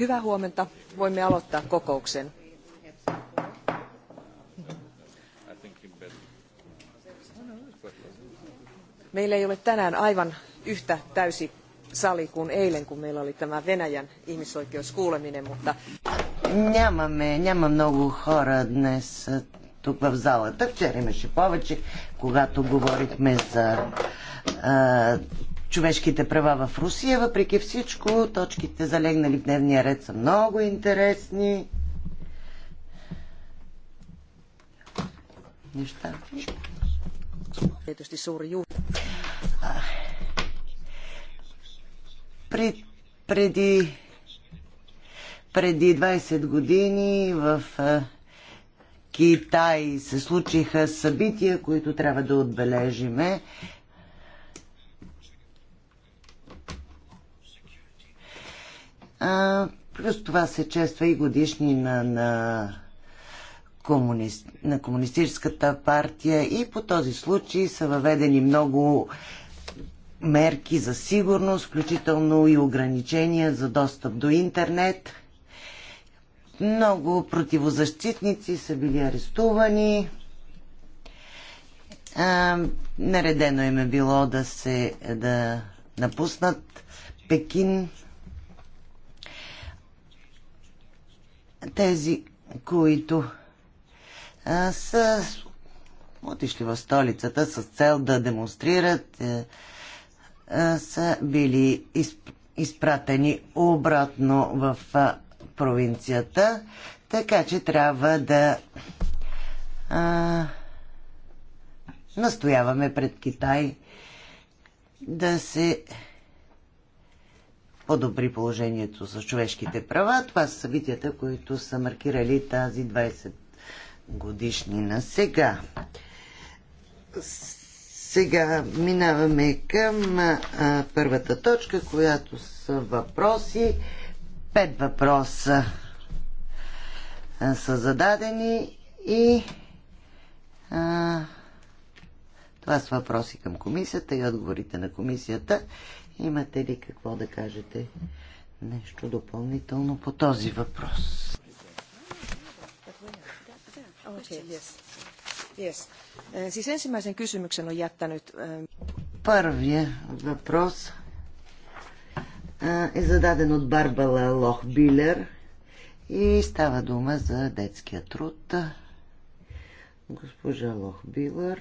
Hyvää huomenta. Voimme aloittaa kokouksen. Meillä ei ole tänään aivan yhtä täysi sali kuin eilen, kun meillä oli tämä Venäjän ihmisoikeuskuuleminen, mutta... Нямаме, няма много хора днес тук в залата. Вчера имаше повече, когато говорихме за човешките права в Русия. Въпреки всичко, точките залегнали в дневния ред са много интересни. Неща. Пред, преди, преди 20 години в Китай се случиха събития, които трябва да отбележиме. А, плюс това се чества и годишни на, на, комунист, на Комунистическата партия и по този случай са въведени много мерки за сигурност, включително и ограничения за достъп до интернет. Много противозащитници са били арестувани. А, наредено им е било да се да напуснат Пекин тези, които а, са отишли в столицата с цел да демонстрират, а, е, а, са били изп, изпратени обратно в а, провинцията, така че трябва да а, настояваме пред Китай да се подобри положението с човешките права. Това са събитията, които са маркирали тази 20 годишни на Сега. Сега минаваме към а, първата точка, която са въпроси. Пет въпроса а, са зададени и а, това са въпроси към комисията и отговорите на комисията. Имате ли какво да кажете? Нещо допълнително по този въпрос. Е, Първия въпрос е, е зададен от Барбала Лохбилер и става дума за детския труд. Госпожа Лохбилер...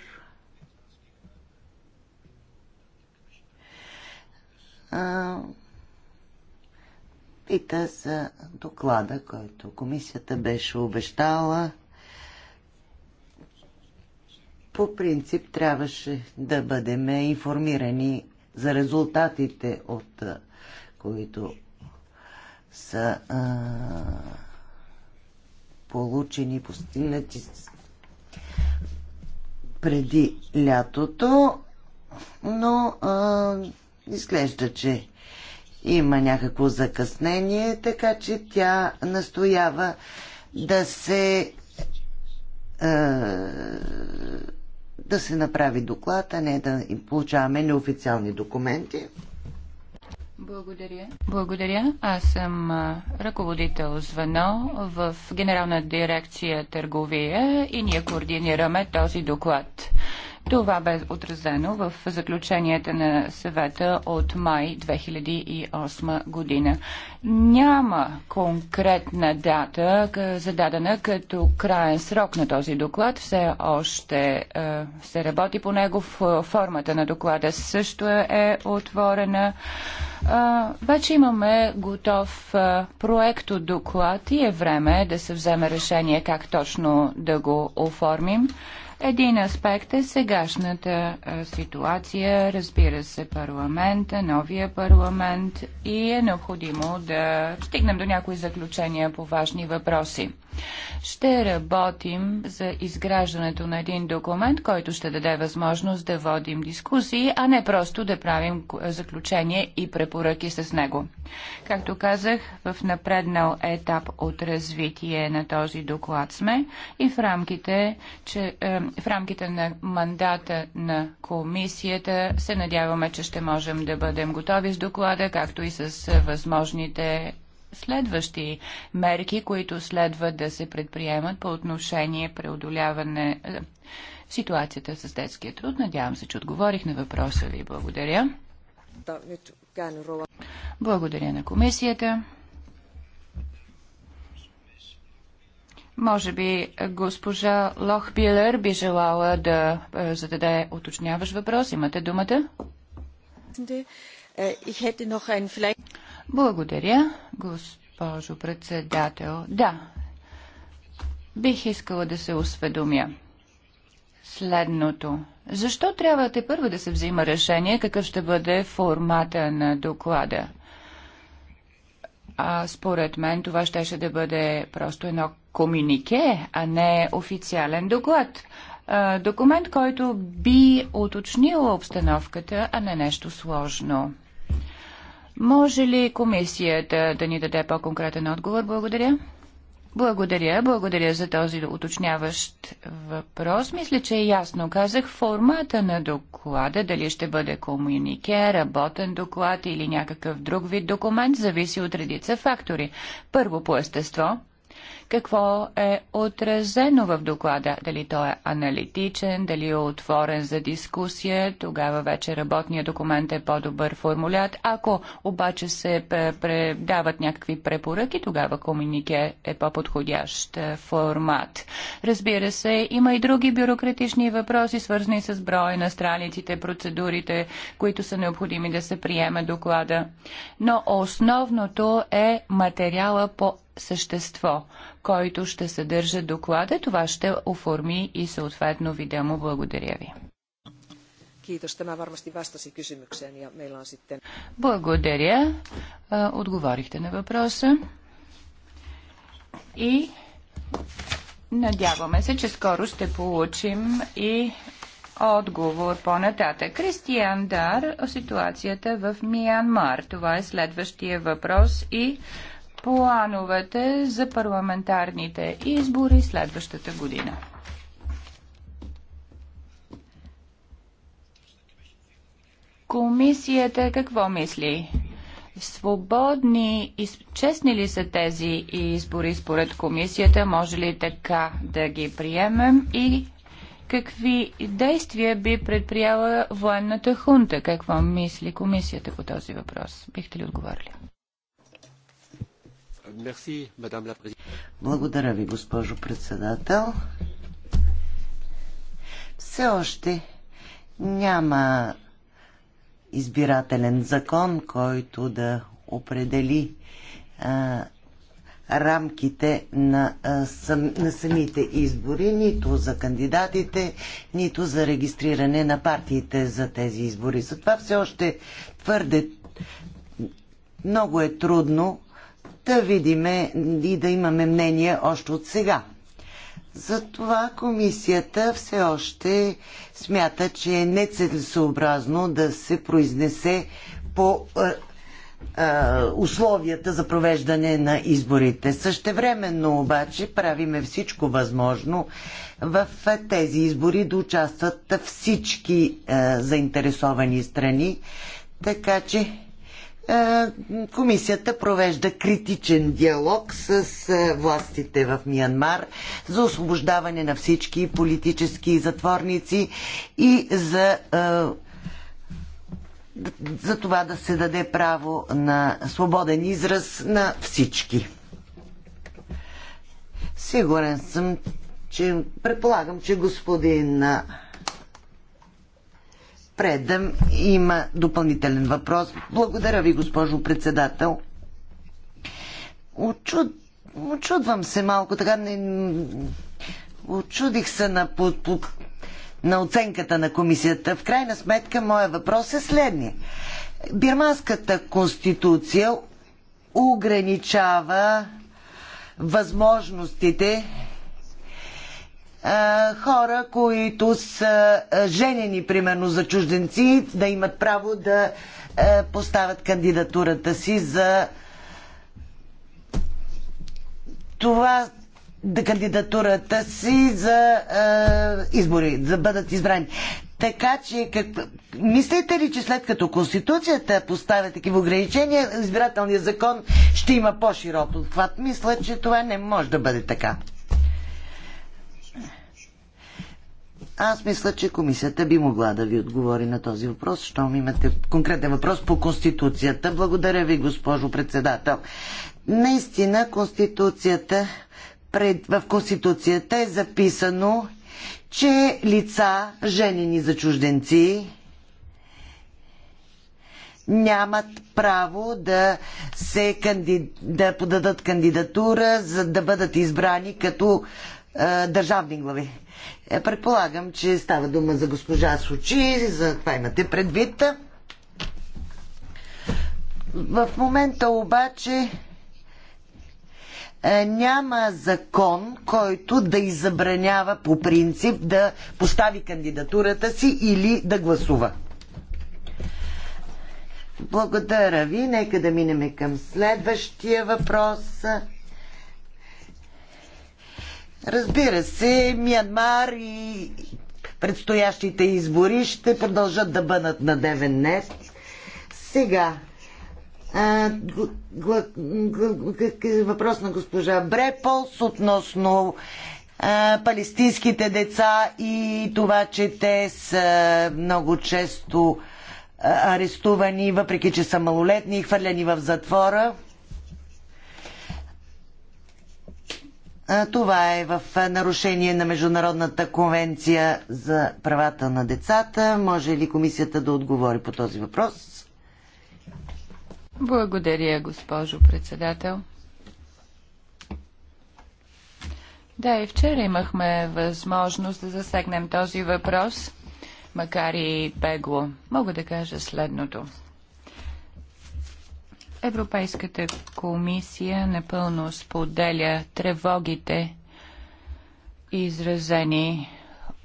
пита за доклада, който комисията беше обещала. По принцип трябваше да бъдем информирани за резултатите, от които са а, получени, постигнати преди лятото, но а, изглежда, че има някакво закъснение, така че тя настоява да се е, да се направи доклад, а не да получаваме неофициални документи. Благодаря. Благодаря. Аз съм е, ръководител звено в Генерална дирекция търговия и ние координираме този доклад. Това бе отразено в заключенията на съвета от май 2008 година. Няма конкретна дата зададена като краен срок на този доклад. Все още е, се работи по него. Формата на доклада също е отворена. Е, вече имаме готов е, проект от доклад и е време да се вземе решение как точно да го оформим. Един аспект е сегашната ситуация, разбира се, парламента, новия парламент и е необходимо да стигнем до някои заключения по важни въпроси. Ще работим за изграждането на един документ, който ще даде възможност да водим дискусии, а не просто да правим заключения и препоръки с него. Както казах, в напреднал етап от развитие на този доклад сме и в рамките че, е, в рамките на мандата на комисията се надяваме, че ще можем да бъдем готови с доклада, както и с възможните следващи мерки, които следва да се предприемат по отношение преодоляване е, ситуацията с детския труд. Надявам се, че отговорих на въпроса ви. Благодаря. Благодаря на комисията. Може би госпожа Лохбилер би желала да зададе уточняваш въпрос. Имате думата. Благодаря, госпожо председател. Да, бих искала да се осведомя следното. Защо трябва те първо да се взима решение какъв ще бъде формата на доклада? А според мен това щеше да бъде просто едно комюнике, а не официален доклад. Документ, който би уточнил обстановката, а не нещо сложно. Може ли комисията да ни даде по-конкретен отговор? Благодаря. Благодаря, благодаря за този уточняващ въпрос. Мисля, че ясно казах формата на доклада, дали ще бъде комунике, работен доклад или някакъв друг вид документ, зависи от редица фактори. Първо по естество, какво е отразено в доклада. Дали той е аналитичен, дали е отворен за дискусия, тогава вече работният документ е по-добър формулят. Ако обаче се предават някакви препоръки, тогава комунике е по-подходящ е, формат. Разбира се, има и други бюрократични въпроси, свързани с броя на страниците, процедурите, които са необходими да се приеме доклада. Но основното е материала по същество, който ще съдържа доклада. Това ще оформи и съответно видео му. Благодаря ви. Благодаря. Отговорихте на въпроса. И надяваме се, че скоро ще получим и отговор по-нататък. Кристиян Дар, ситуацията в Миянмар. Това е следващия въпрос и плановете за парламентарните избори следващата година. Комисията какво мисли? Свободни и честни ли са тези избори според комисията? Може ли така да ги приемем? И какви действия би предприяла военната хунта? Какво мисли комисията по този въпрос? Бихте ли отговорили? Благодаря ви, госпожо председател. Все още няма избирателен закон, който да определи а, рамките на, а, сам, на самите избори, нито за кандидатите, нито за регистриране на партиите за тези избори. Затова все още твърде много е трудно да видиме и да имаме мнение още от сега. Затова комисията все още смята, че е нецелесообразно да се произнесе по а, е, а, е, условията за провеждане на изборите. Същевременно обаче правиме всичко възможно в тези избори да участват всички а, е, заинтересовани страни, така че е, комисията провежда критичен диалог с е, властите в Миянмар за освобождаване на всички политически затворници и за, е, за това да се даде право на свободен израз на всички. Сигурен съм, че предполагам, че господин предам има допълнителен въпрос. Благодаря ви, госпожо председател. Очуд... Очудвам се малко, така не... Очудих се на, по, по, на оценката на комисията. В крайна сметка, моя въпрос е следния. Бирманската конституция ограничава възможностите хора, които са женени, примерно, за чужденци, да имат право да поставят кандидатурата си за това да кандидатурата си за е, избори, да бъдат избрани. Така че, как... мислите ли, че след като Конституцията поставя такива ограничения, избирателният закон ще има по-широк обхват? Мисля, че това не може да бъде така. Аз мисля, че комисията би могла да ви отговори на този въпрос, щом имате конкретен въпрос по Конституцията. Благодаря ви, госпожо председател. Наистина, Конституцията, пред, в Конституцията е записано, че лица, женени за чужденци, нямат право да, се канди... да подадат кандидатура, за да бъдат избрани като е, държавни глави е, предполагам, че става дума за госпожа Сочи, за това имате предвид. В момента обаче е, няма закон, който да изабранява по принцип да постави кандидатурата си или да гласува. Благодаря ви. Нека да минем към следващия въпрос. Разбира се, Миянмар и предстоящите избори ще продължат да бъдат на девен днес. Сега, въпрос на госпожа Бреполс относно палестинските деца и това, че те са много често арестувани, въпреки че са малолетни и хвърлени в затвора. Това е в нарушение на Международната конвенция за правата на децата. Може ли комисията да отговори по този въпрос? Благодаря, госпожо председател. Да, и вчера имахме възможност да засегнем този въпрос, макар и бегло. Мога да кажа следното. Европейската комисия напълно споделя тревогите, изразени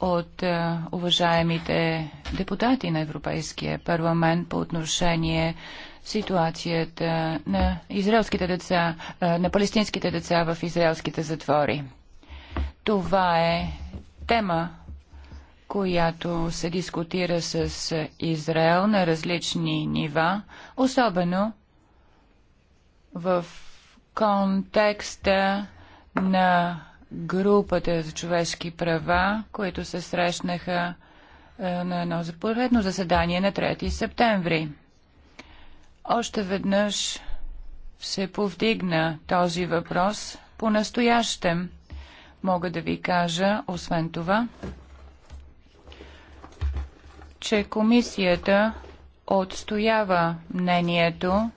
от е, уважаемите депутати на Европейския парламент по отношение ситуацията на израелските деца, е, на палестинските деца в израелските затвори. Това е тема, която се дискутира с Израел на различни нива, особено в контекста на групата за човешки права, които се срещнаха е, на едно заповедно заседание на 3 септември. Още веднъж се повдигна този въпрос по-настоящем. Мога да ви кажа, освен това, че комисията отстоява мнението,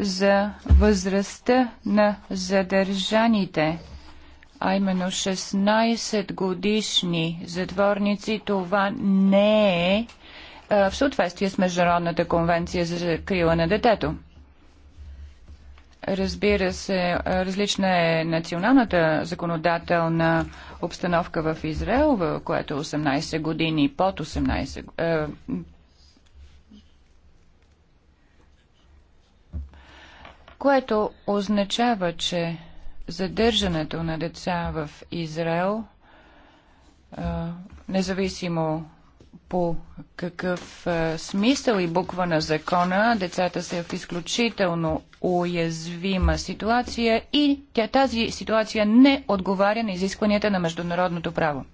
за възрастта на задържаните, а именно 16 годишни затворници, това не е в съответствие с Международната конвенция за закрила на детето. Разбира се, различна е националната законодателна обстановка в Израел, което 18 години под 18, което означава, че задържането на деца в Израел, независимо по какъв смисъл и буква на закона, децата са в изключително уязвима ситуация и тя тази ситуация не отговаря на изискванията на международното право.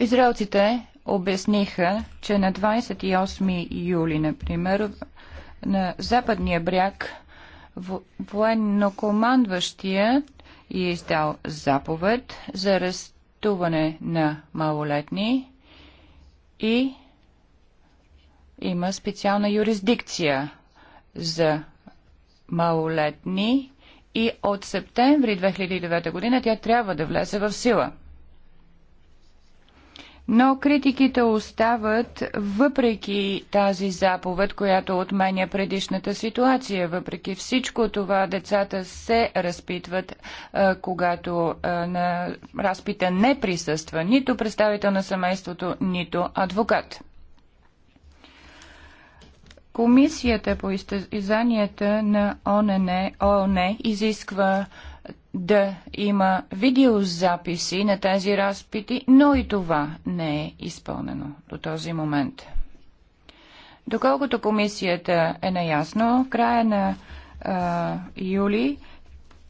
Израелците обясниха, че на 28 юли, например, на западния бряг военнокомандващият и е издал заповед за арестуване на малолетни и има специална юрисдикция за малолетни и от септември 2009 година тя трябва да влезе в сила но критиките остават въпреки тази заповед, която отменя предишната ситуация. Въпреки всичко това, децата се разпитват, когато на разпита не присъства нито представител на семейството, нито адвокат. Комисията по изтезанията на ОНН, ООН изисква да има видеозаписи на тези разпити, но и това не е изпълнено до този момент. Доколкото комисията е наясно, в края на а, юли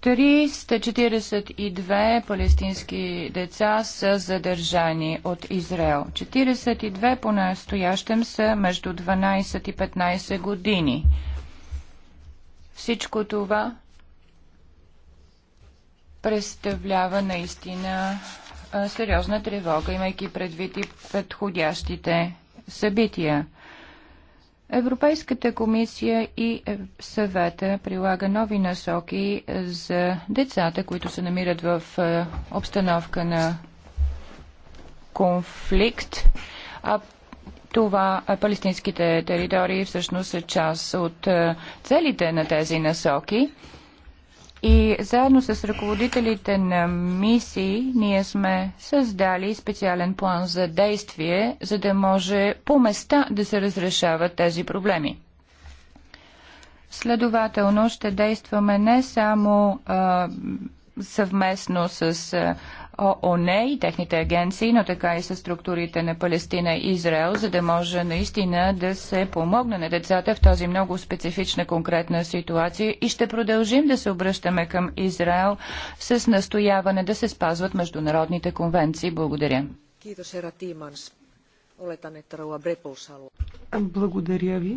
342 палестински деца са задържани от Израел. 42 по-настоящем са между 12 и 15 години. Всичко това представлява наистина сериозна тревога, имайки предвид и предходящите събития. Европейската комисия и съвета прилага нови насоки за децата, които се намират в обстановка на конфликт, а това палестинските територии всъщност са част от целите на тези насоки. И заедно с ръководителите на мисии ние сме създали специален план за действие, за да може по места да се разрешават тези проблеми. Следователно ще действаме не само а, съвместно с ООН и техните агенции, но така и с структурите на Палестина и Израел, за да може наистина да се помогне на децата в този много специфична конкретна ситуация и ще продължим да се обръщаме към Израел с настояване да се спазват международните конвенции. Благодаря. Е Благодаря ви.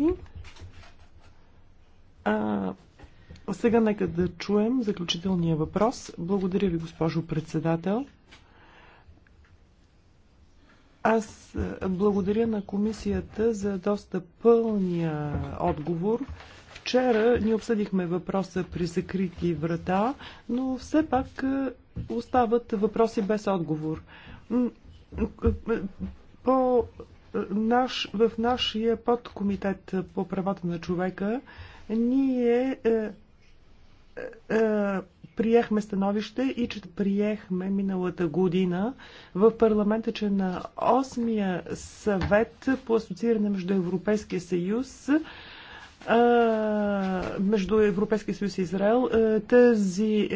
А, сега нека да чуем заключителния въпрос. Благодаря ви, госпожо председател. Аз е, благодаря на комисията за доста пълния отговор. Вчера ни обсъдихме въпроса при закрити врата, но все пак е, остават въпроси без отговор. Е, по наш, в нашия подкомитет по правата на човека ние е, е, приехме становище и че приехме миналата година в парламента, че на 8-я съвет по асоцииране между Европейския съюз е, между Европейския съюз и Израел. Тази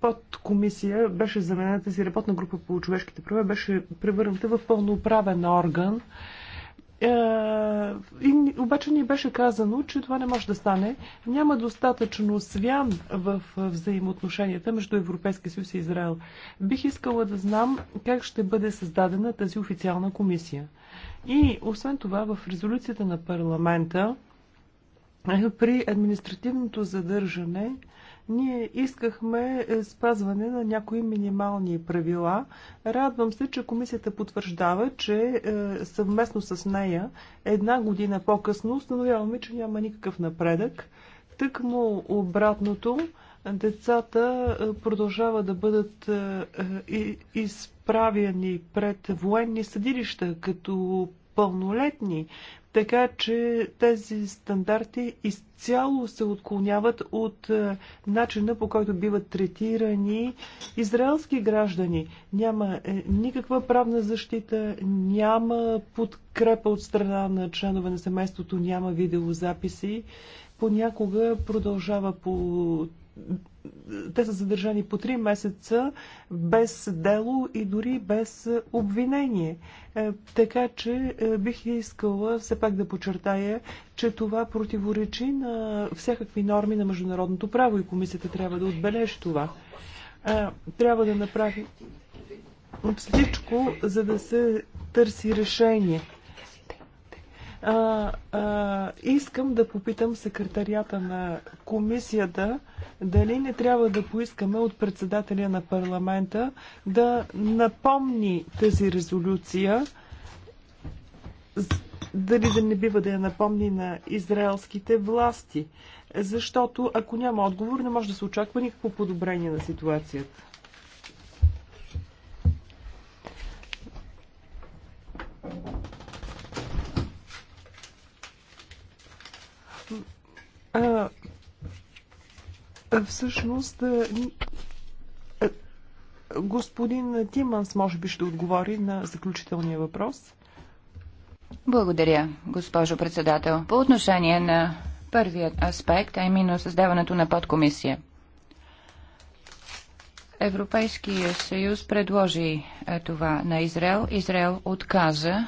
подкомисия беше заменена, тази работна група по човешките права беше превърната в пълноправен орган. Е, и, обаче ни беше казано, че това не може да стане. Няма достатъчно свян в взаимоотношенията между Европейския съюз и Израел. Бих искала да знам как ще бъде създадена тази официална комисия. И освен това, в резолюцията на парламента е, при административното задържане ние искахме е, спазване на някои минимални правила. Радвам се, че комисията потвърждава, че е, съвместно с нея една година по-късно установяваме, че няма никакъв напредък. Тъкмо обратното, децата е, продължава да бъдат изправени пред военни съдилища като пълнолетни, така че тези стандарти изцяло се отклоняват от е, начина по който биват третирани израелски граждани. Няма е, никаква правна защита, няма подкрепа от страна на членове на семейството, няма видеозаписи. Понякога продължава по те са задържани по 3 месеца без дело и дори без обвинение. Е, така че е, бих искала все пак да подчертая, че това противоречи на всякакви норми на международното право и комисията трябва да отбележи това. Е, трябва да направи всичко, за да се търси решение. А, а, искам да попитам секретарията на комисията дали не трябва да поискаме от председателя на парламента да напомни тази резолюция, дали да не бива да я напомни на израелските власти. Защото ако няма отговор, не може да се очаква никакво подобрение на ситуацията. А, всъщност, господин Тиманс може би ще отговори на заключителния въпрос. Благодаря, госпожо председател. По отношение на първият аспект, а именно създаването на подкомисия. Европейския съюз предложи това на Израел. Израел отказа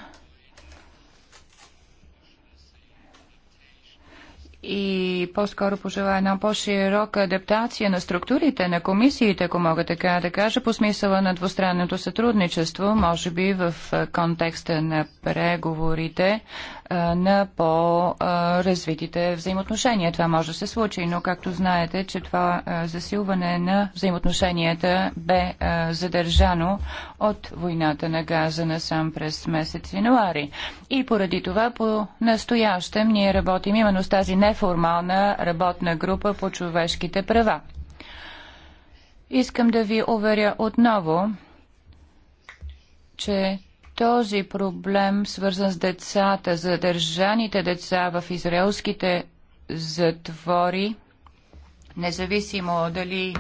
и по-скоро пожела една по-широка адаптация на структурите на комисиите, ако мога така да кажа, по смисъла на двустранното сътрудничество, може би в контекста на преговорите на по-развитите взаимоотношения. Това може да се случи, но както знаете, че това засилване на взаимоотношенията бе задържано от войната на Газа насам през месец януари. И поради това по настоящем ние работим именно с тази неформална работна група по човешките права. Искам да ви уверя отново, че този проблем, свързан с децата, задържаните деца в израелските затвори, независимо дали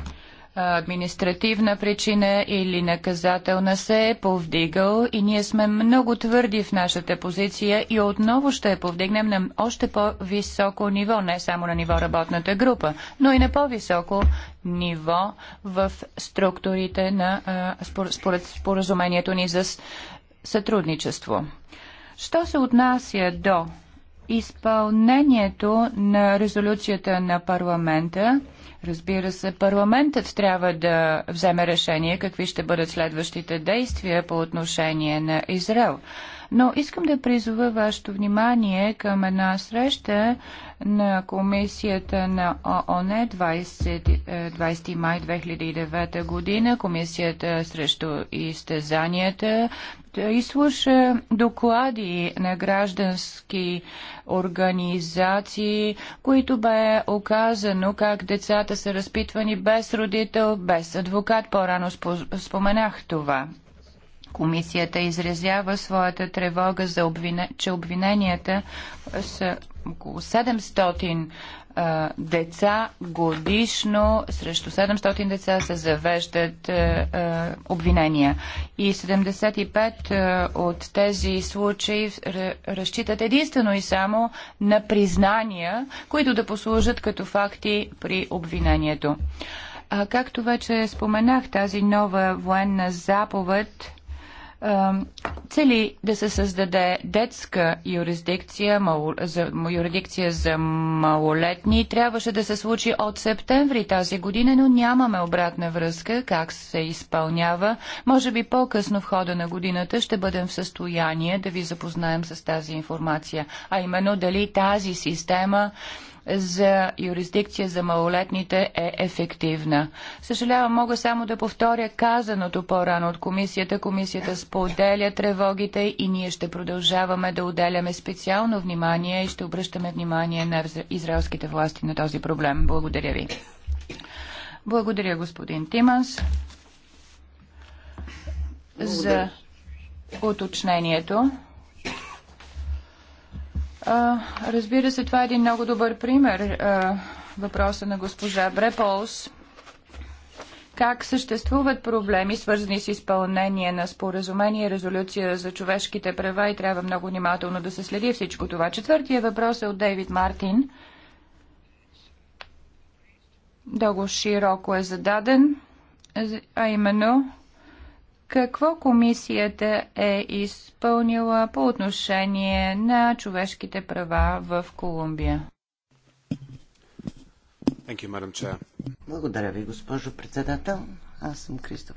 административна причина или наказателна се е повдигал и ние сме много твърди в нашата позиция и отново ще я повдигнем на още по-високо ниво, не само на ниво работната група, но и на по-високо ниво в структурите на според споразумението ни за сътрудничество. Що се отнася до изпълнението на резолюцията на парламента, Разбира се, парламентът трябва да вземе решение какви ще бъдат следващите действия по отношение на Израел. Но искам да призова вашето внимание към една среща на комисията на ООН 20, 20 е, май 2009 година, комисията срещу изтезанията, изслуша доклади на граждански организации, които бе оказано как децата са разпитвани без родител, без адвокат. По-рано споменах това. Комисията изразява своята тревога, за обвине, че обвиненията са около 700 а, деца годишно, срещу 700 деца се завеждат а, обвинения. И 75 а, от тези случаи разчитат единствено и само на признания, които да послужат като факти при обвинението. А, както вече споменах, тази нова военна заповед цели да се създаде детска юрисдикция, мал, за, юрисдикция за малолетни. Трябваше да се случи от септември тази година, но нямаме обратна връзка как се изпълнява. Може би по-късно в хода на годината ще бъдем в състояние да ви запознаем с тази информация, а именно дали тази система за юрисдикция за малолетните е ефективна. Съжалявам, мога само да повторя казаното по-рано от комисията. Комисията споделя тревогите и ние ще продължаваме да отделяме специално внимание и ще обръщаме внимание на израелските власти на този проблем. Благодаря ви. Благодаря, господин Тиманс, Благодаря. за уточнението. Разбира се, това е един много добър пример. Въпроса на госпожа Бреполс как съществуват проблеми, свързани с изпълнение на споразумение, резолюция за човешките права и трябва много внимателно да се следи всичко това. Четвъртия въпрос е от Дейвид Мартин. Дълго широко е зададен, а именно какво комисията е изпълнила по отношение на човешките права в Колумбия? You, Благодаря ви, госпожо председател. Аз съм Кристоф.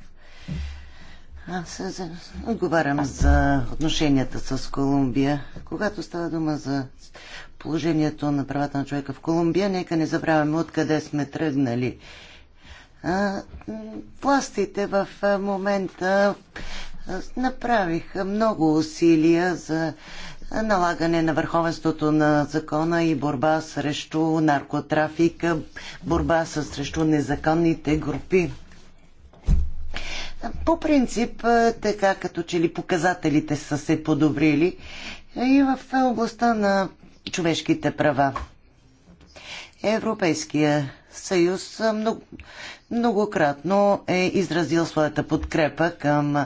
Аз отговарям за отношенията с Колумбия. Когато става дума за положението на правата на човека в Колумбия, нека не забравяме откъде сме тръгнали. Властите в момента направиха много усилия за налагане на върховенството на закона и борба срещу наркотрафика, борба срещу незаконните групи. По принцип, така като че ли показателите са се подобрили и в областта на човешките права. Европейския съюз много, многократно е изразил своята подкрепа към е,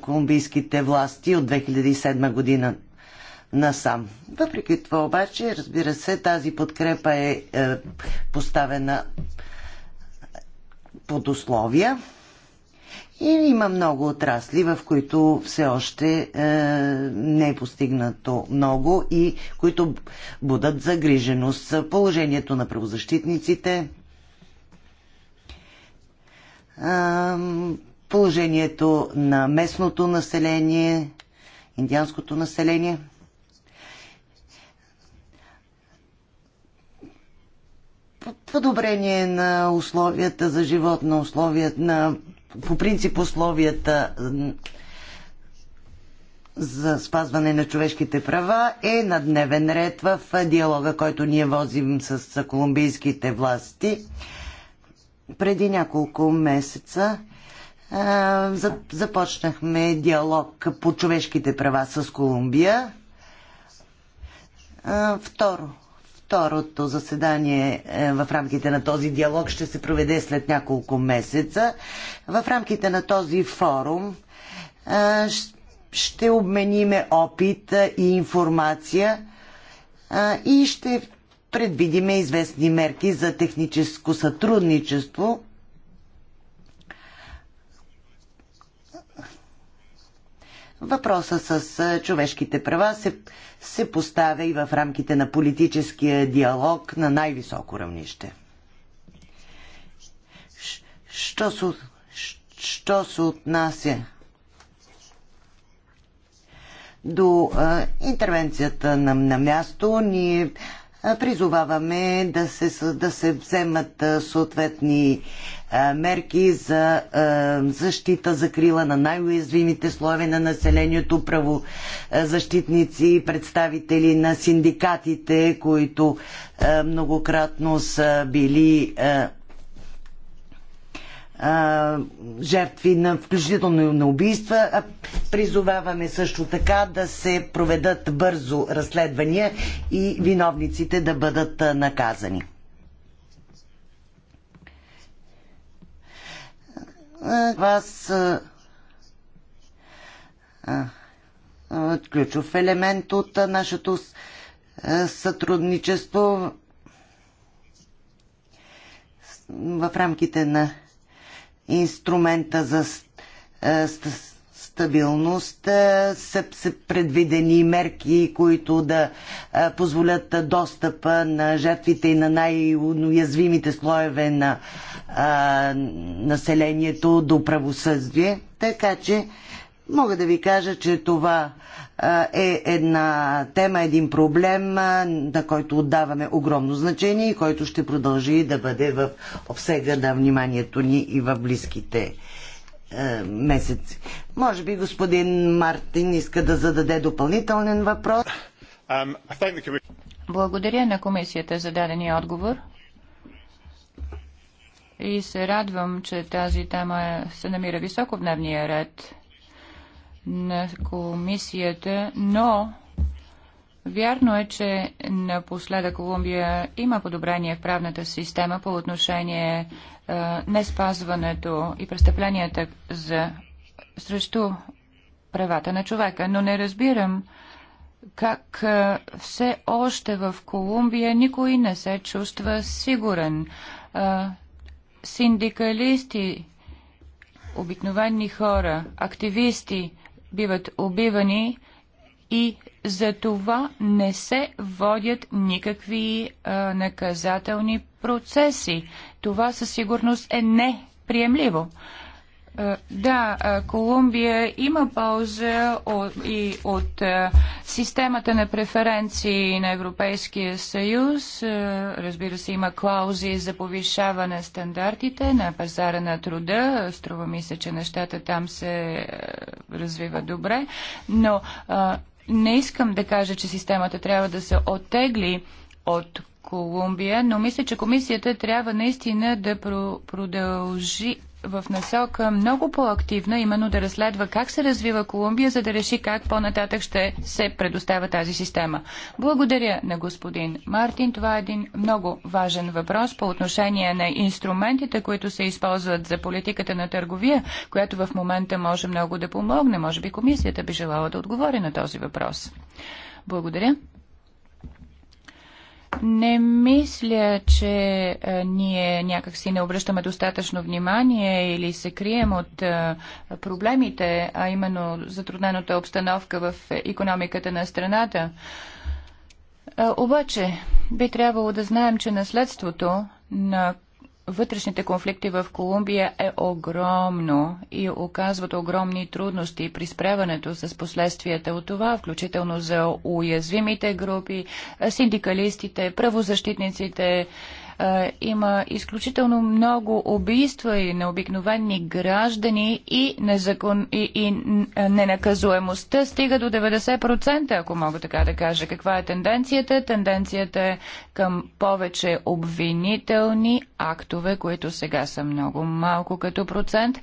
колумбийските власти от 2007 година насам. Въпреки това обаче, разбира се, тази подкрепа е, е поставена под условия и има много отрасли, в които все още е, не е постигнато много и които будат загриженост. Положението на правозащитниците, положението на местното население, индианското население. Подобрение на условията за живот, на условията на по принцип условията за спазване на човешките права е на дневен ред в диалога, който ние возим с колумбийските власти преди няколко месеца започнахме диалог по човешките права с Колумбия. Второ, второто заседание е, в рамките на този диалог ще се проведе след няколко месеца. В рамките на този форум ще обмениме опит и информация и ще предвидиме известни мерки за техническо сътрудничество. Въпроса с човешките права се, се поставя и в рамките на политическия диалог на най-високо равнище. Що се, що се отнася до а, интервенцията на, на място, ние Призоваваме да се, да се вземат съответни мерки за защита, закрила на най-уязвимите слоеве на населението, правозащитници и представители на синдикатите, които многократно са били а, жертви, на, включително на убийства. А, призоваваме също така да се проведат бързо разследвания и виновниците да бъдат а, наказани. Вас а, а, ключов елемент от а, нашето сътрудничество в рамките на инструмента за е, стабилност е, са, са предвидени мерки, които да е, позволят достъпа на жертвите и на най-уязвимите слоеве на населението до правосъдие. Така че Мога да ви кажа, че това е една тема, един проблем, на който отдаваме огромно значение и който ще продължи да бъде в обсега на вниманието ни и в близките месеци. Може би господин Мартин иска да зададе допълнителен въпрос. Um, Благодаря на комисията за дадения отговор. И се радвам, че тази тема се намира високо в дневния ред на комисията, но Вярно е, че напоследък Колумбия има подобрение в правната система по отношение а, не спазването и престъпленията за, срещу правата на човека. Но не разбирам как все още в Колумбия никой не се чувства сигурен. А, синдикалисти, обикновени хора, активисти биват убивани и за това не се водят никакви а, наказателни процеси. Това със сигурност е неприемливо. Е, да, е, Колумбия има полза от, и от е, системата на преференции на Европейския съюз. Разбира се, има клаузи за повишаване стандартите на пазара на труда. Струва ми се, че нещата там се развиват добре. Но не искам да кажа, че системата трябва да се оттегли от Колумбия, но мисля, че комисията трябва наистина да продължи в насока много по-активна, именно да разследва как се развива Колумбия, за да реши как по-нататък ще се предоставя тази система. Благодаря на господин Мартин. Това е един много важен въпрос по отношение на инструментите, които се използват за политиката на търговия, която в момента може много да помогне. Може би комисията би желала да отговори на този въпрос. Благодаря. Не мисля, че а, е, ние някакси не обръщаме достатъчно внимание или се крием от а, е, проблемите, а именно затруднената обстановка в економиката на страната. А, е, обаче, би трябвало да знаем, че наследството на вътрешните конфликти в Колумбия е огромно и оказват огромни трудности при справянето с последствията от това, включително за уязвимите групи, синдикалистите, правозащитниците, е, има изключително много убийства и на обикновени граждани и, незакон... и, и е, ненаказуемостта стига до 90%, ако мога така да кажа. Каква е тенденцията? Тенденцията е към повече обвинителни актове, които сега са много малко като процент.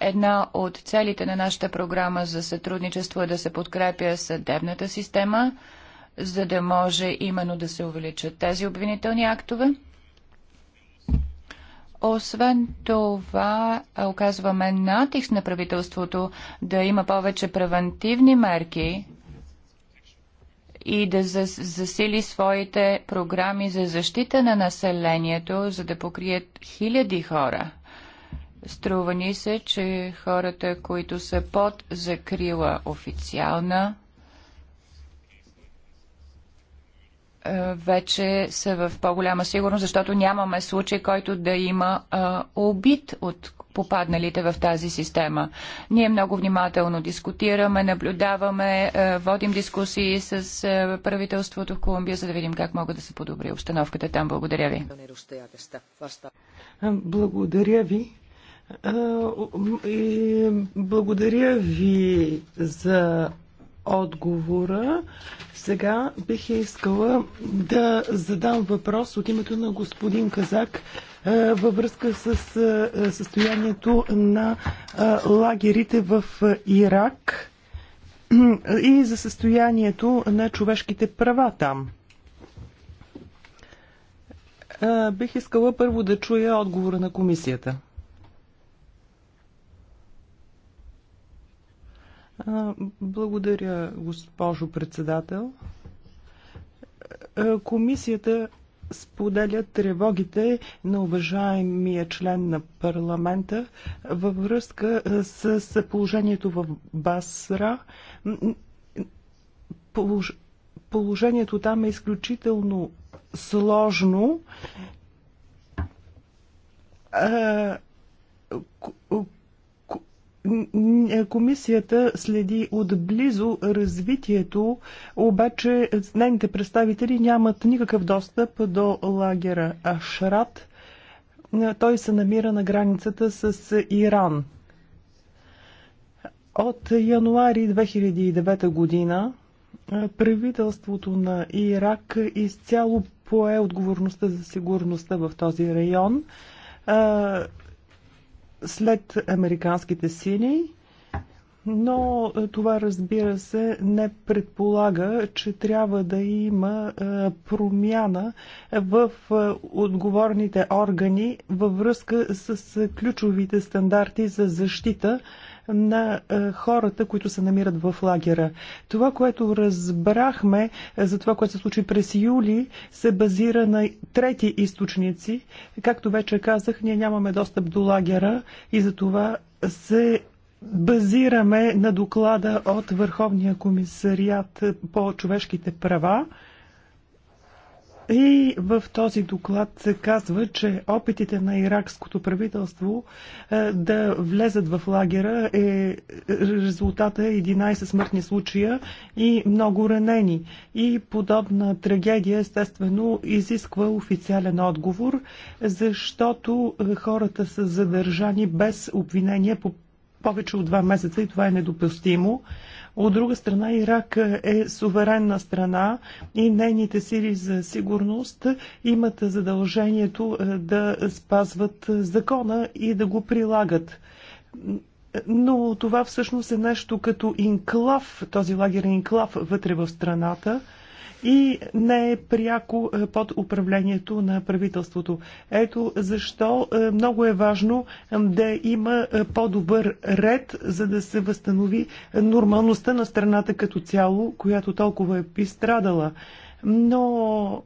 Една от целите на нашата програма за сътрудничество е да се подкрепя съдебната система, за да може именно да се увеличат тези обвинителни актове. Освен това, оказваме натиск на правителството да има повече превентивни мерки и да засили своите програми за защита на населението, за да покрият хиляди хора. Струва ни се, че хората, които са под закрила официална, Е, вече са в по-голяма сигурност, защото нямаме случай, който да има а, е, убит от попадналите в тази система. Ние много внимателно дискутираме, наблюдаваме, а, е, водим дискусии с а, правителството в Колумбия, за да видим как могат да се подобри обстановката там. Благодаря ви. Благодаря ви. Благодаря ви за отговора. Сега бих искала да задам въпрос от името на господин Казак е, във връзка с е, състоянието на е, лагерите в Ирак и за състоянието на човешките права там. Бих искала първо да чуя отговора на комисията. Благодаря, госпожо председател. Комисията споделя тревогите на уважаемия член на парламента във връзка с положението в Басра. Положението там е изключително сложно е, комисията следи отблизо развитието, обаче нейните представители нямат никакъв достъп до лагера Ашрат. Той се намира на границата с Иран. От януари 2009 година е, правителството на Ирак изцяло пое отговорността за сигурността в този район е, след американските сили, но е, това разбира се не предполага, че трябва да има е, промяна в е, отговорните органи във връзка с ключовите стандарти за защита на е, хората, които се намират в лагера. Това, което разбрахме е, за това, което се случи през юли, се базира на трети източници. Както вече казах, ние нямаме достъп до лагера и за това се базираме на доклада от Върховния комисариат по човешките права. И в този доклад се казва, че опитите на иракското правителство е, да влезат в лагера е резултата 11 е смъртни случая и много ранени. И подобна трагедия естествено изисква официален отговор, защото е, хората са задържани без обвинения по повече от два месеца и това е недопустимо. От друга страна, Ирак е суверенна страна и нейните сили за сигурност имат задължението е, да спазват закона и да го прилагат. Но това всъщност е нещо като инклав, този лагер е инклав вътре в страната и не е пряко е, под управлението на правителството. Ето защо е, много е важно е, да има по-добър ред, за да се възстанови нормалността на страната като цяло, която толкова е пострадала. Но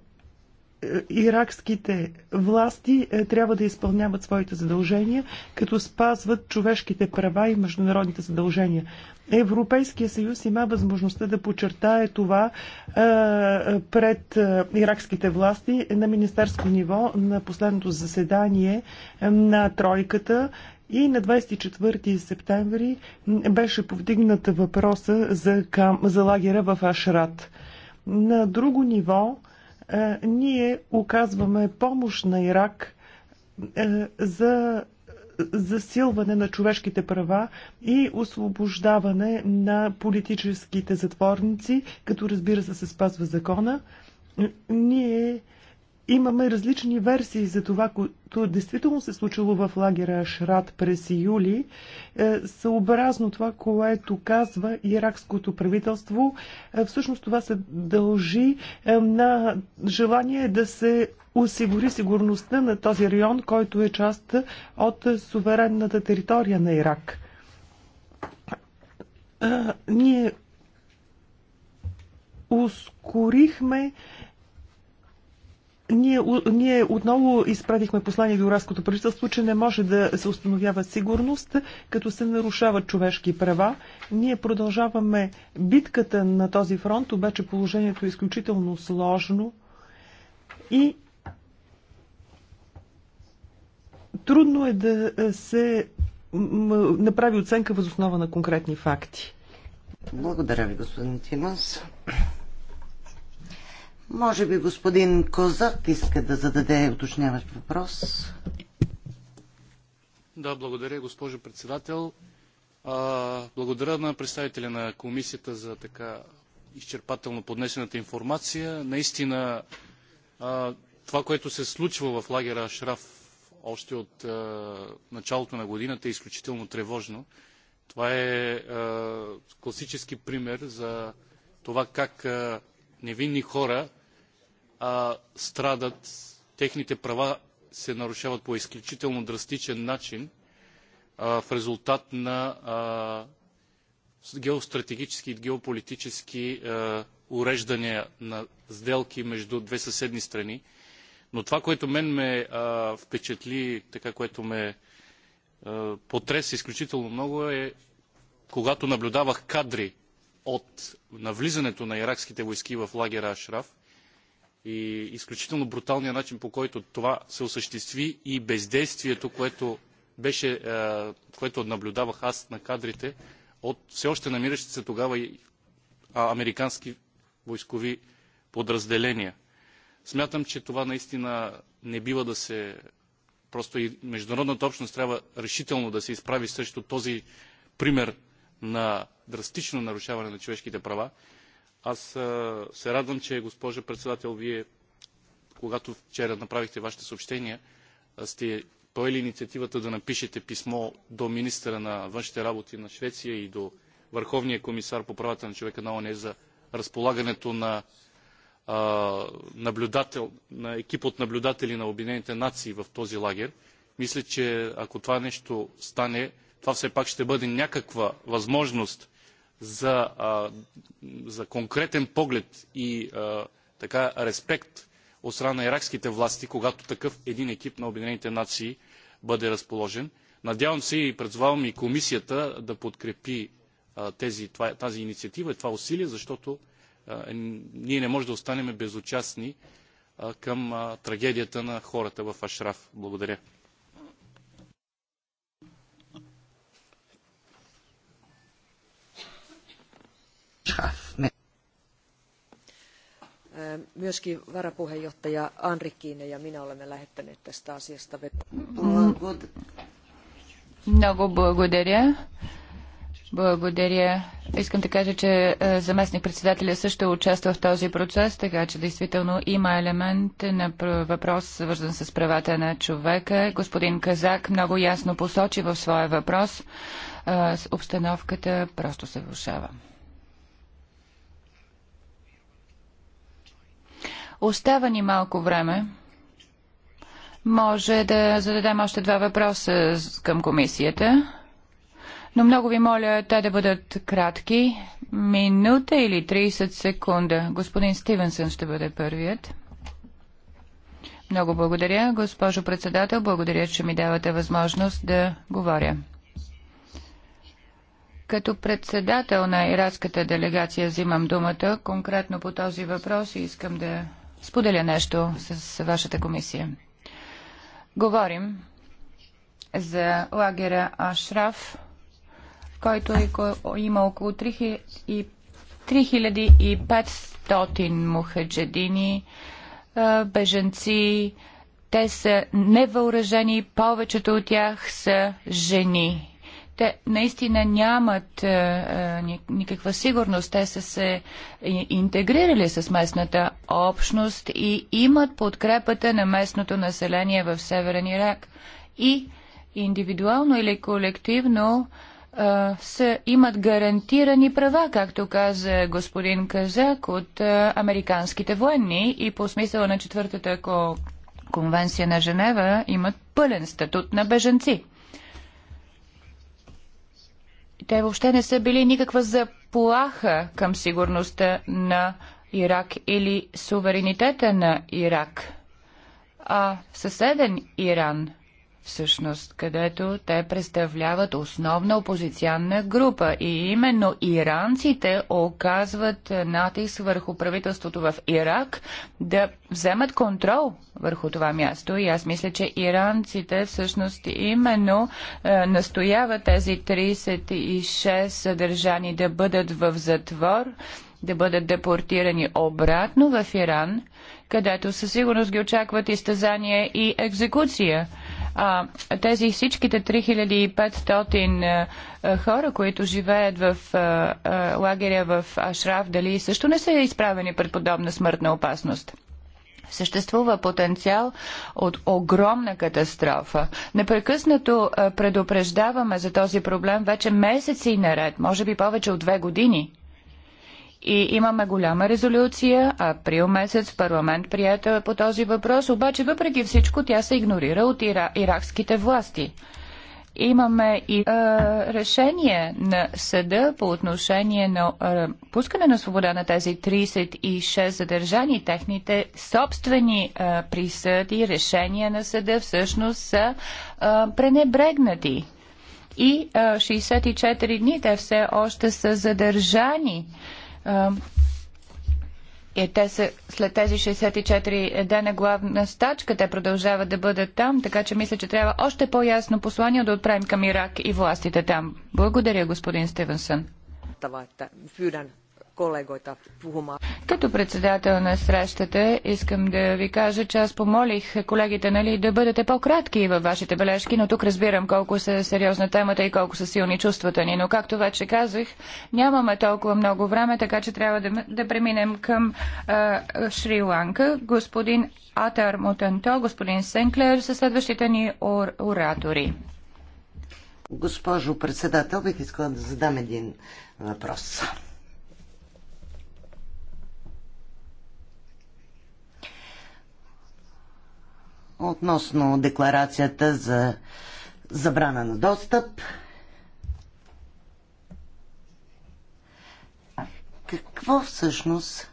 иракските власти трябва да изпълняват своите задължения, като спазват човешките права и международните задължения. Европейския съюз има възможността да почертае това е, пред е, иракските власти на министерско ниво на последното заседание е, на тройката и на 24 септември беше повдигната въпроса за, кам, за лагера в Ашрат. На друго ниво е, ние оказваме помощ на Ирак е, за засилване на човешките права и освобождаване на политическите затворници, като разбира се се спазва закона. Ние Имаме различни версии за това, което действително се случило в лагера Шрат през юли, е, съобразно това, което казва иракското правителство. Е, всъщност това се дължи е, на желание да се осигури сигурността на този район, който е част от суверенната територия на Ирак. Ние ускорихме ние, ние отново изпратихме послание до Иракското правителство, че не може да се установява сигурност, като се нарушават човешки права. Ние продължаваме битката на този фронт, обаче положението е изключително сложно и трудно е да се направи оценка възоснова на конкретни факти. Благодаря ви, господин Тимас. Може би господин Козак иска да зададе уточняващ въпрос. Да, благодаря, госпожо председател. А, благодаря на представителя на комисията за така изчерпателно поднесената информация. Наистина а, това, което се случва в лагера Шраф още от а, началото на годината е изключително тревожно. Това е класически пример за това как невинни хора страдат, техните права се нарушават по изключително драстичен начин в резултат на геостратегически и геополитически уреждания на сделки между две съседни страни. Но това, което мен ме а, впечатли, така което ме а, потресе изключително много е, когато наблюдавах кадри от навлизането на иракските войски в лагера Ашраф и изключително бруталния начин по който това се осъществи и бездействието, което, беше, е, което наблюдавах аз на кадрите от все още намиращи се тогава и американски войскови подразделения. Смятам, че това наистина не бива да се... Просто и международната общност трябва решително да се изправи срещу този пример на драстично нарушаване на човешките права. Аз се радвам, че госпожо председател, вие, когато вчера направихте вашите съобщения, сте поели инициативата да напишете писмо до министъра на външните работи на Швеция и до Върховния комисар по правата на човека на ОНЕ за разполагането на наблюдател, на екип от наблюдатели на Обединените нации в този лагер. Мисля, че ако това нещо стане, това все пак ще бъде някаква възможност за, за конкретен поглед и така респект от страна на иракските власти, когато такъв един екип на Обединените нации бъде разположен. Надявам се и предзвавам и комисията да подкрепи тези, тази инициатива и това усилие, защото ние не можем да останем безучастни към трагедията на хората в Ашраф. Благодаря. myös varapuheenjohtaja Andrikkiinen ja minä olemme lähettäneet tästä asiasta Много благодаря. Искам да кажа, че е, заместник-председателя също участва в този процес, така че действително има елемент на въпрос, свързан с правата на човека. Господин Казак много ясно посочи в своя въпрос. Е, обстановката просто се влушава. Остава ни малко време. Може да зададем още два въпроса към комисията. Но много ви моля те да бъдат кратки. Минута или 30 секунда. Господин Стивенсън ще бъде първият. Много благодаря, госпожо председател. Благодаря, че ми давате възможност да говоря. Като председател на иракската делегация взимам думата конкретно по този въпрос и искам да споделя нещо с вашата комисия. Говорим за лагера Ашраф, в който е има около 3500 мухаджедини беженци. Те са невъоръжени, повечето от тях са жени те наистина нямат а, е, е, никаква сигурност. Те са се интегрирали с местната общност и имат подкрепата на местното население в Северен Ирак. И индивидуално или колективно а, е, са, имат гарантирани права, както каза господин Казак, от а, американските военни и по смисъла на четвъртата конвенция на Женева имат пълен статут на беженци. Те въобще не са били никаква заплаха към сигурността на Ирак или суверенитета на Ирак. А съседен Иран – всъщност, където те представляват основна опозиционна група. И именно иранците оказват натиск върху правителството в Ирак да вземат контрол върху това място. И аз мисля, че иранците всъщност именно е, настояват тези 36 съдържани да бъдат в затвор, да бъдат депортирани обратно в Иран, където със сигурност ги очакват изтезания и екзекуция. А, тези всичките 3500 хора, които живеят в а, а, лагеря в Ашраф, дали също не са изправени пред подобна смъртна опасност? Съществува потенциал от огромна катастрофа. Непрекъснато предупреждаваме за този проблем вече месеци наред, може би повече от две години. И имаме голяма резолюция, април месец парламент прията е по този въпрос, обаче въпреки всичко тя се игнорира от ира... иракските власти. Имаме и е, решение на съда по отношение на е, пускане на свобода на тези 36 задържани. Техните собствени е, присъди, решения на съда всъщност са е, пренебрегнати и 64 дни те все още са задържани и е, те са, след тези 64 дена главна стачка, те продължават да бъдат там, така че мисля, че трябва още по-ясно послание да отправим към Ирак и властите там. Благодаря, господин Стивенсън колегоita puhumaan. Като председател на срещата искам да ви кажа, че аз помолих колегите нали, да бъдете по-кратки във вашите бележки, но тук разбирам колко са сериозна темата и колко са силни чувствата ни. Но както вече казах, нямаме толкова много време, така че трябва да, да преминем към Шри-Ланка. Господин Атар Мутанто, господин Сенклер са следващите ни ор- оратори. Госпожо председател, бих искала да задам един въпрос. относно декларацията за забрана на достъп. Какво всъщност?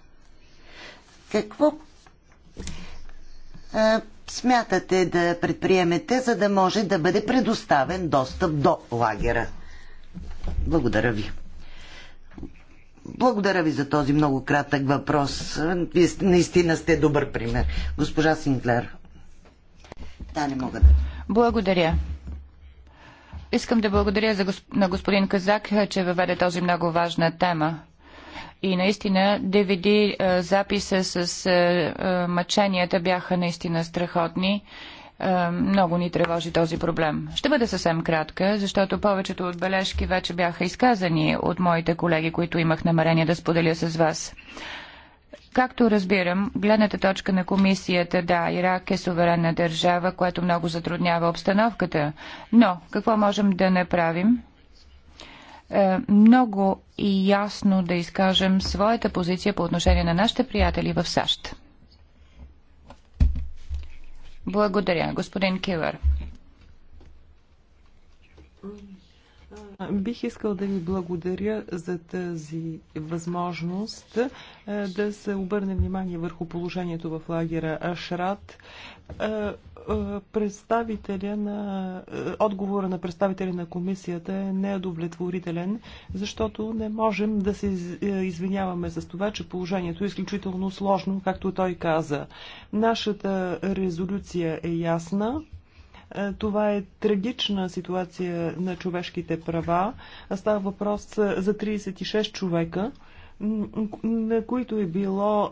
Какво а, е, смятате да предприемете, за да може да бъде предоставен достъп до лагера? Благодаря ви. Благодаря ви за този много кратък въпрос. Вие наистина сте добър пример. Госпожа Синклер. Да, не мога да. Благодаря. Искам да благодаря за госп... на господин Казак, е, че въведе този много важна тема. И наистина DVD е, записа с е, мъченията бяха наистина страхотни много ни тревожи този проблем. Ще бъда съвсем кратка, защото повечето от бележки вече бяха изказани от моите колеги, които имах намерение да споделя с вас. Както разбирам, гледната точка на комисията, да, Ирак е суверенна държава, което много затруднява обстановката. Но какво можем да направим? Е, много и ясно да изкажем своята позиция по отношение на нашите приятели в САЩ. Благодаря, господин Килър. Бих искал да ви благодаря за тази възможност да се обърне внимание върху положението в лагера Ашрат. Представителя на, отговора на представителя на комисията е неудовлетворителен, защото не можем да се извиняваме с това, че положението е изключително сложно, както той каза. Нашата резолюция е ясна. Е, това е трагична ситуация на човешките права. Става въпрос за 36 човека на които е било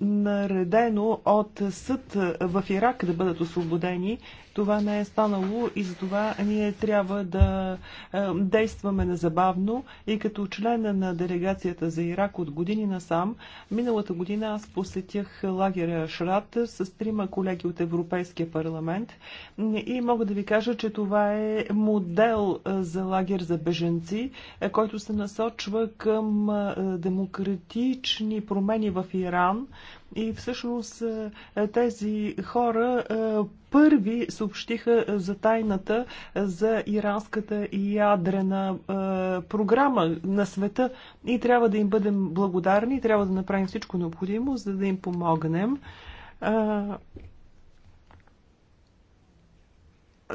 наредено от съд в Ирак да бъдат освободени това не е станало и за това ние трябва да е, действаме незабавно и като член на делегацията за Ирак от години насам, миналата година аз посетях лагеря Шрат с трима колеги от Европейския парламент и мога да ви кажа, че това е модел е, за лагер за беженци, е, който се насочва към демократични промени в Иран – и всъщност е, е, тези хора е, първи съобщиха за тайната за иранската ядрена програма на света и трябва да им бъдем благодарни, трябва да направим всичко необходимо, за да им помогнем.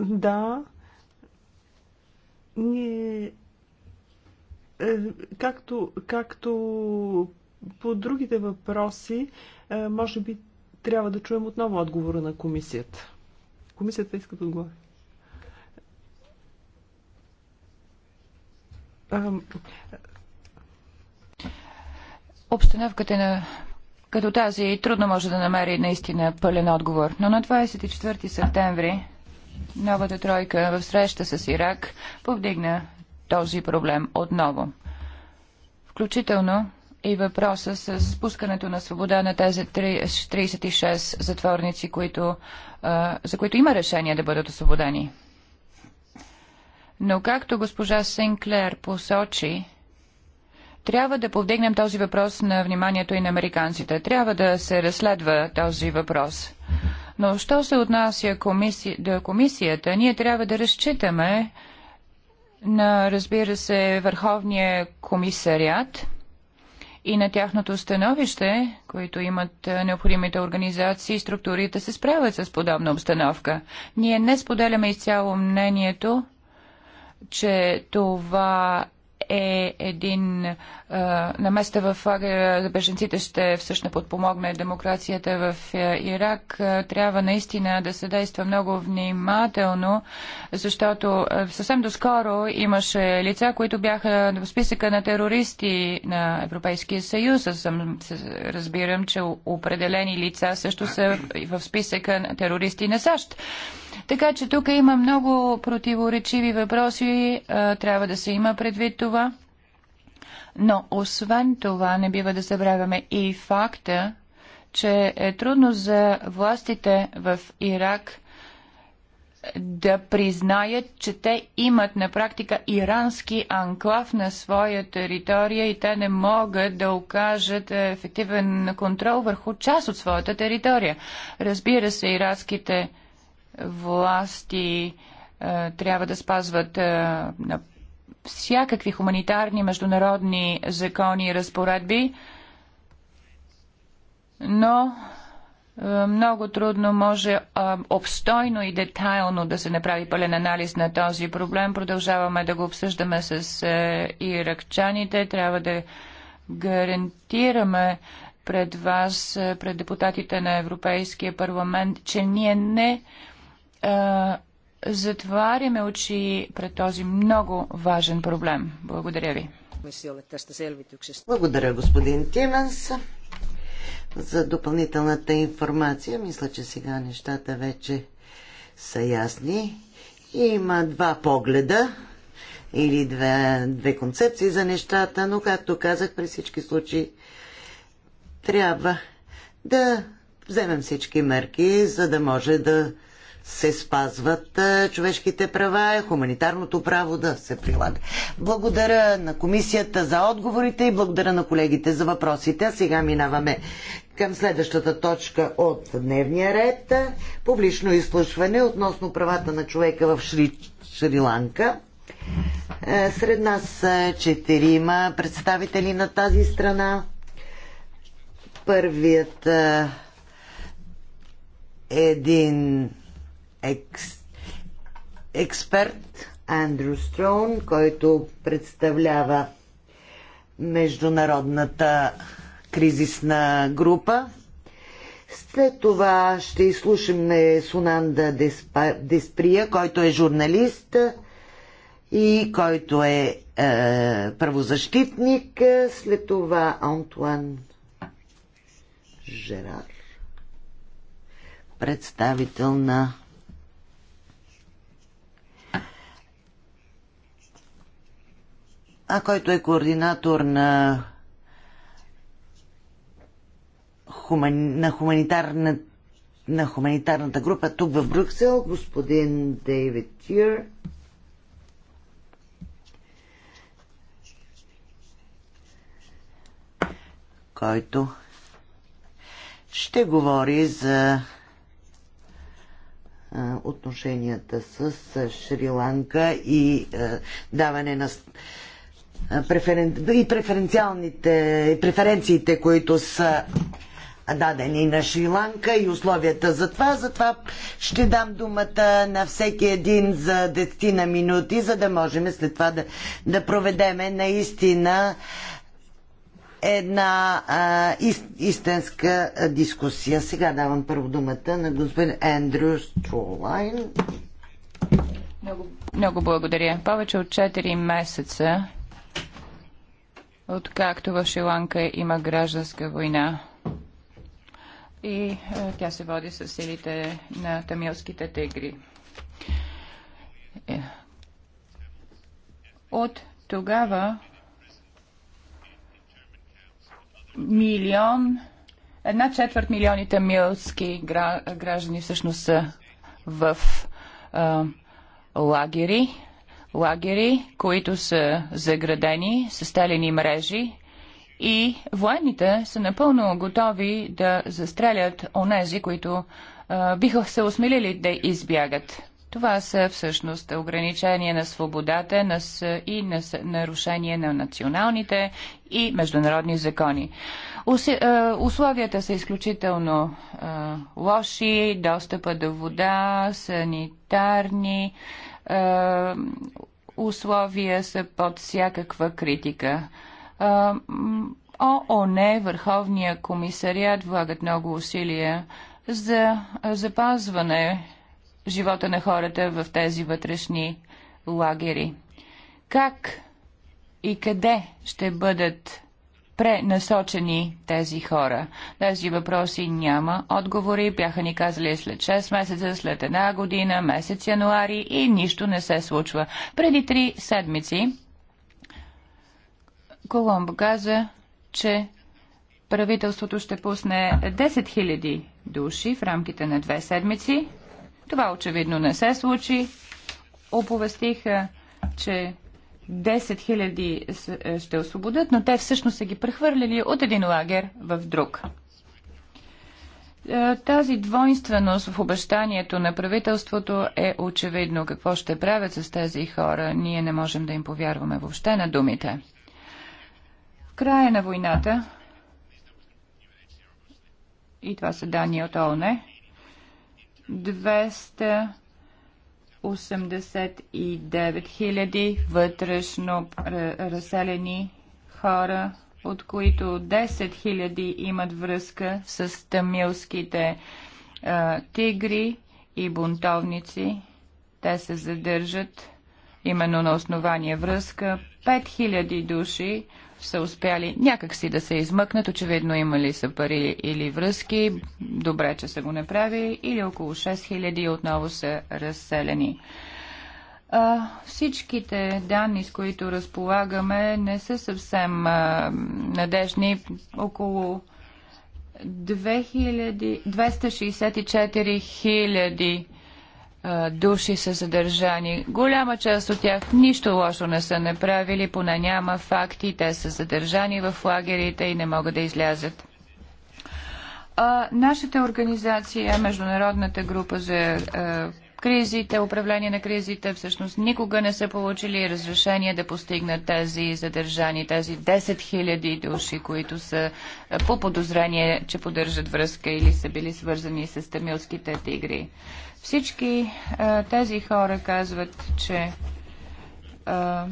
Да, ние, както, както по другите въпроси, е, може би трябва да чуем отново отговора на комисията. Комисията иска да отговори. Обстановката е на като тази трудно може да намери наистина пълен отговор. Но на 24 септември новата тройка в среща с Ирак повдигна този проблем отново. Включително и въпроса с спускането на свобода на тези 36 затворници, които, за които има решение да бъдат освободени. Но както госпожа Синклер посочи, трябва да повдигнем този въпрос на вниманието и на американците. Трябва да се разследва този въпрос. Но що се отнася комиси... до комисията, ние трябва да разчитаме на, разбира се, Върховния комисариат – и на тяхното становище, които имат е, необходимите организации и структури да се справят с подобна обстановка. Ние не споделяме изцяло мнението, че това е един на наместа в лагера за беженците ще всъщност подпомогне демокрацията в Ирак. Трябва наистина да се действа много внимателно, защото съвсем доскоро имаше лица, които бяха в списъка на терористи на Европейския съюз. Аз съм, разбирам, че определени лица също са в списъка на терористи на САЩ. Така че тук има много противоречиви въпроси, трябва да се има предвид това. Но освен това не бива да забравяме и факта, че е трудно за властите в Ирак да признаят, че те имат на практика ирански анклав на своя територия и те не могат да окажат ефективен контрол върху част от своята територия. Разбира се, иракските власти е, трябва да спазват е, на всякакви хуманитарни международни закони и разпоредби, но е, много трудно може е, обстойно и детайлно да се направи пълен анализ на този проблем. Продължаваме да го обсъждаме с е, иракчаните. Трябва да гарантираме пред вас, пред депутатите на Европейския парламент, че ние не е, затваряме очи пред този много важен проблем. Благодаря ви. Благодаря, господин Тименс, за допълнителната информация. Мисля, че сега нещата вече са ясни. Има два погледа или две, две концепции за нещата, но, както казах, при всички случаи трябва да вземем всички мерки, за да може да се спазват човешките права, хуманитарното право да се прилага. Благодаря на комисията за отговорите и благодаря на колегите за въпросите. А сега минаваме към следващата точка от дневния ред. Публично изслушване относно правата на човека в Шри... Шри-Ланка. Е, сред нас четирима представители на тази страна. Първият е, един екс, експерт Андрю Строун, който представлява Международната кризисна група. След това ще изслушаме Сунанда Деспа, Десприя, който е журналист и който е, е правозащитник. След това Антуан Жерар, представител на а който е координатор на, хуман... на, хуманитарна... на хуманитарната група тук в Брюксел, господин Дейвид Тир. който ще говори за отношенията с Шри-Ланка и даване на преферен... и преференциалните и преференциите, които са дадени на Шри-Ланка и условията за това. Затова ще дам думата на всеки един за десетина минути, за да можем след това да, да проведеме наистина една а, ист, истинска дискусия. Сега давам първо думата на господин Ендрю Стролайн. Много, много благодаря. Повече от 4 месеца откакто в Шри-Ланка има гражданска война и е, тя се води с силите на тамилските тегри. Е, от тогава милион, една четвърт милиони тамилски граждани всъщност са в а, е, лагери лагери, които са заградени с телени мрежи и военните са напълно готови да застрелят онези, които а, биха се осмелили да избягат. Това са всъщност ограничение на свободата на с... и на с... нарушение на националните и международни закони. Уси... Условията са изключително а, лоши, достъпа до вода, санитарни е, условия са под всякаква критика. Е, ООН, Върховния комисариат влагат много усилия за запазване живота на хората в тези вътрешни лагери. Как и къде ще бъдат пренасочени тези хора? Тези въпроси няма отговори. Бяха ни казали след 6 месеца, след една година, месец януари и нищо не се случва. Преди 3 седмици Коломбо каза, че правителството ще пусне 10 000 души в рамките на две седмици. Това очевидно не се случи. Оповестиха, че 10 000 е, ще освободят, но те всъщност са ги прехвърлили от един лагер в друг. Е, тази двойственост в обещанието на правителството е очевидно какво ще правят с тези хора. Ние не можем да им повярваме въобще на думите. В края на войната, и това са данни от ОНЕ. 89 хиляди вътрешно разселени хора, от които 10 хиляди имат връзка с тамилските а, тигри и бунтовници. Те се задържат именно на основание връзка. 5 хиляди души са успяли някакси да се измъкнат. Очевидно имали са пари или връзки, добре, че са го направили, или около 6000 отново са разселени. А, всичките данни, с които разполагаме, не са съвсем а, надежни. Около 2000, 264 хиляди души са задържани. Голяма част от тях нищо лошо не са направили, поне няма факти. Те са задържани в лагерите и не могат да излязат. А, нашата организация, Международната група за а, кризите, управление на кризите, всъщност никога не са получили разрешение да постигнат тези задържани, тези 10 000 души, които са е, по подозрение, че поддържат връзка или са били свързани с тамилските тигри. Всички а, е, тези хора казват, че а, е,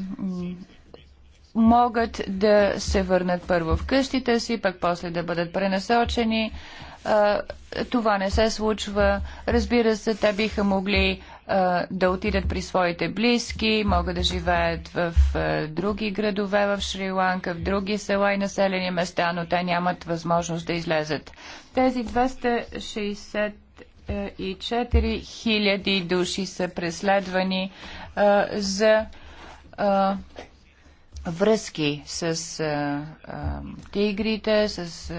могат да се върнат първо в къщите си, пък после да бъдат пренасочени това не се случва. Разбира се, те биха могли да отидат при своите близки, могат да живеят в други градове в Шри-Ланка, в други села и населени места, но те нямат възможност да излезат. Тези 264 хиляди души са преследвани за връзки с тигрите, с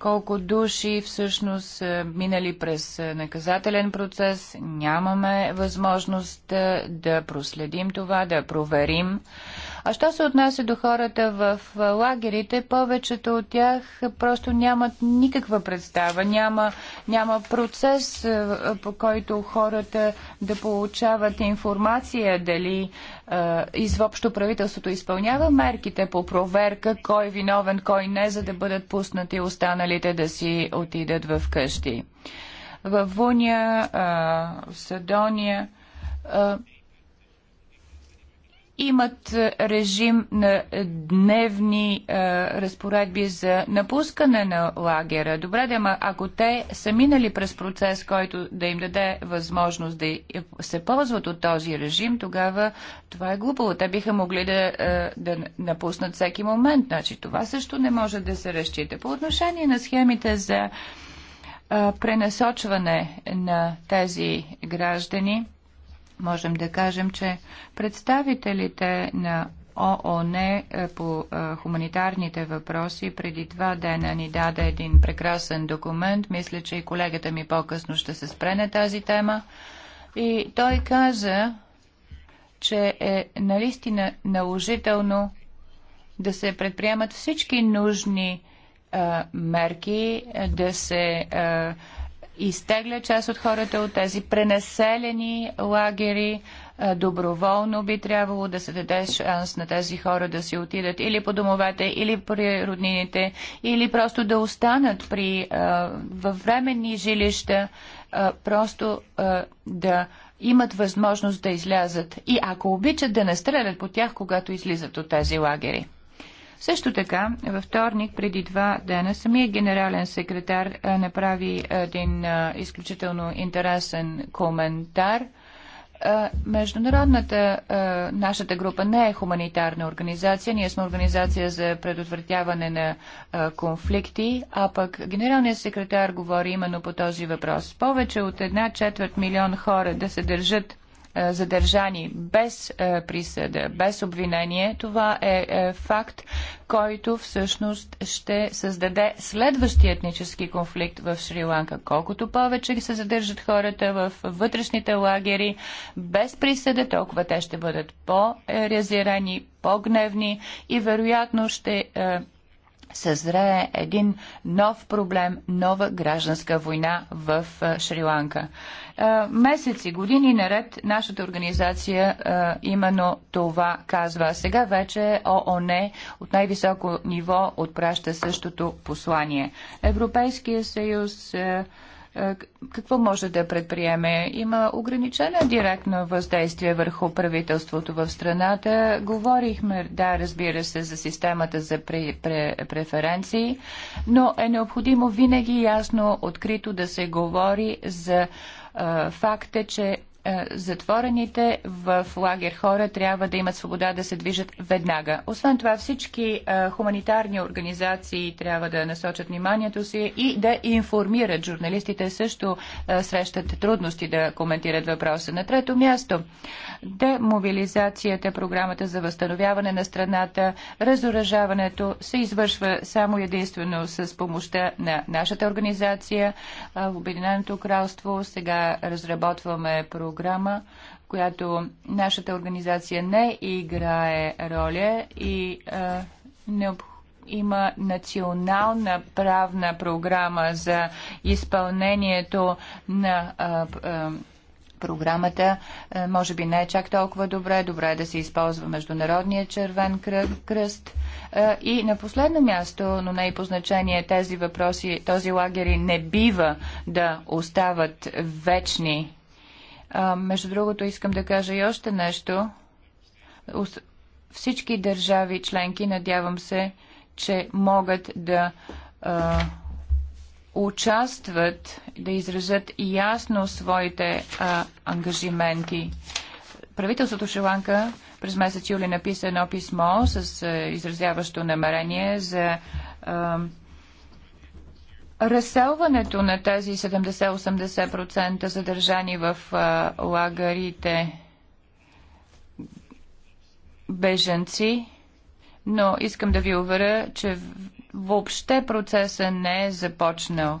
колко души всъщност са минали през е, наказателен процес. Нямаме възможност е, да проследим това, да проверим а що се отнася до хората в лагерите, повечето от тях просто нямат никаква представа, няма, няма процес, е, по който хората да получават информация дали е, изобщо правителството изпълнява мерките по проверка, кой е виновен, кой не, за да бъдат пуснати останалите да си отидат в къщи. В Вуния, е, в Седония имат е, режим на дневни е, разпоредби за напускане на лагера. Добре, да, ама ако те са минали през процес, който да им даде възможност да се ползват от този режим, тогава това е глупаво. Те биха могли да, е, да напуснат всеки момент. Значи това също не може да се разчита. По отношение на схемите за пренасочване на тези граждани, можем да кажем, че представителите на ООН е, по е, хуманитарните въпроси преди два дена ни даде един прекрасен документ. Мисля, че и колегата ми по-късно ще се спре на тази тема. И той каза, че е наистина наложително да се предприемат всички нужни а, е, мерки, да се а, изтегля част от хората от тези пренаселени лагери. Доброволно би трябвало да се даде шанс на тези хора да си отидат или по домовете, или при роднините, или просто да останат при, във временни жилища, просто да имат възможност да излязат и ако обичат да не стрелят по тях, когато излизат от тези лагери. Също така, във вторник, преди два дена, самия генерален секретар направи един изключително интересен коментар – Международната нашата група не е хуманитарна организация. Ние сме организация за предотвратяване на конфликти, а пък генералният секретар говори именно по този въпрос. Повече от една четвърт милион хора да се държат е, задържани без е, присъда, без обвинение, това е, е факт, който всъщност ще създаде следващия етнически конфликт в Шри-Ланка. Колкото повече се задържат хората в вътрешните лагери без присъда, толкова те ще бъдат по-резирани, по-гневни и вероятно ще съзрее един нов проблем, нова гражданска война в Шри-Ланка. Месеци, години наред нашата организация именно това казва. Сега вече ООН от най-високо ниво отпраща същото послание. Европейския съюз е, какво може да предприеме? Има ограничено директно въздействие върху правителството в страната. Говорихме, да, разбира се, за системата за преференции, но е необходимо винаги ясно, открито да се говори за е, факта, че е, затворените в лагер хора трябва да имат свобода да се движат веднага. Освен това всички е, хуманитарни организации трябва да насочат вниманието си и да информират. Журналистите също е, срещат трудности да коментират въпроса. На трето място демобилизацията, програмата за възстановяване на страната, разоръжаването се извършва само единствено с помощта на нашата организация. в Обединеното кралство сега разработваме програма програма, която нашата организация не играе роля и а, необходимо има национална правна програма за изпълнението на а, а, програмата. А, може би не е чак толкова добре. Добре е да се използва Международния червен кръст. А, и на последно място, но не и по значение, тези въпроси, този лагери не бива да остават вечни а, между другото, искам да кажа и още нещо. Всички държави членки, надявам се, че могат да а, участват, да изразят ясно своите а, ангажименти. Правителството Шиланка през месец юли написа едно писмо с а, изразяващо намерение за а, разселването на тези 70-80% задържани в а, лагерите беженци, но искам да ви уверя, че въобще процеса не е започнал.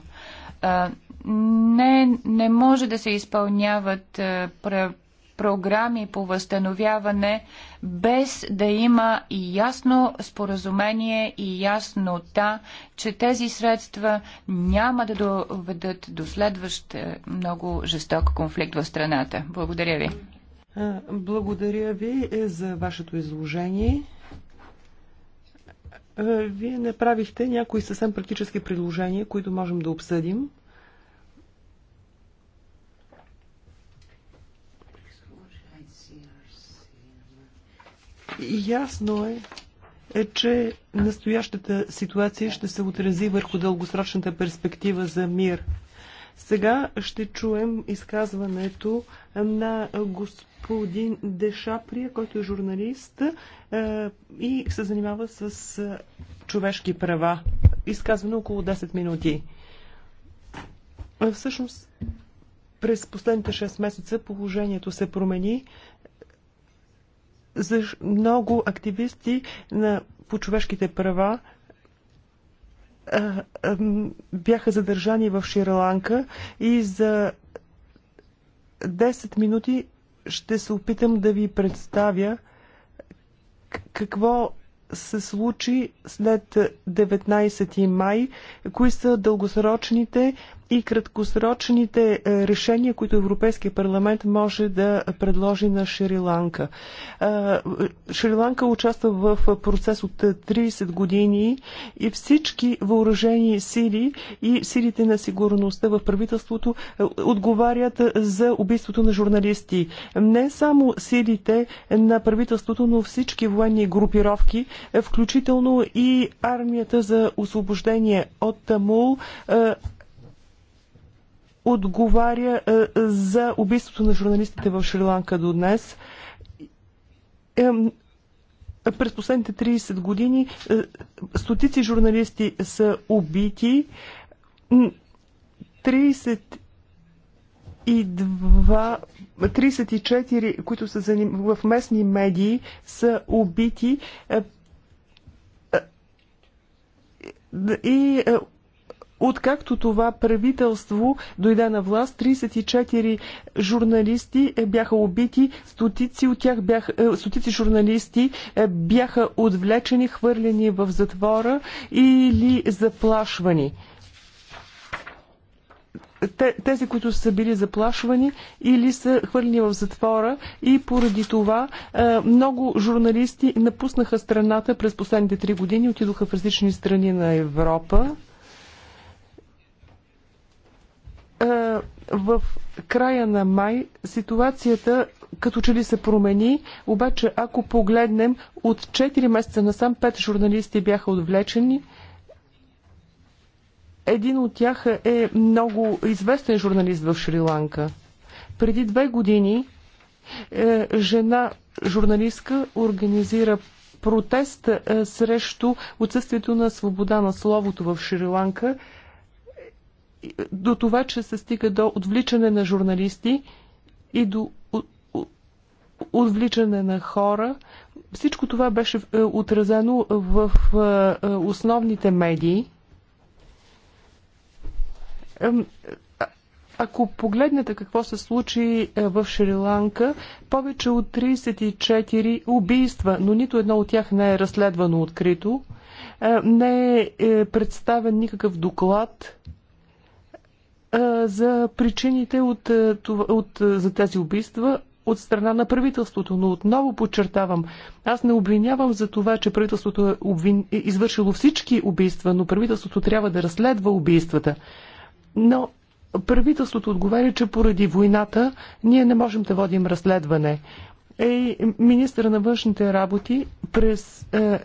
А, не, не може да се изпълняват а, програми по възстановяване, без да има и ясно споразумение и яснота, че тези средства няма да доведат до следващ е, много жесток конфликт в страната. Благодаря ви. Благодаря ви е, за вашето изложение. Вие направихте някои съвсем практически предложения, които можем да обсъдим. Ясно е, е, че настоящата ситуация ще се отрази върху дългосрочната перспектива за мир. Сега ще чуем изказването на господин Дешаприя, който е журналист е, и се занимава с е, човешки права. Изказване около 10 минути. Всъщност, през последните 6 месеца положението се промени за много активисти на, по човешките права бяха задържани в Шри-Ланка и за 10 минути ще се опитам да ви представя какво се случи след 19 май, кои са дългосрочните и краткосрочните е, решения, които Европейския парламент може да предложи на Шри-Ланка. Е, Шри-Ланка участва в процес от 30 е, години и всички въоръжени сили и силите на сигурността в правителството отговарят за убийството на журналисти. Не само силите на правителството, но всички военни групировки, включително и армията за освобождение от Тамул, отговаря е, за убийството на журналистите в Шри-Ланка до днес. През последните 30 години е, стотици журналисти са убити. 32, 34, които са в местни медии, са убити е, и Откакто това правителство дойде на власт, 34 журналисти е, бяха убити, стотици, от тях бях, е, стотици журналисти е, бяха отвлечени, хвърлени в затвора или заплашвани тези, които са били заплашвани или са хвърлени в затвора и поради това много журналисти напуснаха страната през последните три години, отидоха в различни страни на Европа. в края на май ситуацията като че ли се промени, обаче ако погледнем от 4 месеца насам 5 журналисти бяха отвлечени. Един от тях е много известен журналист в Шри-Ланка. Преди две години е, жена журналистка организира протест е, срещу отсъствието на свобода на словото в Шри-Ланка до това, че се стига до отвличане на журналисти и до отвличане на хора. Всичко това беше е, отразено в е, е, основните медии. Ако погледнете какво се случи в Шри-Ланка, повече от 34 убийства, но нито едно от тях не е разследвано открито, не е представен никакъв доклад за причините от, от, за тези убийства от страна на правителството. Но отново подчертавам, аз не обвинявам за това, че правителството е, обвин... е извършило всички убийства, но правителството трябва да разследва убийствата. Но правителството отговаря, че поради войната ние не можем да водим разследване. Е, министър на външните работи през е, е,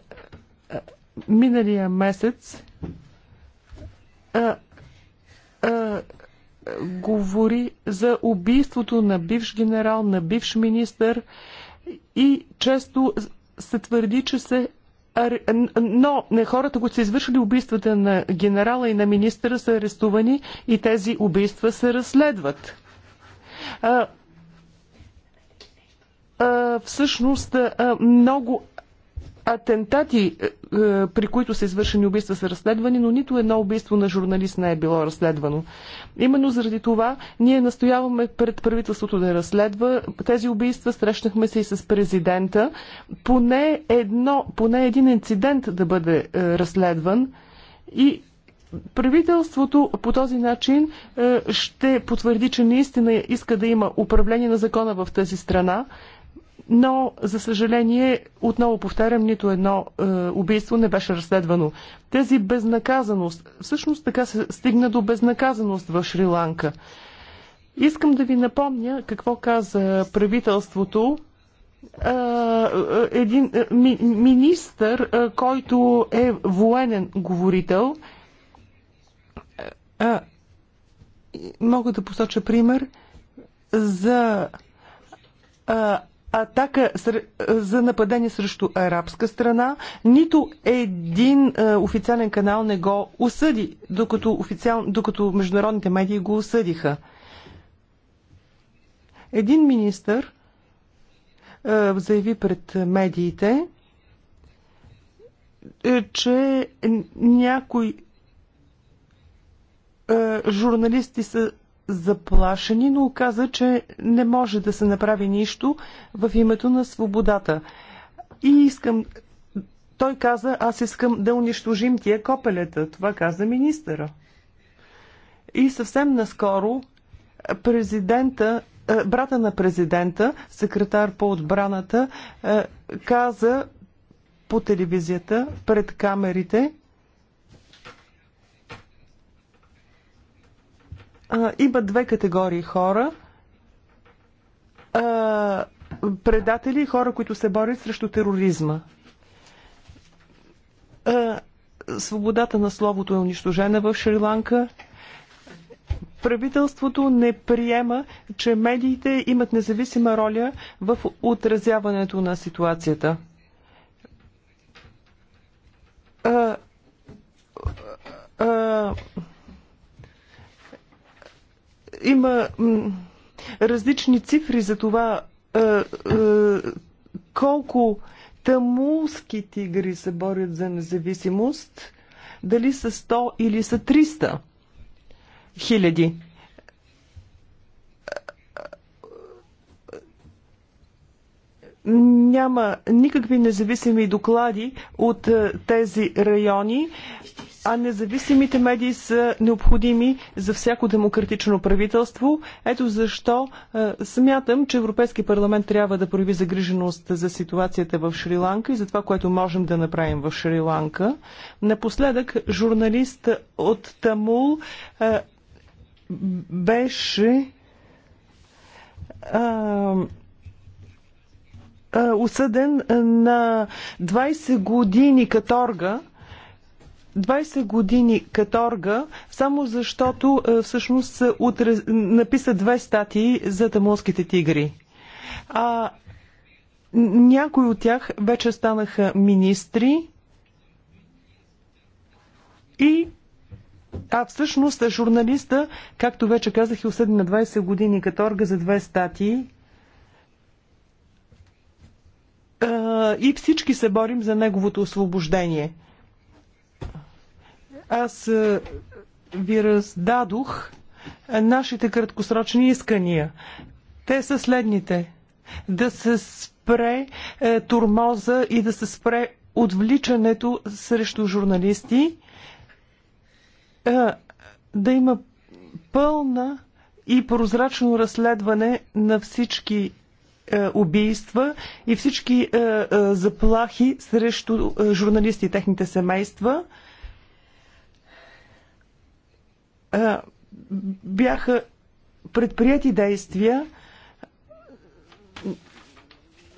миналия месец е, говори за убийството на бивш генерал, на бивш министър и често се твърди, че се но не хората, които са извършили убийствата на генерала и на министъра, са арестувани и тези убийства се разследват. А, а, всъщност, а, много атентати, е, е, при които са извършени убийства, са разследвани, но нито едно убийство на журналист не е било разследвано. Именно заради това ние настояваме пред правителството да разследва тези убийства. Срещнахме се и с президента. Поне, едно, поне един инцидент да бъде е, разследван и правителството по този начин ще потвърди, че наистина иска да има управление на закона в тази страна но, за съжаление, отново повтарям, нито едно е, убийство не беше разследвано. Тези безнаказаност, всъщност така се стигна до безнаказаност в Шри-Ланка. Искам да ви напомня какво каза правителството е, е, един е, ми, министър, който е военен говорител. е, мога да посоча пример за Е, атака за нападение срещу арабска страна. Нито един е, официален канал не го осъди, докато, официал... докато международните медии го осъдиха. Един министър е, заяви пред медиите, е, че някои журналисти са заплашени, но оказа, че не може да се направи нищо в името на свободата. И искам. Той каза, аз искам да унищожим тия копелета. Това каза министъра. И съвсем наскоро президента, е, брата на президента, секретар по отбраната, е, каза по телевизията, пред камерите, има две категории хора. предатели и хора, които се борят срещу тероризма. свободата на словото е унищожена в Шри-Ланка. Правителството не приема, че медиите имат независима роля в отразяването на ситуацията. А, а, има различни цифри за това е, е, колко тамулски тигри се борят за независимост, дали са 100 или са 300 хиляди. няма никакви независими доклади от е, тези райони а независимите медии са необходими за всяко демократично правителство. Ето защо е, смятам, че Европейски парламент трябва да прояви загриженост за ситуацията в Шри-Ланка и за това, което можем да направим в Шри-Ланка. Напоследък журналист от Тамул е, беше е, осъден на 20 години каторга 20 години каторга, само защото е, всъщност утраз... написа две статии за тамулските тигри. А някои от тях вече станаха министри и а всъщност журналиста, както вече казах, и е осъден на 20 години каторга за две статии. Е, и всички се борим за неговото освобождение. Аз е, ви раздадох е, нашите краткосрочни искания. Те са следните. Да се спре е, турмоза и да се спре отвличането срещу журналисти. Е, да има пълна и прозрачно разследване на всички е, убийства и всички е, е, заплахи срещу е, журналисти и техните семейства. бяха предприяти действия,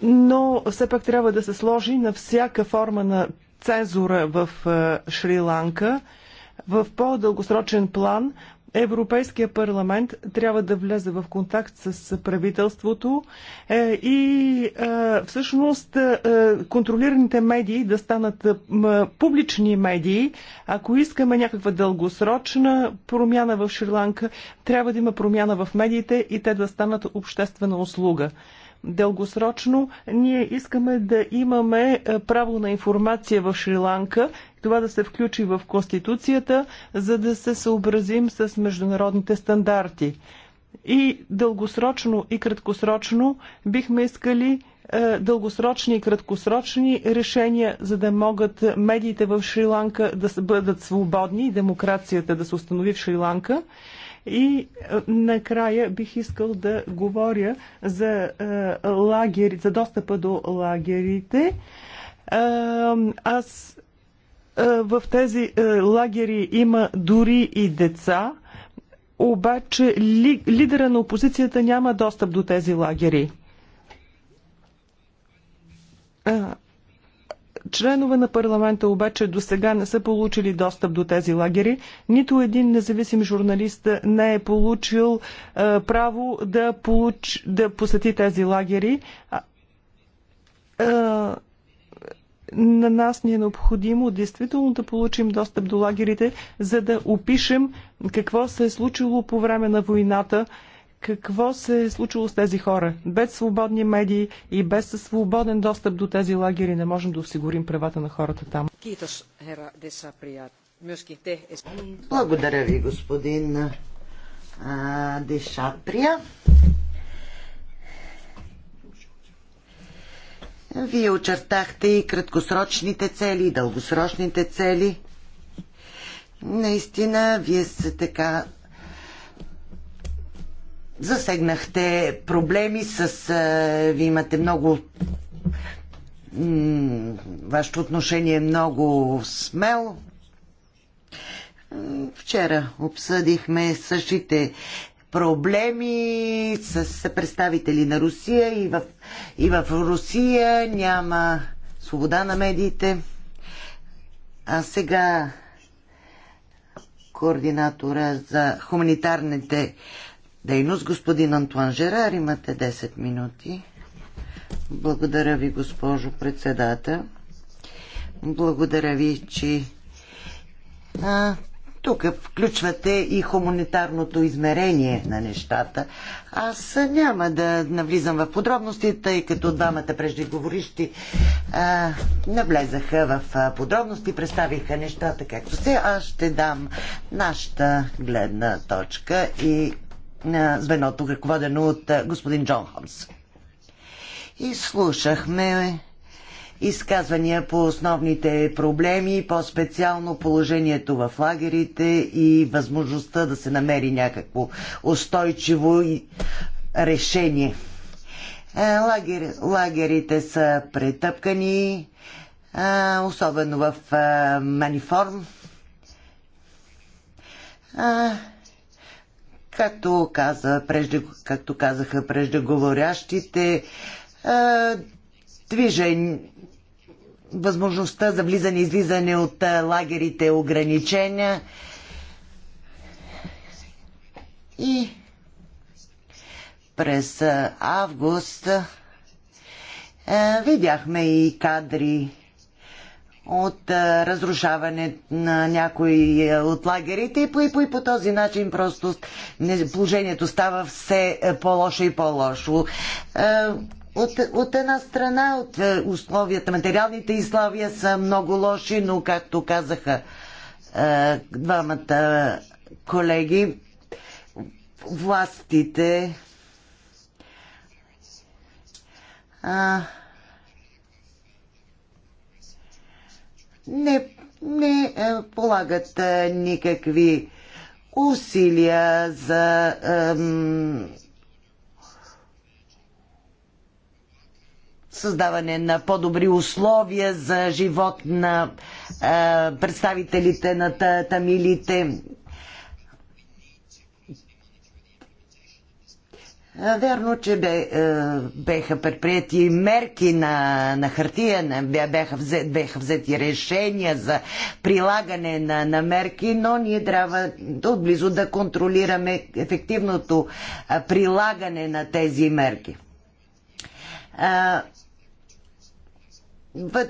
но все пак трябва да се сложи на всяка форма на цензура в Шри-Ланка. В по-дългосрочен план Европейския парламент трябва да влезе в контакт с правителството е, и е, всъщност е, контролираните медии да станат публични медии. Ако искаме някаква дългосрочна промяна в Шри-Ланка, трябва да има промяна в медиите и те да станат обществена услуга дългосрочно ние искаме да имаме е, право на информация в Шри-Ланка, това да се включи в Конституцията, за да се съобразим с международните стандарти. И дългосрочно и краткосрочно бихме искали е, дългосрочни и краткосрочни решения, за да могат медиите в Шри-Ланка да бъдат свободни и демокрацията да се установи в Шри-Ланка. И е, накрая бих искал да говоря за е, лагери, за достъпа до лагерите. Е, аз в тези лагери има дори и деца, обаче ли, лидера на опозицията няма достъп до тези лагери. Членове на парламента обаче до сега не са получили достъп до тези лагери. Нито един независим журналист не е получил е, право да, получ, да посети тези лагери. А, е, на нас ни е необходимо действително да получим достъп до лагерите, за да опишем какво се е случило по време на войната. Е, какво се е случило с тези хора. Без свободни медии и без свободен достъп до тези лагери не можем да осигурим правата на хората там. Благодаря ви, господин Дешаприя. Вие очертахте и краткосрочните цели, и дългосрочните цели. Наистина, вие сте така Засегнахте проблеми с... ви имате много... Вашето отношение е много смело. Вчера обсъдихме същите проблеми с представители на Русия и в, и в Русия няма свобода на медиите. А сега координатора за хуманитарните дейност. Господин Антуан Жерар, имате 10 минути. Благодаря ви, госпожо председател. Благодаря ви, че а, тук включвате и хуманитарното измерение на нещата. Аз няма да навлизам в подробности, тъй като двамата преждеговорищи а, навлезаха в подробности, представиха нещата както се. Аз ще дам нашата гледна точка и на звеното, ръководено от господин Джон Холмс. И слушахме изказвания по основните проблеми, по-специално положението в лагерите и възможността да се намери някакво устойчиво решение. Е, лагер, лагерите са претъпкани, особено в Маниформ. Както, каза, прежде, както казаха преждеговорящите, е, движение, възможността за влизане и излизане от е, лагерите е ограничения. И през август видяхме и кадри от а, разрушаване на някои а, от лагерите и по, и по, и по този начин просто не, положението става все по-лошо и по-лошо. От, от една страна, от условията, материалните изславия са много лоши, но както казаха а, двамата колеги, властите а, не, не е, полагат е, никакви усилия за ем, създаване на по-добри условия за живот на е, представителите на тамилите. Вярно, че бе, е, беха предприяти мерки на, на хартия, бяха, взет, бяха взети решения за прилагане на, на мерки, но ние трябва отблизо да контролираме ефективното прилагане на тези мерки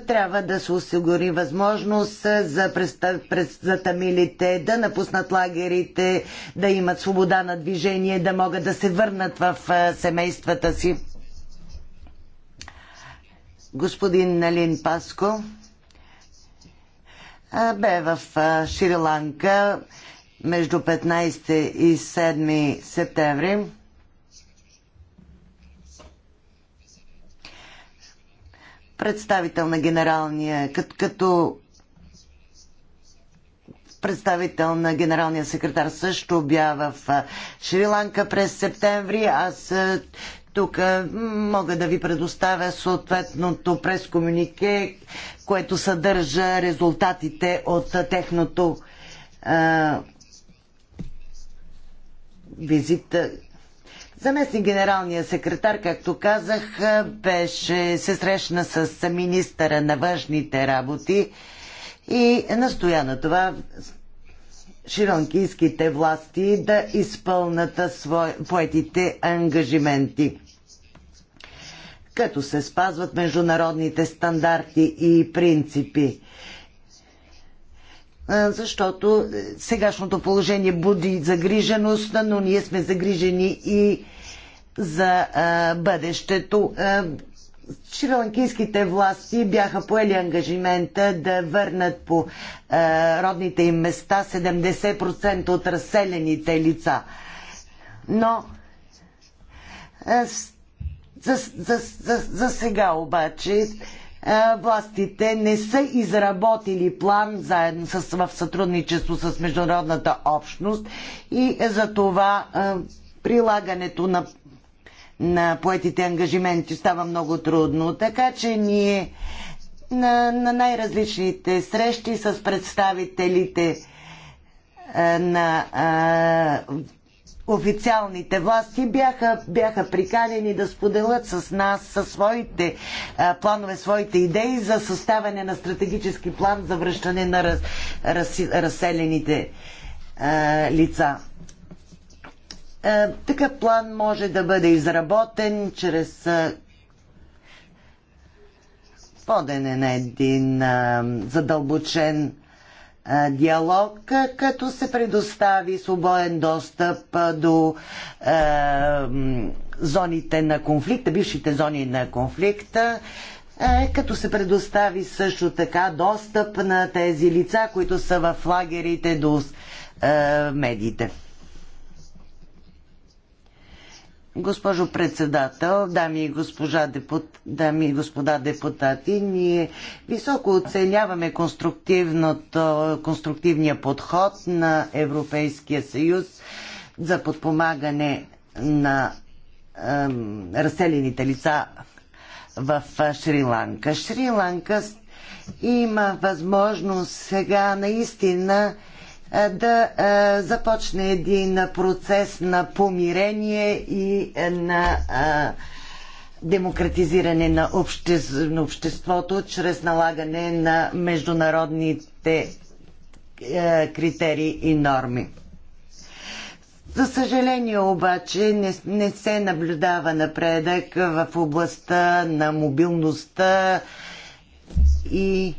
трябва да се осигури възможност за, престъ... тамилите да напуснат лагерите, да имат свобода на движение, да могат да се върнат в семействата си. Господин Налин Паско бе в Шри-Ланка между 15 и 7 септември. представител на генералния, като, като представител на генералния секретар също бя в Шри-Ланка през септември. Аз тук мога да ви предоставя съответното прескомюнике, което съдържа резултатите от техното а, визита Заместник генералния секретар, както казах, беше, се срещна с министъра на външните работи и настоя на това широнкийските власти да изпълнат свой, поетите ангажименти като се спазват международните стандарти и принципи защото е, сегашното положение буди загриженост, но ние сме загрижени и за бъдещето. Шриланкийските власти бяха поели ангажимента да върнат по родните им места 70% от разселените лица. Но за, за, за, за сега обаче е, властите не са изработили план заедно с, в сътрудничество с международната общност и за това е, прилагането на, на поетите ангажименти става много трудно. Така че ние на, на най-различните срещи с представителите е, на официалните власти бяха, бяха приканени да споделят с нас със своите а, планове, своите идеи за съставяне на стратегически план за връщане на раз, раз, разселените а, лица. А, такъв план може да бъде изработен чрез а, подене на един а, задълбочен диалог, като се предостави свободен достъп до е, зоните на конфликта, бившите зони на конфликта, е, като се предостави също така достъп на тези лица, които са в лагерите до е, медиите. Госпожо председател, дами и, госпожа депут, дами и господа депутати, ние високо оценяваме конструктивния подход на Европейския съюз за подпомагане на е, разселените лица в е, Шри-Ланка. Шри-Ланка има възможност сега наистина е, да е, започне един процес на помирение и е, на демократизиране на, обществото чрез налагане на международните критерии и норми. За съжаление обаче не, не се наблюдава напредък в областта на мобилността и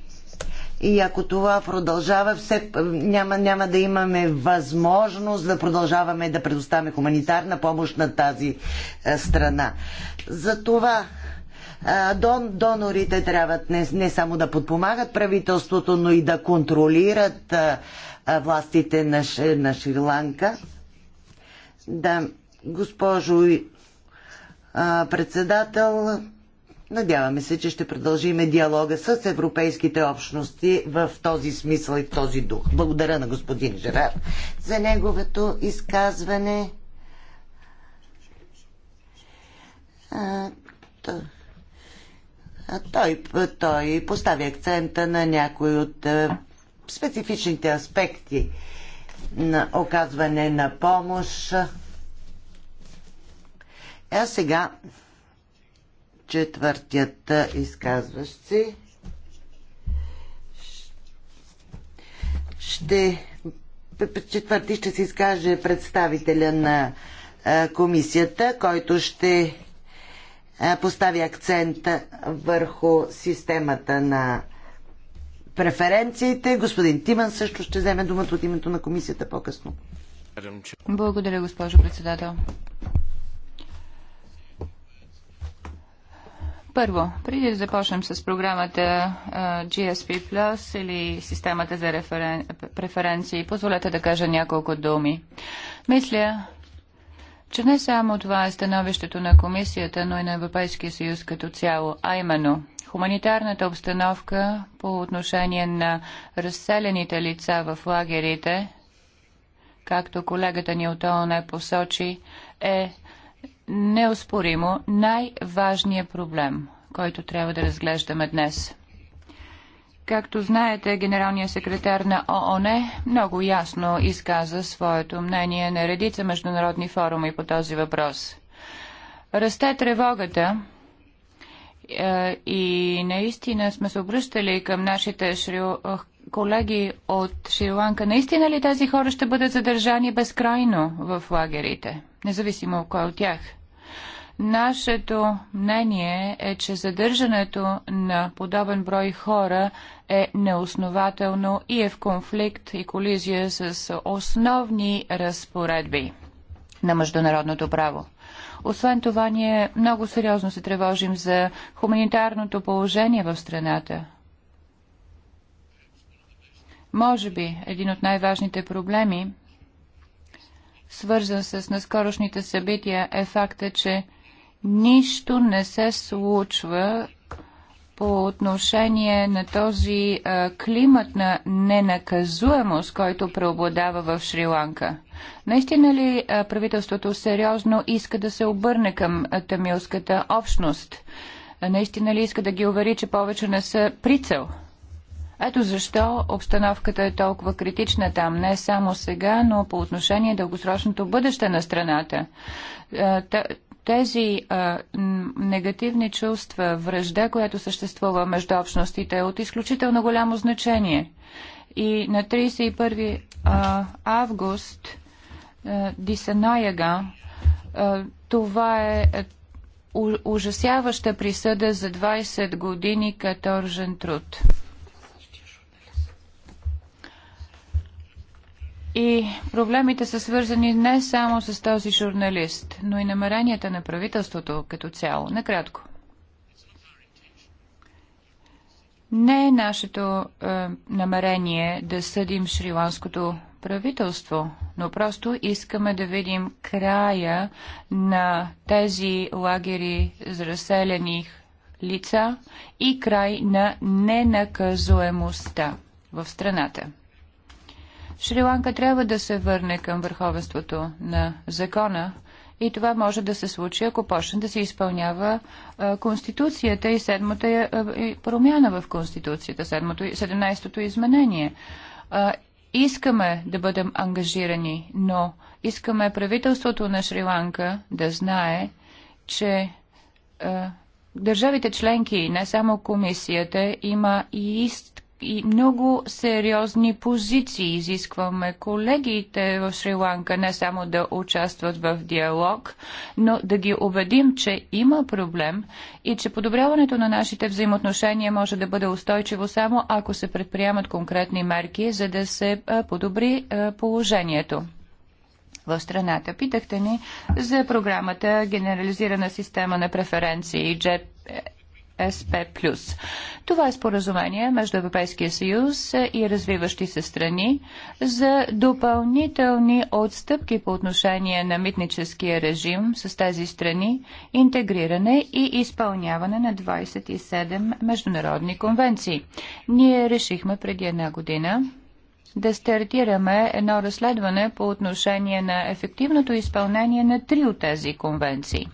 и ако това продължава, все, няма, няма да имаме възможност да продължаваме да предоставяме хуманитарна помощ на тази е, страна. Затова е, дон, донорите трябва не, не само да подпомагат правителството, но и да контролират а, е, а, властите на, на Шри-Ланка. Да, госпожо а, председател, Надяваме се, че ще продължиме диалога с европейските общности в този смисъл и в този дух. Благодаря на господин Жерар за неговото изказване. А, то, а той, той постави акцента на някои от а, специфичните аспекти на оказване на помощ. А сега четвъртият изказващ се ще четвърти ще се изкаже представителя на комисията, който ще постави акцента върху системата на преференциите. Господин Тиман също ще вземе думата от името на комисията по-късно. Благодаря, госпожо председател. Първо, преди да започнем с програмата GSP Plus или системата за референ... преференции, позволете да кажа няколко думи. Мисля, че не само това е становището на комисията, но и на Европейския съюз като цяло, а именно хуманитарната обстановка по отношение на разселените лица в лагерите, както колегата ни от ООН посочи, е неоспоримо най-важният проблем, който трябва да разглеждаме днес. Както знаете, генералният секретар на ООН много ясно изказа своето мнение на редица международни форуми по този въпрос. Расте тревогата е, и наистина сме се обръщали към нашите шри... колеги от Шри-Ланка. Наистина ли тези хора ще бъдат задържани безкрайно в лагерите, независимо кой от тях? Нашето мнение е, че задържането на подобен брой хора е неоснователно и е в конфликт и колизия с основни разпоредби на международното право. Освен това, ние много сериозно се тревожим за хуманитарното положение в страната. Може би един от най-важните проблеми, свързан с наскорошните събития, е факта, че нищо не се случва по отношение на този а, климат на ненаказуемост, който преобладава в Шри-Ланка. Наистина ли а, правителството сериозно иска да се обърне към а, тамилската общност? А, наистина ли иска да ги увери, че повече не са прицел? Ето защо обстановката е толкова критична там, не само сега, но по отношение дългосрочното бъдеще на страната тези а, негативни чувства, връжда, която съществува между общностите, е от изключително голямо значение. И на 31 а, август а, Дисанаяга, а, това е, е ужасяваща присъда за 20 години каторжен труд. И проблемите са свързани не само с този журналист, но и намеренията на правителството като цяло. Накратко. Не е нашето е, намерение да съдим шриланското правителство, но просто искаме да видим края на тези лагери за разселени лица и край на ненаказуемостта в страната. Шри-Ланка трябва да се върне към върховенството на закона и това може да се случи, ако почне да се изпълнява а, Конституцията и седмата а, промяна в Конституцията, седмото, 17-то изменение. А, искаме да бъдем ангажирани, но искаме правителството на Шри-Ланка да знае, че държавите членки, не само комисията, има и иск и много сериозни позиции. Изискваме колегите в Шри-Ланка не само да участват в диалог, но да ги убедим, че има проблем и че подобряването на нашите взаимоотношения може да бъде устойчиво само ако се предприемат конкретни мерки, за да се е, подобри е, положението в страната. Питахте ни за програмата Генерализирана система на преференции и JET СП+. Това е споразумение между Европейския съюз и развиващи се страни за допълнителни отстъпки по отношение на митническия режим с тези страни, интегриране и изпълняване на 27 международни конвенции. Ние решихме преди една година да стартираме едно разследване по отношение на ефективното изпълнение на три от тези конвенции.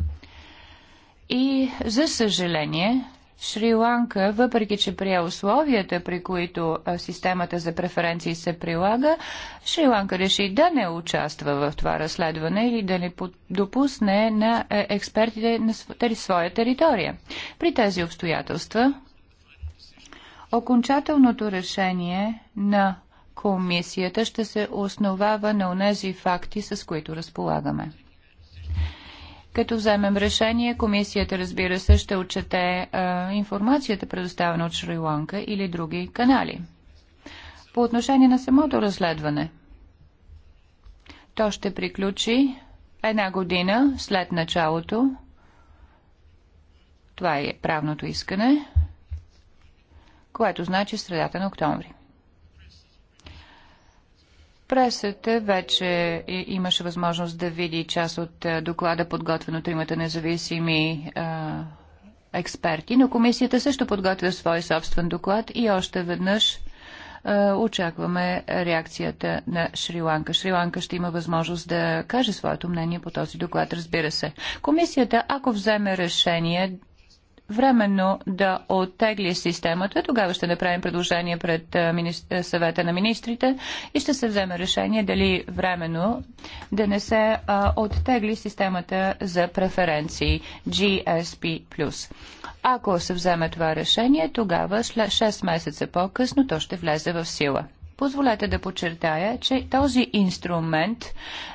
И, за съжаление, Шри-Ланка, въпреки че прие условията, при които системата за преференции се прилага, Шри-Ланка реши да не участва в това разследване или да не допусне на е, експертите на своя територия. При тези обстоятелства, окончателното решение на комисията ще се основава на онези факти, с които разполагаме. Като вземем решение, комисията разбира се ще отчете а, информацията предоставена от Шри-Ланка или други канали. По отношение на самото разследване, то ще приключи една година след началото. Това е правното искане, което значи средата на октомври. Пресата вече имаше възможност да види част от е, доклада, подготвен от тримата независими а, е, експерти, но комисията също подготвя свой собствен доклад и още веднъж а, е, очакваме реакцията на Шри-Ланка. Шри-Ланка ще има възможност да каже своето мнение по този доклад, разбира се. Комисията, ако вземе решение временно да оттегли системата. Тогава ще направим предложение пред съвета на министрите и ще се вземе решение дали временно да не се а, оттегли системата за преференции GSP+. Ако се вземе това решение, тогава 6 месеца по-късно то ще влезе в сила. Позволете да подчертая, че този инструмент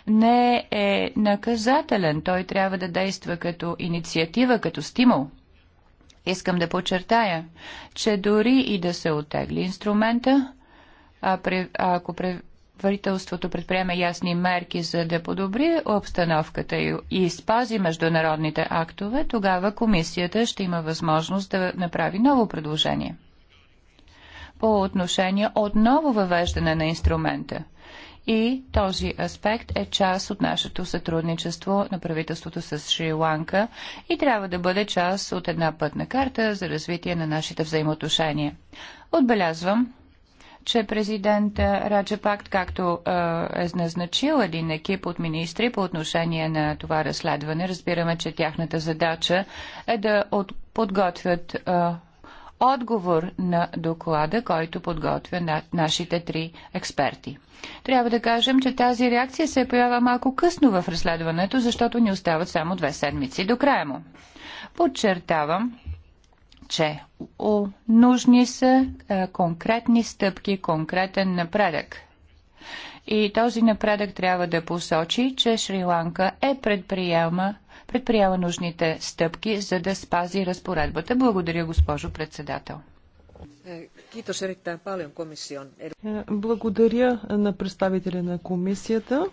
не е наказателен. Той трябва да действа като инициатива, като стимул. Искам да подчертая, че дори и да се отегли инструмента, а при, ако правителството предприеме ясни мерки за да подобри обстановката и, и спази международните актове, тогава комисията ще има възможност да направи ново предложение. По отношение отново въвеждане на инструмента – и този аспект е част от нашето сътрудничество на правителството с Шри-Ланка и трябва да бъде част от една пътна карта за развитие на нашите взаимоотношения. Отбелязвам, че президент Раджапакт, както е, е назначил един екип от министри по отношение на това разследване, разбираме, че тяхната задача е да от, подготвят е, отговор на доклада, който подготвя на нашите три експерти. Трябва да кажем, че тази реакция се появява малко късно в разследването, защото ни остават само две седмици до края му. Подчертавам, че нужни са е, конкретни стъпки, конкретен напредък. И този напредък трябва да посочи, че Шри-Ланка е предприема предприява нужните стъпки, за да спази разпоредбата. Благодаря, госпожо председател. Благодаря на представителя на комисията.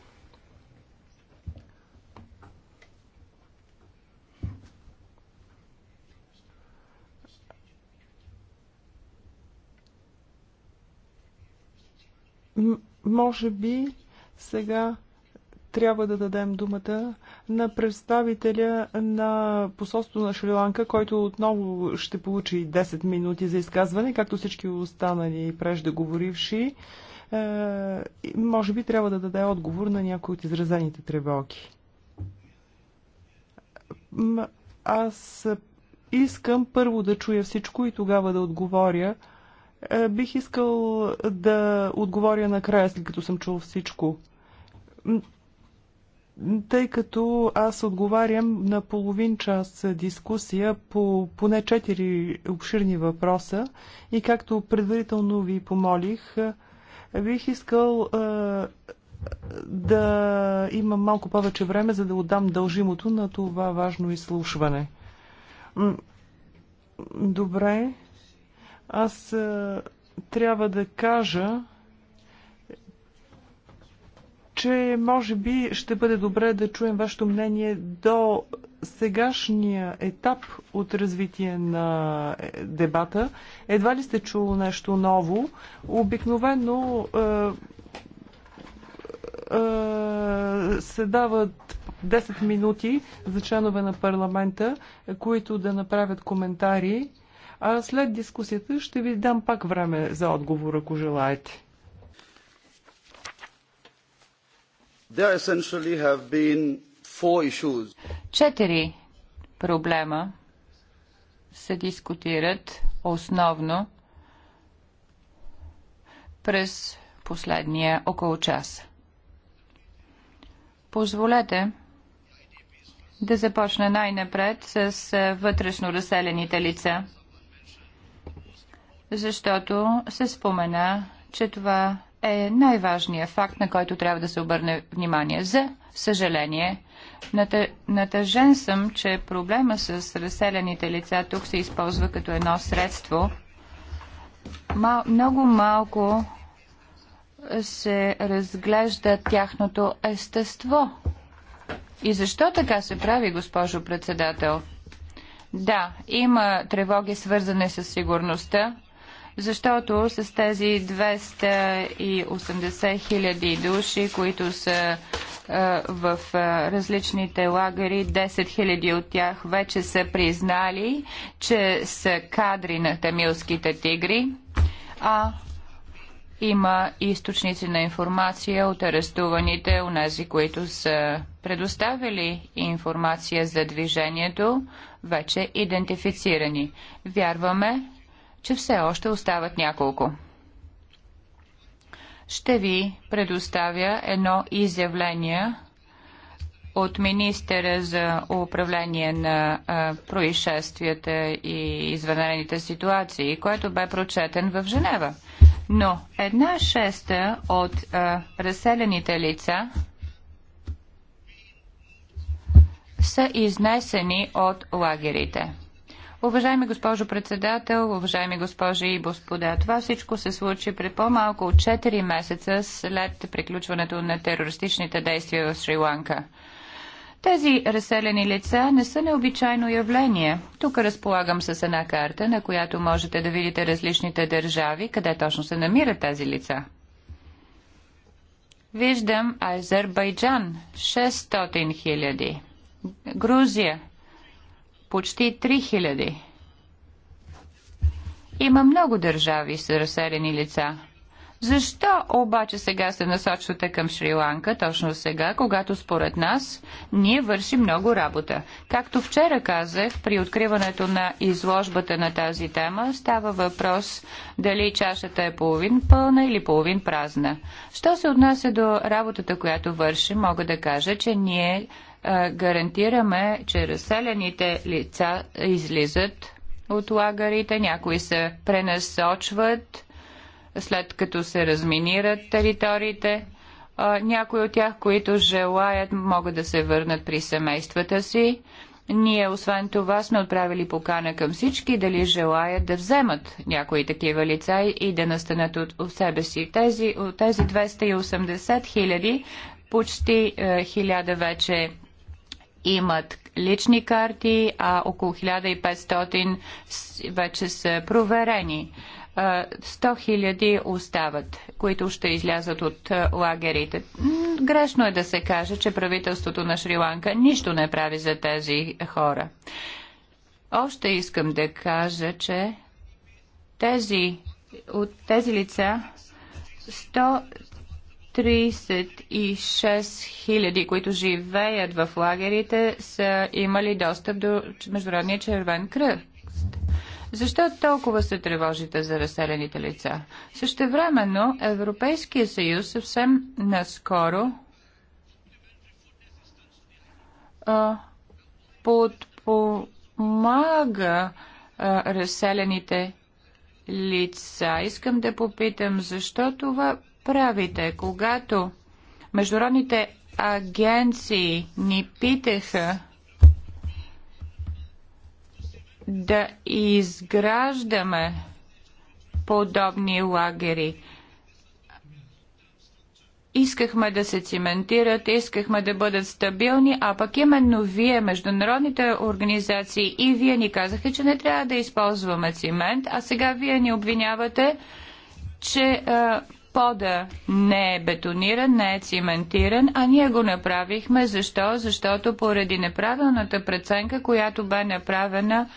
М- може би сега трябва да дадем думата на представителя на посолство на Шри-Ланка, който отново ще получи 10 минути за изказване, както всички останали преждеговоривши. Е, може би трябва да даде отговор на някои от изразените тревоги. Аз искам първо да чуя всичко и тогава да отговоря. Е, бих искал да отговоря накрая, след като съм чул всичко тъй като аз отговарям на половин час дискусия по поне четири обширни въпроса и както предварително ви помолих, бих искал да имам малко повече време, за да отдам дължимото на това важно изслушване. Добре. Аз трябва да кажа, че може би ще бъде добре да чуем вашето мнение до сегашния етап от развитие на е, дебата. Едва ли сте чул нещо ново? Обикновено е, е, се дават 10 минути за членове на парламента, които да направят коментари. А след дискусията ще ви дам пак време за отговор, ако желаете. Четири проблема се дискутират основно през последния около час. Позволете да започна най-напред с вътрешно разселените лица, защото се спомена, че това е най-важният факт, на който трябва да се обърне внимание. За съжаление, натъжен съм, че проблема с разселените лица тук се използва като едно средство. Мал, много малко се разглежда тяхното естество. И защо така се прави, госпожо председател? Да, има тревоги свързани с сигурността, защото с тези 280 хиляди души, които са в различните лагери. 10 000 от тях вече са признали, че са кадри на тамилските тигри, а има източници на информация от арестуваните, унези, които са предоставили информация за движението, вече идентифицирани. Вярваме, че все още остават няколко. Ще ви предоставя едно изявление от министъра за управление на а, происшествията и извънредните ситуации, което бе прочетен в Женева. Но една шеста от а, разселените лица са изнесени от лагерите. Уважаеми госпожо председател, уважаеми госпожи и господа, това всичко се случи при по-малко от 4 месеца след приключването на терористичните действия в Шри-Ланка. Тези разселени лица не са необичайно явление. Тук разполагам с една карта, на която можете да видите различните държави, къде точно се намират тези лица. Виждам Азербайджан 600 000 Грузия почти 3000. Има много държави с разселени лица. Защо обаче сега се насочвате към Шри-Ланка, точно сега, когато според нас ние вършим много работа? Както вчера казах, при откриването на изложбата на тази тема става въпрос дали чашата е половин пълна или половин празна. Що се отнася до работата, която вършим, мога да кажа, че ние е, гарантираме, че разселените лица излизат от лагерите, някои се пренасочват след като се разминират териториите. Е, някои от тях, които желаят, могат да се върнат при семействата си. Ние, освен това, сме отправили покана към всички дали желаят да вземат някои такива лица и да настанат от, от себе си. Тези, от тези 280 хиляди, почти е, хиляда вече имат лични карти, а около 1500 вече са проверени. 100 хиляди остават, които ще излязат от лагерите. Грешно е да се каже, че правителството на Шри-Ланка нищо не прави за тези хора. Още искам да кажа, че тези, от тези лица 100 36 хиляди, които живеят в лагерите, са имали достъп до Международния червен кръст. Защо толкова се тревожите за разселените лица? времено Европейския съюз съвсем наскоро а, подпомага а, разселените лица. Искам да попитам, защо това правите? Когато международните агенции ни питаха да изграждаме подобни лагери. Искахме да се циментират, искахме да бъдат стабилни, а пък именно вие, международните организации, и вие ни казаха, че не трябва да използваме цимент, а сега вие ни обвинявате, че а, пода не е бетониран, не е циментиран, а ние го направихме. Защо? Защото поради неправилната преценка, която бе направена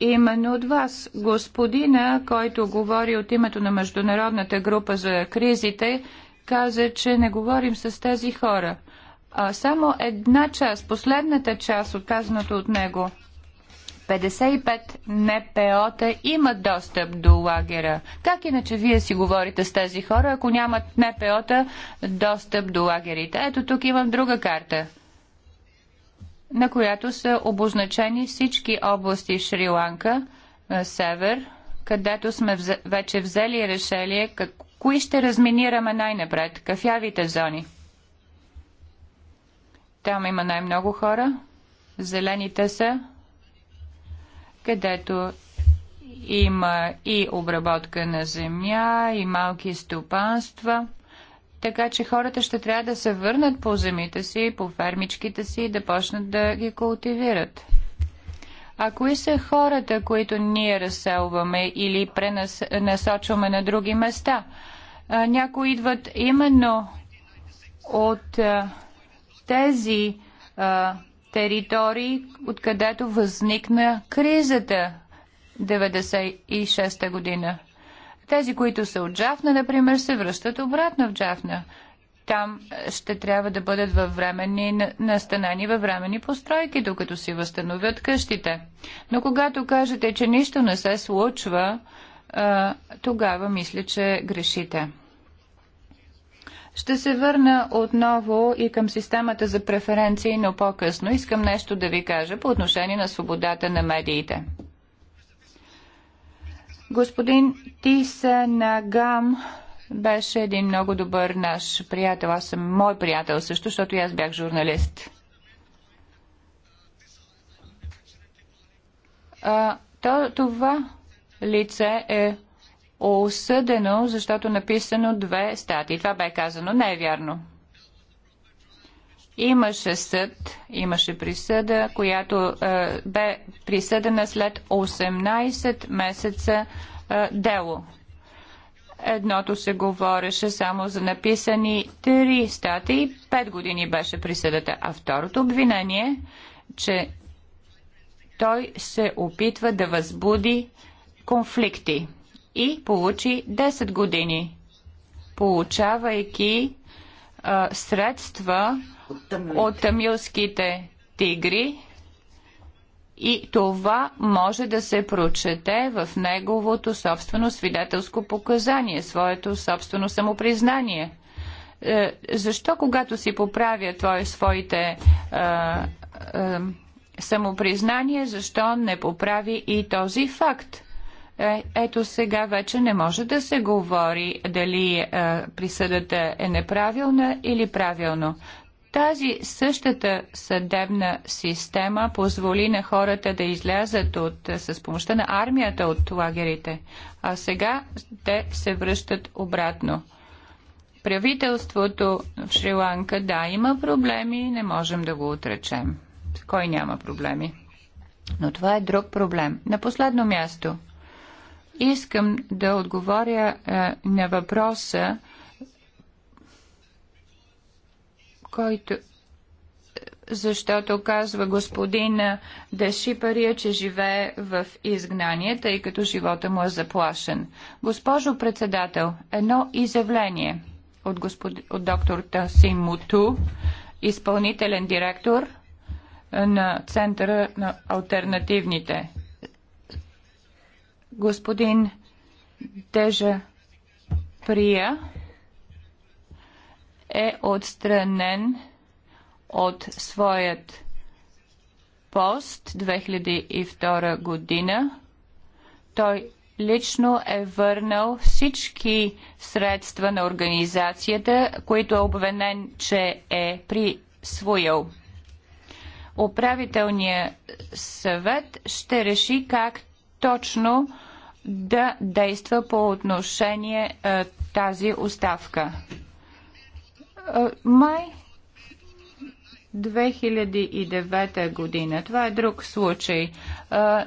именно от вас. Господина, който говори от името на Международната група за кризите, каза, че не говорим с тези хора. А само една част, последната част от казаното от него – 55 НПО-та имат достъп до лагера. Как иначе вие си говорите с тези хора, ако нямат НПО-та достъп до лагерите? Ето тук имам друга карта на която са обозначени всички области Шри-Ланка, е, север, където сме вече взели решение как, кои ще разминираме най-напред, кафявите зони. Там има най-много хора, зелените са където има и обработка на земя, и малки стопанства. Така че хората ще трябва да се върнат по земите си, по фермичките си и да почнат да ги култивират. А кои са хората, които ние разселваме или пренасочваме на други места? Някои идват именно от тези територии, откъдето възникна кризата 96-та година. Тези, които са от Джафна, например, се връщат обратно в Джафна. Там е, ще трябва да бъдат във времени настанани във времени постройки, докато си възстановят къщите. Но когато кажете, че нищо не се случва, тогава мисля, че грешите. Ще се върна отново и към системата за преференции, но по-късно искам нещо да ви кажа по отношение на свободата на медиите. Господин Тиса Нагам беше един много добър наш приятел. Аз съм мой приятел също, защото и аз бях журналист. А, то, това лице е осъдено, защото написано две статии. Това бе казано. Не е вярно. Имаше съд, имаше присъда, която е, бе присъдена след 18 месеца е, дело. Едното се говореше само за написани три статии, пет години беше присъдата, а второто обвинение, че той се опитва да възбуди конфликти и получи 10 години, получавайки а, средства от тамилските тигри и това може да се прочете в неговото собствено свидетелско показание, своето собствено самопризнание. Е, защо, когато си поправя твое своите е, е, самопризнание, защо не поправи и този факт? Е, ето сега вече не може да се говори дали е, присъдата е неправилна или правилно. Тази същата съдебна система позволи на хората да излязат от, е, с помощта на армията от лагерите, а сега те се връщат обратно. Правителството в Шри-Ланка, да, има проблеми, не можем да го отречем. Кой няма проблеми? Но това е друг проблем. На последно място – Искам да отговоря а, е, на въпроса, който защото казва господин Пария, че живее в изгнание, тъй като живота му е заплашен. Госпожо председател, едно изявление от, господ... от доктор Тасим Муту, изпълнителен директор на Центъра на альтернативните господин Дежа Прия е отстранен от своят пост 2002 година. Той лично е върнал всички средства на организацията, които е обвинен, че е присвоил. Управителният съвет ще реши как точно да действа по отношение а, е, тази оставка. А, е, май 2009 година. Това е друг случай. Е,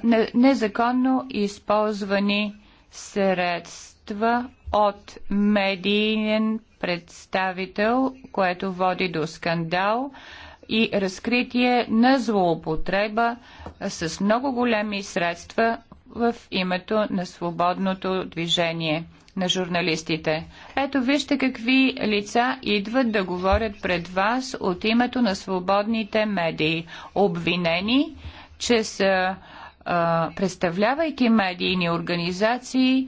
не, незаконно използвани средства от медиен представител, което води до скандал и разкритие на злоупотреба с много големи средства, в името на свободното движение на журналистите. Ето вижте какви лица идват да говорят пред вас от името на свободните медии. Обвинени, че са, представлявайки медийни организации,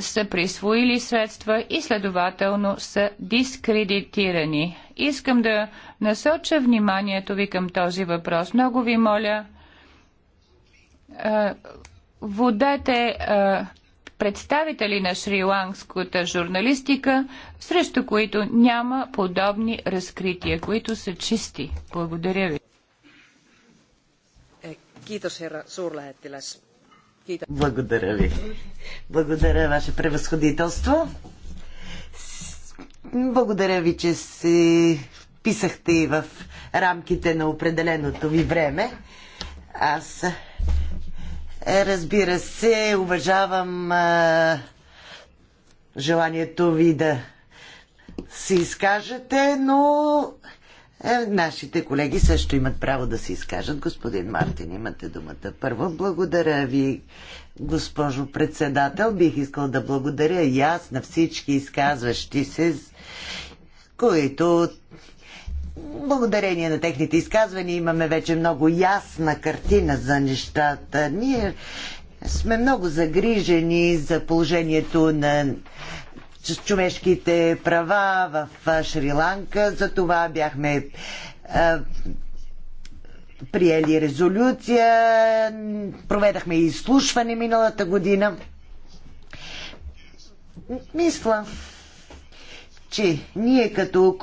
са присвоили средства и следователно са дискредитирани. Искам да насоча вниманието ви към този въпрос. Много ви моля, водете представители на шри-ланкската журналистика, срещу които няма подобни разкрития, които са чисти. Благодаря ви. Е, Благодаря ви. Благодаря, Ваше превъзходителство. Благодаря ви, че се вписахте и в рамките на определеното ви време. Аз Разбира се, уважавам а, желанието ви да се изкажете, но е, нашите колеги също имат право да се изкажат. Господин Мартин, имате думата. Първо, благодаря ви, госпожо председател. Бих искал да благодаря и аз на всички изказващи се, които благодарение на техните изказвания имаме вече много ясна картина за нещата. Ние сме много загрижени за положението на човешките права в Шри-Ланка. За това бяхме а, приели резолюция, проведахме изслушване миналата година. Мисля, че ние като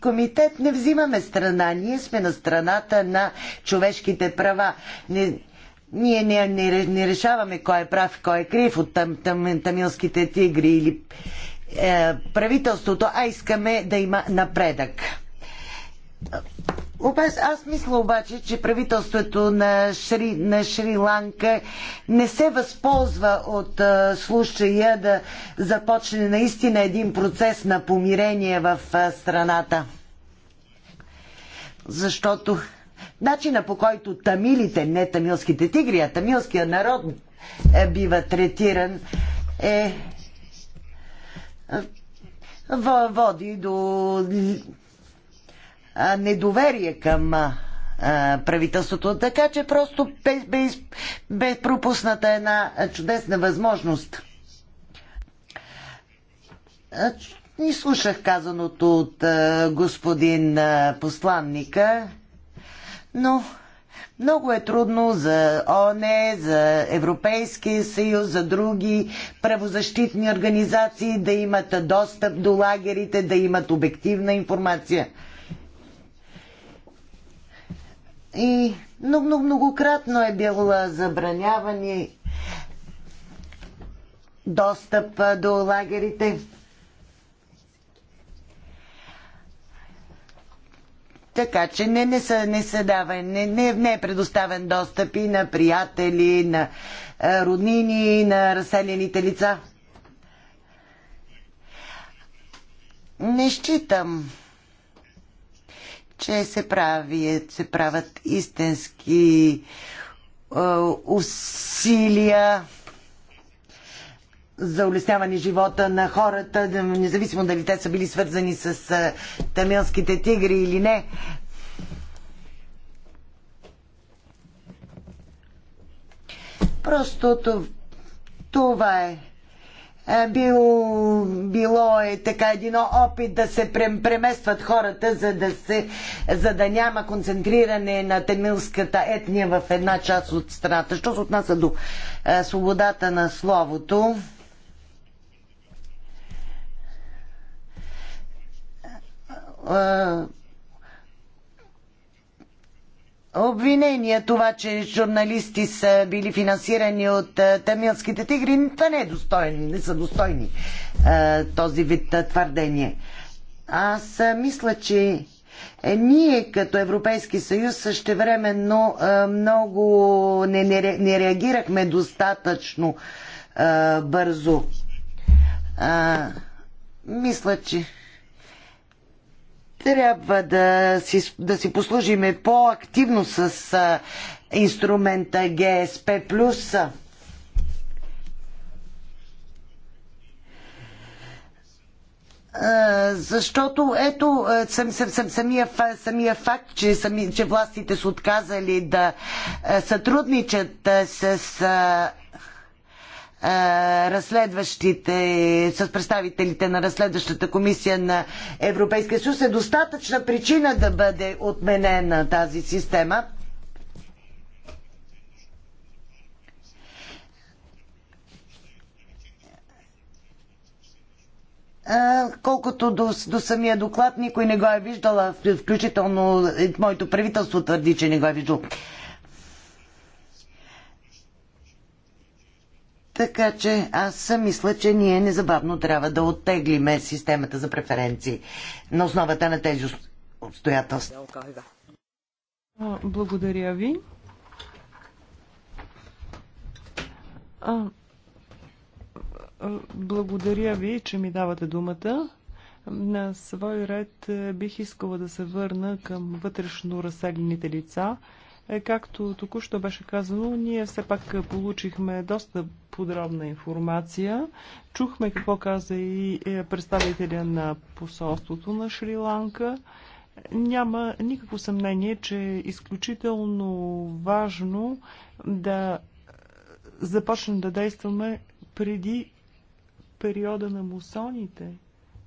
комитет не взимаме страна, ние сме на страната на човешките права. Не, ние не, не, не решаваме кой е прав, кой е крив от там, там, тамилските тигри или е, правителството, а искаме да има напредък аз мисля обаче, че правителството на, Шри, на Шри-Ланка не се възползва от а, случая да започне наистина един процес на помирение в а, страната. Защото начина по който тамилите, не тамилските тигри, а тамилския народ е, бива третиран е води до недоверие към правителството. Така че просто бе, бе, бе пропусната една чудесна възможност. Ни слушах казаното от господин посланника, но много е трудно за ОНЕ, за Европейския съюз, за други правозащитни организации да имат достъп до лагерите, да имат обективна информация и много, много, многократно е бил забраняван достъп до лагерите. Така че не, не, са, не се дава, не, не, не е предоставен достъп и на приятели, на роднини, на разселените лица. Не считам, че се, прави, се правят истински е, усилия за улесняване живота на хората, независимо дали те са били свързани с е, тамилските тигри или не. Просто това е е, бил, било е така един опит да се преместват хората, за да, се, за да няма концентриране на тамилската етния в една част от страната. Що се отнася до е, свободата на словото? Е, обвинения, това, че журналисти са били финансирани от тамилските тигри, това не, е достойно, не са достойни този вид твърдение. Аз мисля, че е, ние като Европейски съюз същевременно много не, не, не реагирахме достатъчно бързо. Мисля, че трябва да си, да си послужиме по-активно с а, инструмента ГСП+. защото ето съм, съм, съм, самия, самия факт, че, сами, че властите са отказали да сътрудничат с разследващите, с представителите на разследващата комисия на Европейския съюз е достатъчна причина да бъде отменена тази система. Колкото до, до самия доклад, никой не го е виждал, включително моето правителство твърди, че не го е виждал. Така че аз мисля, че ние незабавно трябва да оттеглиме системата за преференции на основата на тези обстоятелства. Благодаря ви. А, благодаря ви, че ми давате думата. На свой ред е, бих искала да се върна към вътрешно разсегнените лица. Е, както току-що беше казано, ние все пак получихме доста подробна информация. Чухме какво каза и е, представителя на посолството на Шри-Ланка. Няма никакво съмнение, че е изключително важно да започнем да действаме преди периода на мусоните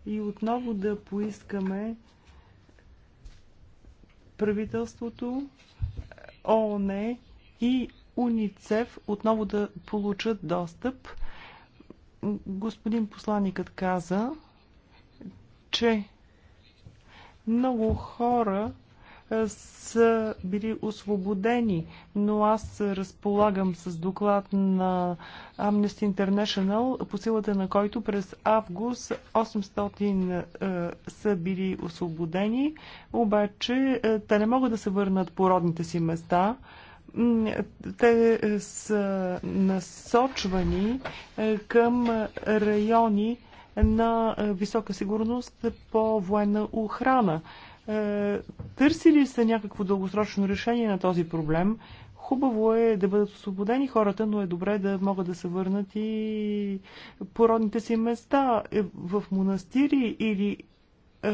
и отново да поискаме правителството ООН и УНИЦЕФ отново да получат достъп. Господин посланникът каза, че много хора са били освободени, но аз разполагам с доклад на Amnesty International, по силата на който през август 800 са били освободени, обаче те не могат да се върнат по родните си места. Те са насочвани към райони на висока сигурност по военна охрана. Е, търсили ли се някакво дългосрочно решение на този проблем? Хубаво е да бъдат освободени хората, но е добре да могат да се върнат и породните си места е, в монастири или е,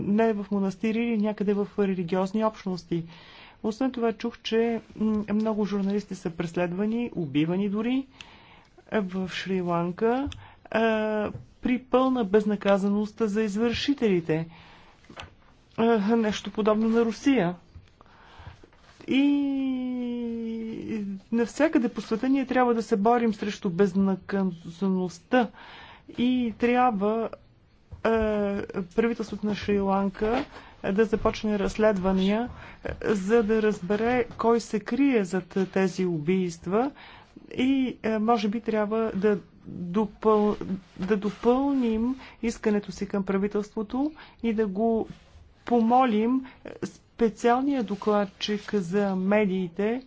не в монастири или някъде в религиозни общности. Освен това чух, че много журналисти са преследвани, убивани дори в Шри-Ланка при пълна безнаказаност за извършителите нещо подобно на Русия. И навсякъде по света ние трябва да се борим срещу безнаказаността и трябва е, правителството на Шри-Ланка да започне разследвания, за да разбере кой се крие зад тези убийства и е, може би трябва да, допъл... да допълним искането си към правителството и да го помолим специалния докладчик за медиите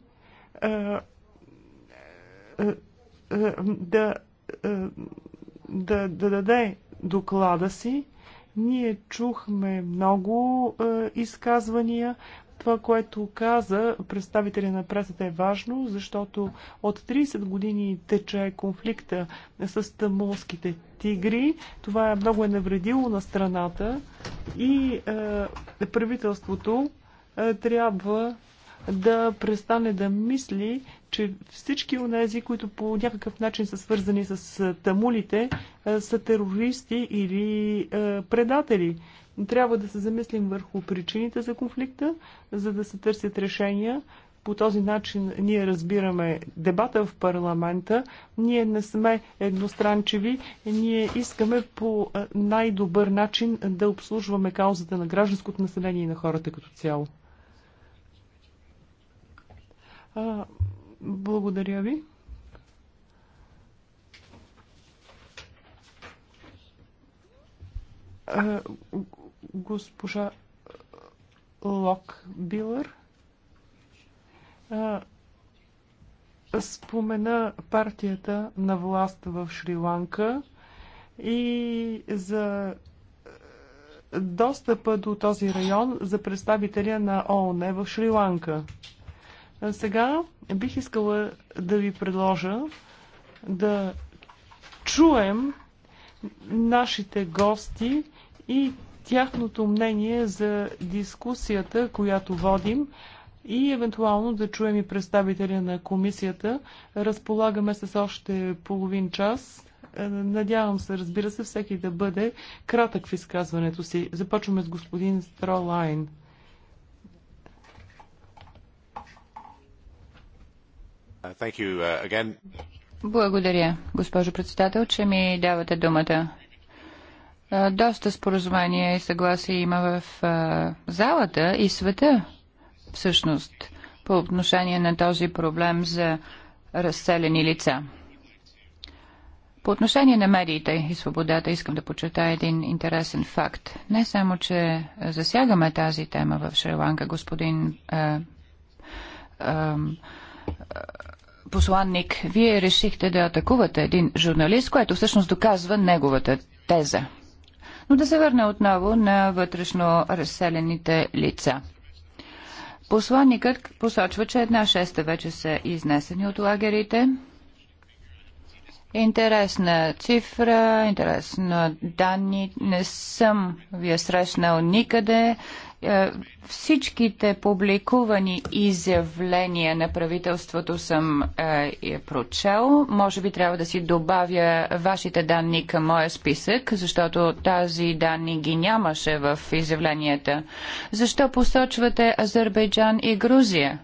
е, е, е, да, да, да даде доклада си. Ние чухме много изказвания, това, което каза представителя на пресата е важно, защото от 30 години тече конфликта с тамулските тигри. Това е много е навредило на страната и е, правителството е, трябва да престане да мисли, че всички онези, които по някакъв начин са свързани с е, тамулите, е, са терористи или е, предатели. Трябва да се замислим върху причините за конфликта, за да се търсят решения. По този начин ние разбираме дебата в парламента. Ние не сме едностранчиви. Ние искаме по най-добър начин да обслужваме каузата на гражданското население и на хората като цяло. А, благодаря ви. А, госпожа е, Лок Билър е, спомена партията на власт в Шри-Ланка и за е, достъпа до този район за представителя на ООН в Шри-Ланка. Сега бих искала да ви предложа да чуем нашите гости и тяхното мнение за дискусията, която водим и евентуално да чуем и представителя на комисията. Разполагаме с още половин час. Е, надявам се, разбира се, всеки да бъде кратък в изказването си. Започваме с господин Стролайн. Uh, uh, Благодаря, госпожо председател, че ми давате думата. Доста споразумения и съгласие има в залата и света, всъщност, по отношение на този проблем за разселени лица. По отношение на медиите и свободата искам да почетая един интересен факт. Не само, че засягаме тази тема в Шри-Ланка, господин е, е, е, посланник, вие решихте да атакувате един журналист, което всъщност доказва неговата теза. Но да се върна отново на вътрешно разселените лица. Посланникът посочва, че една шеста вече са изнесени от лагерите. Интересна цифра, интересна данни. Не съм ви е срещнал никъде е, всичките публикувани изявления на правителството съм е, е, прочел. Може би трябва да си добавя вашите данни към моя списък, защото тази данни ги нямаше в изявленията. Защо посочвате Азербайджан и Грузия?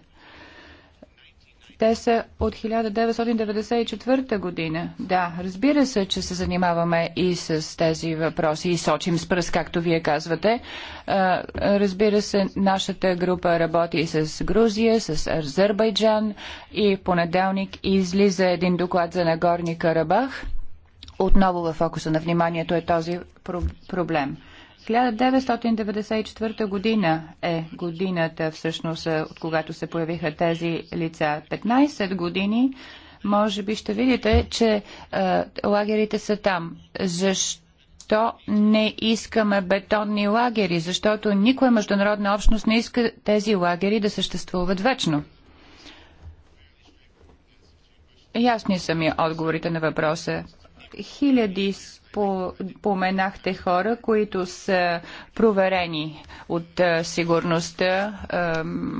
Те са от 1994 година. Да, разбира се, че се занимаваме и с тези въпроси и сочим с пръст, както вие казвате. Разбира се, нашата група работи и с Грузия, с Азербайджан и в понеделник излиза един доклад за Нагорни Карабах. Отново във фокуса на вниманието е този проблем. 1994 година е годината всъщност, е, от когато се появиха тези лица. 15 години, може би ще видите, че е, лагерите са там. Защо? защо не искаме бетонни лагери, защото никоя международна общност не иска тези лагери да съществуват вечно. Ясни са ми отговорите на въпроса. Хиляди поменахте хора, които са проверени от сигурността.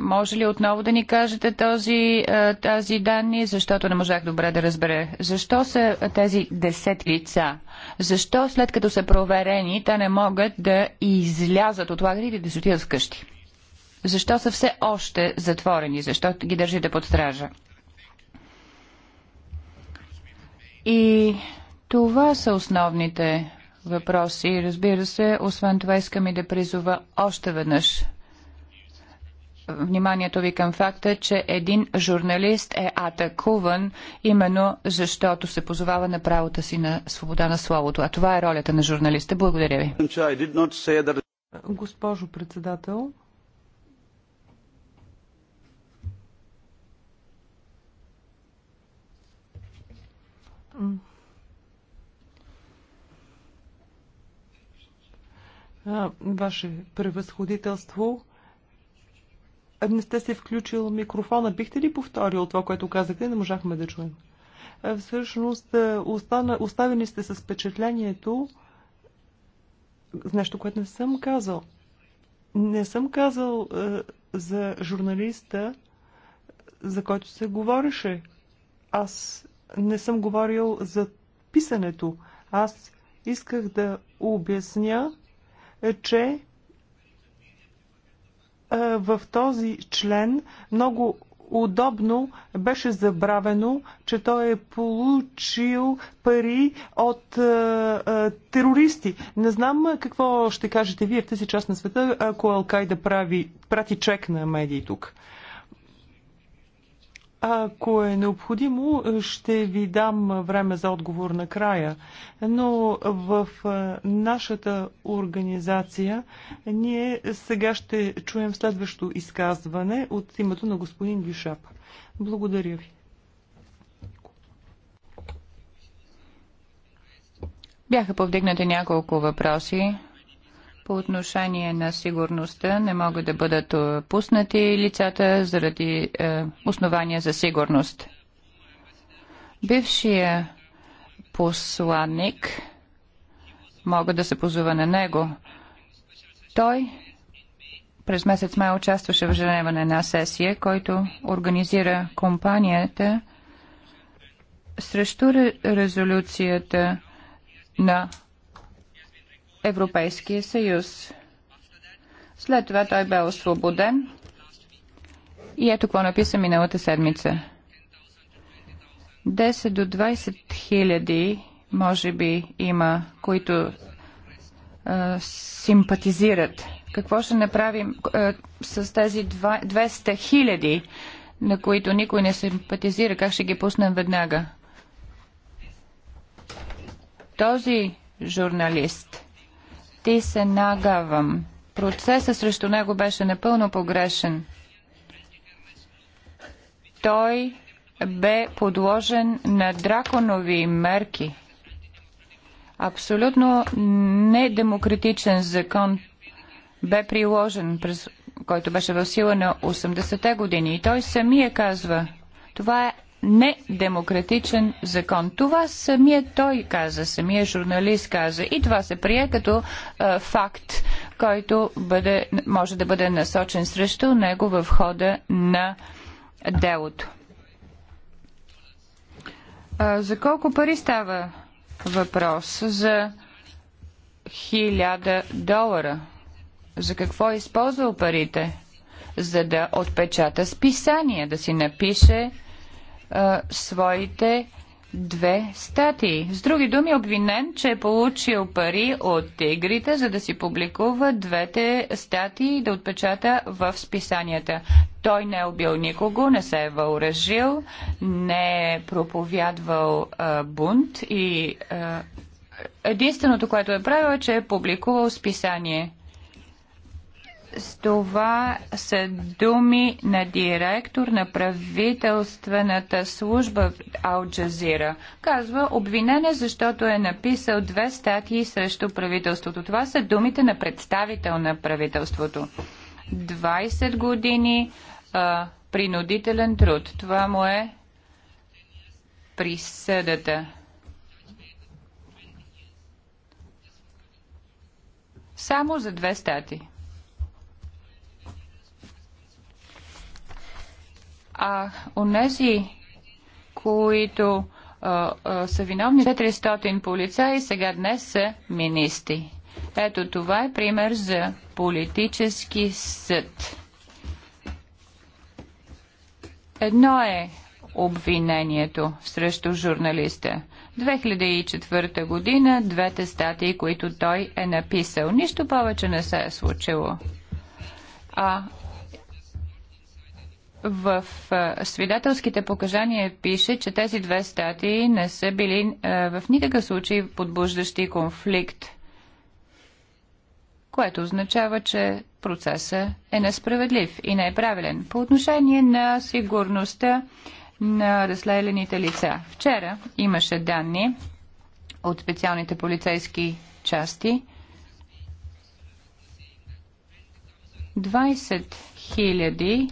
Може ли отново да ни кажете този, тази данни, защото не можах добре да разбера. Защо са тези 10 лица? Защо след като са проверени, те не могат да излязат от лагерите и да се отидат вкъщи? Защо са все още затворени? Защо ги държите под стража? И това са основните въпроси. Разбира се, освен това искам и да призова още веднъж вниманието ви към факта, че един журналист е атакуван именно защото се позовава на правото си на свобода на словото. А това е ролята на журналиста. Благодаря ви. Госпожо председател, Mm. Ваше превъзходителство, не сте се включил микрофона. Бихте ли повторил това, което казахте? Не можахме да чуем. Всъщност, остана, оставени сте с впечатлението с нещо, което не съм казал. Не съм казал е, за журналиста, за който се говореше. Аз не съм говорил за писането. Аз исках да обясня е, че е, в този член много удобно беше забравено, че той е получил пари от е, е, терористи. Не знам е, какво ще кажете вие в тази част на света, ако Алкайда прати чек на медии тук. Ако е необходимо, ще ви дам време за отговор накрая. Но в нашата организация ние сега ще чуем следващо изказване от името на господин Дюшап. Благодаря ви. Бяха повдигнати няколко въпроси по отношение на сигурността не могат да бъдат е, пуснати лицата заради е, основания за сигурност. Бившия посланник, мога да се позова на него, той през месец май участваше в Женева на една сесия, който организира компанията срещу резолюцията на Европейския съюз. След това той бе освободен и ето какво написа миналата седмица. 10 до 20 хиляди, може би, има, които а, симпатизират. Какво ще направим а, с тези 200 хиляди, на които никой не симпатизира? Как ще ги пуснем веднага? Този журналист ти се нагавам. Процесът срещу него беше напълно погрешен. Той бе подложен на драконови мерки. Абсолютно недемократичен закон бе приложен, през, който беше в сила на 80-те години. И той самия казва, това е недемократичен закон. Това самия той каза, самия журналист каза и това се прие като а, е, факт, който бъде, може да бъде насочен срещу него в хода на делото. А, за колко пари става въпрос? За хиляда долара. За какво е използвал парите? За да отпечата списание, да си напише своите две статии. С други думи, обвинен, че е получил пари от тигрите, за да си публикува двете статии и да отпечата в списанията. Той не е убил никого, не се е въоръжил, не е проповядвал а, бунт и а, единственото, което е правил, е, че е публикувал списание. С това са думи на директор на правителствената служба в Алджазира. Казва обвинение, защото е написал две статии срещу правителството. Това са думите на представител на правителството. 20 години а, принудителен труд. Това му е присъдата. Само за две статии. а онези, които са виновни 400 полицаи, сега днес са министи. Ето това е пример за политически съд. Едно е обвинението срещу журналиста. 2004 година двете статии, които той е написал. Нищо повече не се е случило. А в свидетелските показания пише, че тези две статии не са били в никакъв случай подбуждащи конфликт, което означава, че процесът е несправедлив и не е правилен. По отношение на сигурността на разследените лица. Вчера имаше данни от специалните полицейски части. 20 000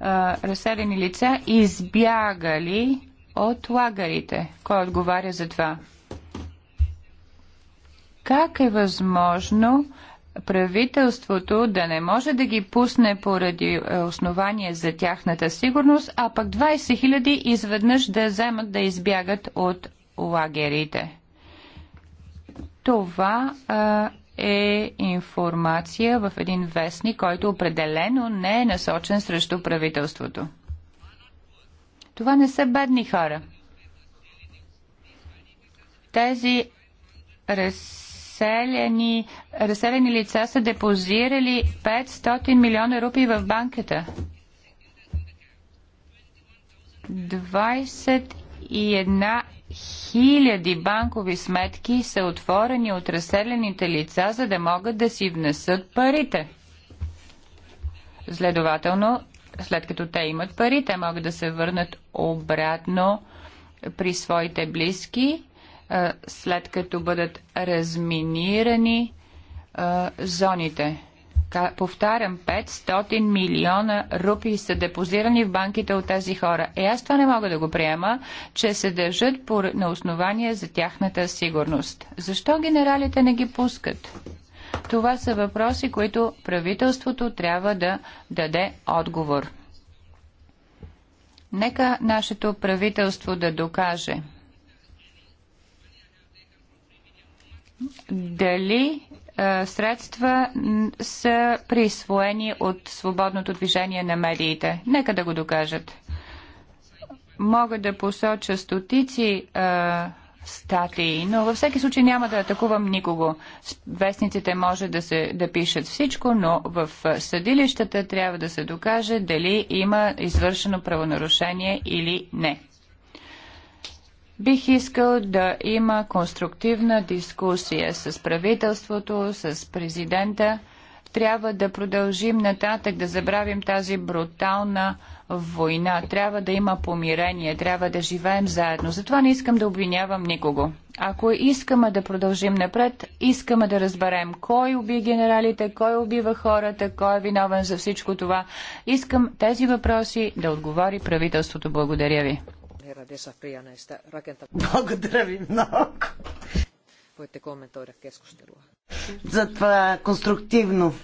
а, разселени лица избягали от лагерите. Кой отговаря за това? Как е възможно правителството да не може да ги пусне поради е, основание за тяхната сигурност, а пък 20 000 изведнъж да вземат да избягат от лагерите? Това а, е информация в един вестник, който определено не е насочен срещу правителството. Това не са бедни хора. Тези разселени, разселени лица са депозирали 500 милиона рупи в банката. 21 хиляди банкови сметки са отворени от разселените лица, за да могат да си внесат парите. Следователно, след като те имат пари, те могат да се върнат обратно при своите близки, след като бъдат разминирани зоните повтарям, 500 милиона рупи са депозирани в банките от тези хора. И е, аз това не мога да го приема, че се държат по, на основание за тяхната сигурност. Защо генералите не ги пускат? Това са въпроси, които правителството трябва да даде отговор. Нека нашето правителство да докаже дали е, средства са присвоени от свободното движение на медиите. Нека да го докажат. Мога да посоча стотици е, статии, но във всеки случай няма да атакувам никого. Вестниците може да, се, да пишат всичко, но в е, съдилищата трябва да се докаже дали има извършено правонарушение или не. Бих искал да има конструктивна дискусия с правителството, с президента. Трябва да продължим нататък, да забравим тази брутална война. Трябва да има помирение, трябва да живеем заедно. Затова не искам да обвинявам никого. Ако искаме да продължим напред, искаме да разберем кой уби генералите, кой убива хората, кой е виновен за всичко това. Искам тези въпроси да отговори правителството. Благодаря ви herra Desafria näistä rakentavista. Благодаря ви много. Voitte kommentoida keskustelua. За това конструктивно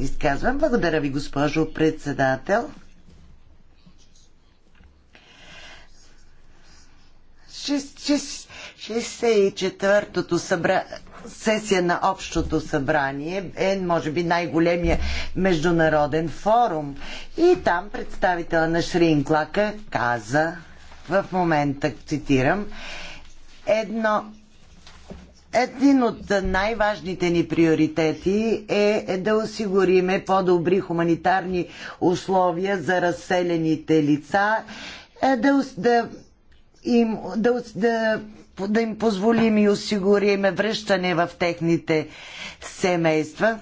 изказвам. Благодаря ви, госпожо председател. Шест, шест, 64-тото събрание сесия на Общото събрание е, може би, най-големия международен форум. И там представителя на Шринклака каза, в момента цитирам, едно един от най-важните ни приоритети е, е да осигуриме по-добри хуманитарни условия за разселените лица, е да, да, им, да, да да им позволим и осигуриме връщане в техните семейства,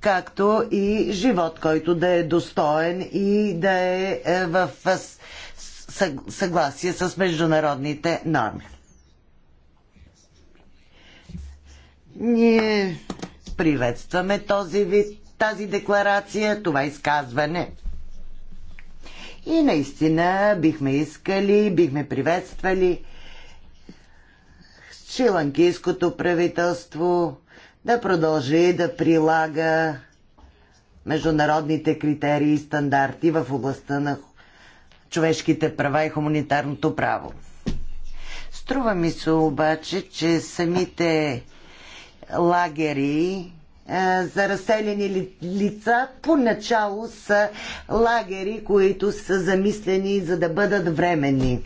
както и живот, който да е достоен и да е, е в съгласие с международните норми. Ние приветстваме този вид, тази декларация, това изказване – и наистина бихме искали, бихме приветствали шиланкийското правителство да продължи да прилага международните критерии и стандарти в областта на човешките права и хуманитарното право. Струва ми се обаче, че самите лагери е, за разселени лица поначало са лагери, които са замислени за да бъдат временни.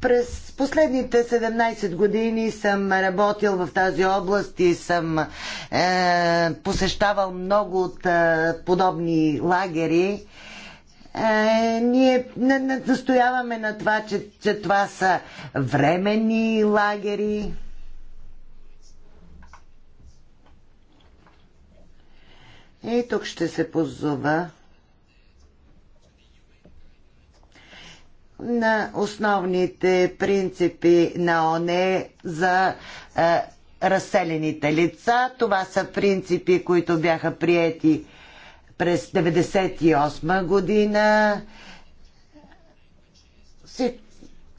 През последните 17 години съм работил в тази област и съм е, посещавал много от е, подобни лагери. Е, ние настояваме на това, че, че това са временни лагери И тук ще се позова на основните принципи на ОНЕ за е, разселените лица. Това са принципи, които бяха приети през 1998 година.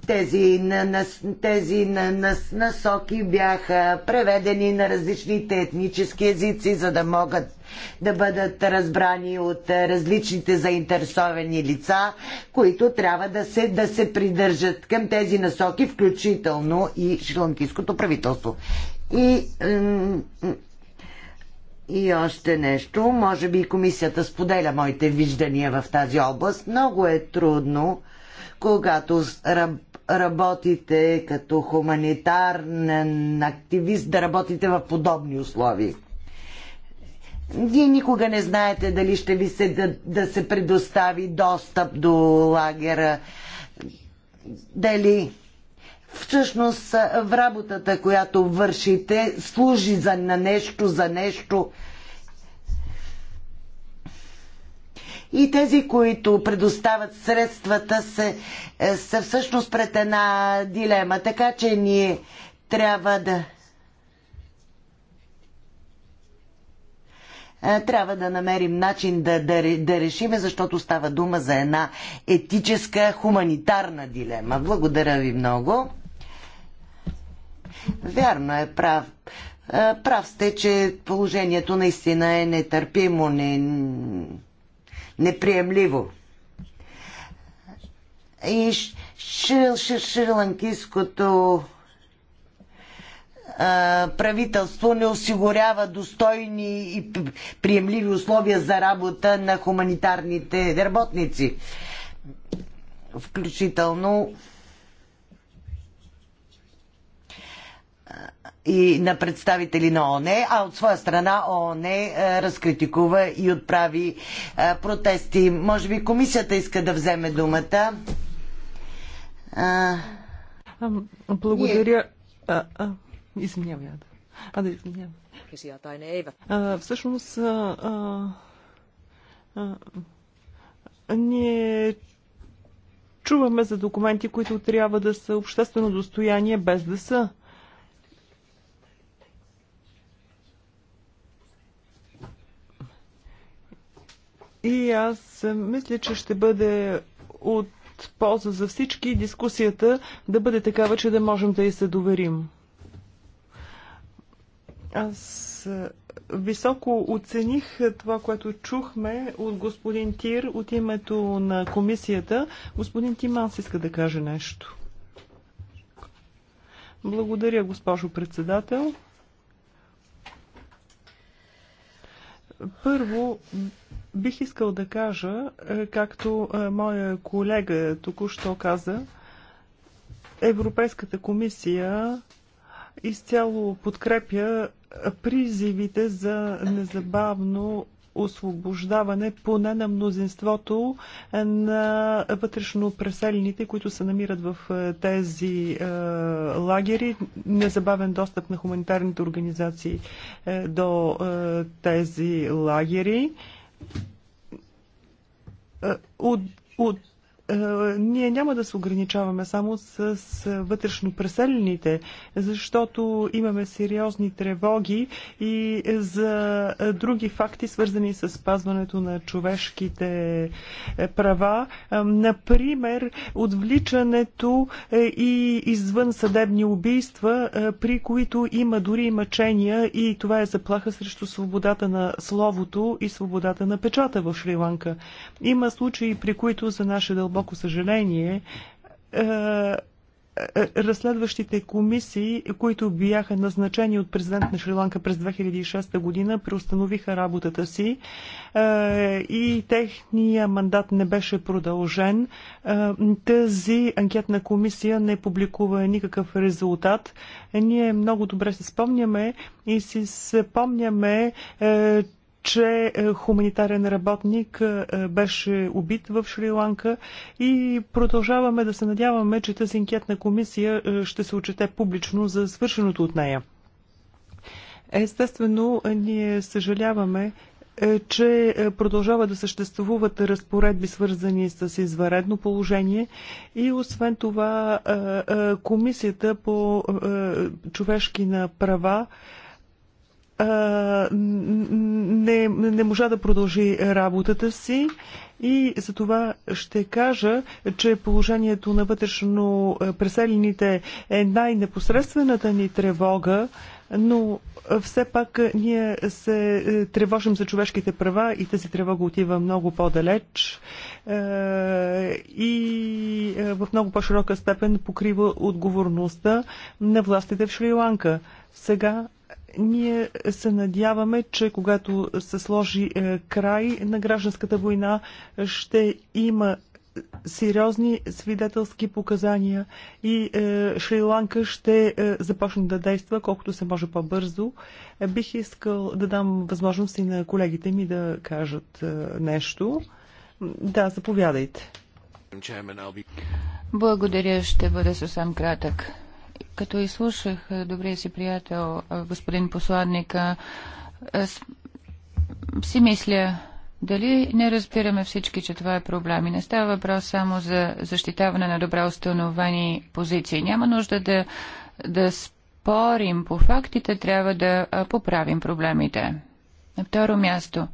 Тези, на, на, тези на, на, насоки бяха преведени на различните етнически езици, за да могат да бъдат разбрани от различните заинтересовани лица, които трябва да се, да се придържат към тези насоки, включително и шиланкийското правителство. И, и още нещо, може би и комисията споделя моите виждания в тази област. Много е трудно, когато работите като хуманитарен активист, да работите в подобни условия. Вие никога не знаете дали ще ви се да, да се предостави достъп до лагера, дали всъщност в работата, която вършите, служи за на нещо, за нещо. И тези, които предоставят средствата, се, е, са всъщност пред една дилема. Така че ние трябва да Е, трябва да намерим начин да, да, да решиме, защото става дума за една етическа, хуманитарна дилема. Благодаря ви много. Вярно е, прав. Е, прав сте, че положението наистина е нетърпимо, не, неприемливо. И шриланкийското. Шир, правителство не осигурява достойни и приемливи условия за работа на хуманитарните работници. Включително и на представители на ООН, а от своя страна ООН е, разкритикува и отправи протести. Може би комисията иска да вземе думата. Благодаря да. А, да, е извинявам. всъщност, а, а, а, ние чуваме за документи, които трябва да са обществено достояние, без да са. И аз мисля, че ще бъде от полза за всички дискусията да бъде такава, че да можем да и се доверим. Аз е, високо оцених това, което чухме от господин Тир от името на комисията. Господин Тиманс иска да каже нещо. Благодаря, госпожо председател. Първо, бих искал да кажа, е, както е, моя колега току-що каза, Европейската комисия изцяло подкрепя призивите за незабавно освобождаване поне на мнозинството на вътрешно преселените, които се намират в е, тези е, лагери, незабавен достъп на хуманитарните организации е, до е, тези лагери. Е, от, от е, ние няма да се ограничаваме само с вътрешно преселените, защото имаме сериозни тревоги и за други факти, свързани с спазването на човешките е, права. Е, например, отвличането и извън съдебни убийства, при които има дори мъчения и това е заплаха срещу свободата на словото и свободата на печата в Шри-Ланка. Има случаи, при които за наше дълбоко дълбоко съжаление, е, е, разследващите комисии, които бяха назначени от президент на Шри-Ланка през 2006 година, преустановиха работата си е, и техния мандат не беше продължен. Тази анкетна комисия не публикува никакъв резултат. Ние много добре се спомняме и си спомняме, че е, хуманитарен работник е, беше убит в Шри-Ланка и продължаваме да се надяваме, че тази анкетна комисия е, ще се отчете публично за свършеното от нея. Естествено, ние съжаляваме, че продължава да съществуват разпоредби, свързани с изваредно положение и освен това Комисията по човешки на права не, не можа да продължи работата си и за това ще кажа, че положението на вътрешно преселените е най-непосредствената ни тревога, но все пак ние се тревожим за човешките права и тази тревога отива много по-далеч и в много по-широка степен покрива отговорността на властите в Шри-Ланка. Сега ние се надяваме, че когато се сложи е, край на гражданската война, ще има сериозни свидетелски показания и е, Шри-Ланка ще е, започне да действа колкото се може по-бързо. Е, бих искал да дам възможност и на колегите ми да кажат е, нещо. Да, заповядайте. Благодаря, ще бъда съвсем кратък. Като изслушах е, добрия си приятел, е, господин посладника, е, си мисля, дали не разбираме всички, че това е проблем и не става въпрос само за защитаване на добра установени позиции. Няма нужда да, да спорим по фактите, трябва да поправим проблемите. На второ място,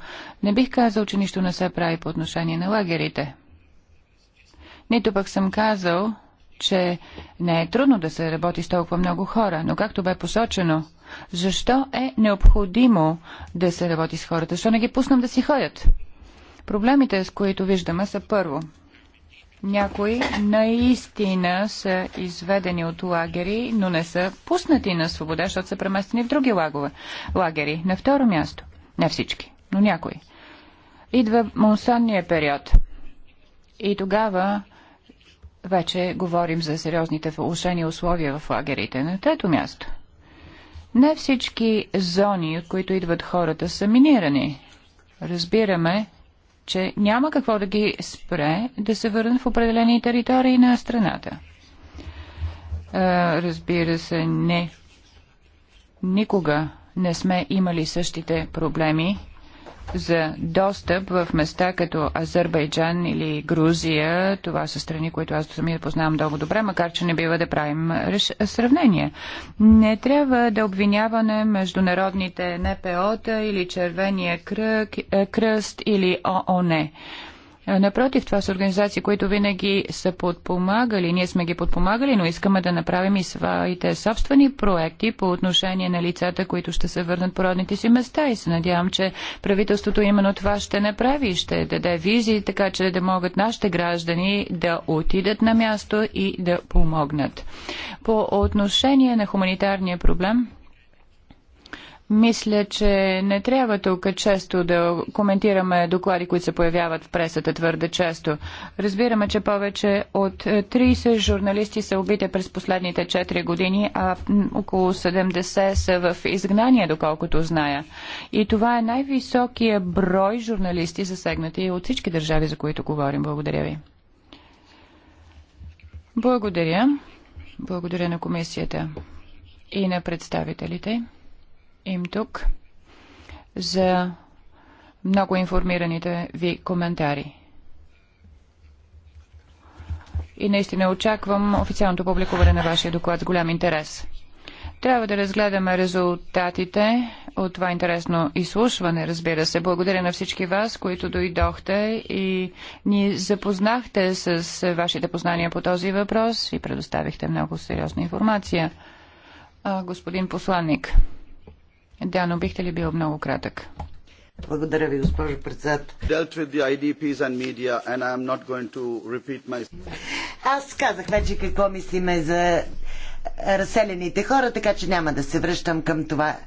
не бих казал, че нищо не се прави по отношение на лагерите. Нито пък съм казал, че не е трудно да се работи с толкова много хора, но както бе посочено, защо е необходимо да се работи с хората? Защо не ги пуснам да си ходят? Проблемите, с които виждаме, са първо. Някои наистина са изведени от лагери, но не са пуснати на свобода, защото са преместени в други лагове. лагери. На второ място. Не всички, но някои. Идва монсонния период. И тогава вече говорим за сериозните влушени условия в лагерите. На трето място. Не всички зони, от които идват хората, са минирани. Разбираме, че няма какво да ги спре да се върнат в определени територии на страната. Разбира се, не. Никога не сме имали същите проблеми за достъп в места като Азербайджан или Грузия. Това са страни, които аз самия познавам много добре, макар че не бива да правим сравнение. Не трябва да обвиняваме международните НПО-та или Червения кръг, е, кръст или ООН. Е, напротив, това са организации, които винаги са подпомагали. Ние сме ги подпомагали, но искаме да направим и своите собствени проекти по отношение на лицата, които ще се върнат по родните си места. И се надявам, че правителството именно това ще направи. и Ще даде визии, така че да могат нашите граждани да отидат на място и да помогнат. По отношение на хуманитарния проблем, мисля, че не трябва тук често да коментираме доклади, които се появяват в пресата твърде често. Разбираме, че повече от 30 журналисти са убити през последните 4 години, а около 70 са в изгнание, доколкото зная. И това е най-високия брой журналисти засегнати от всички държави, за които говорим. Благодаря ви. Благодаря. Благодаря на комисията и на представителите им тук за много информираните ви коментари. И наистина очаквам официалното публикуване на вашия доклад с голям интерес. Трябва да разгледаме резултатите от това интересно изслушване, разбира се. Благодаря на всички вас, които дойдохте и ни запознахте с вашите познания по този въпрос и предоставихте много сериозна информация. господин посланник. Да, но бихте ли бил много кратък? Благодаря ви, госпожо председател. Аз казах вече какво мислиме за е, разселените хора, така че няма да се връщам към това. Е,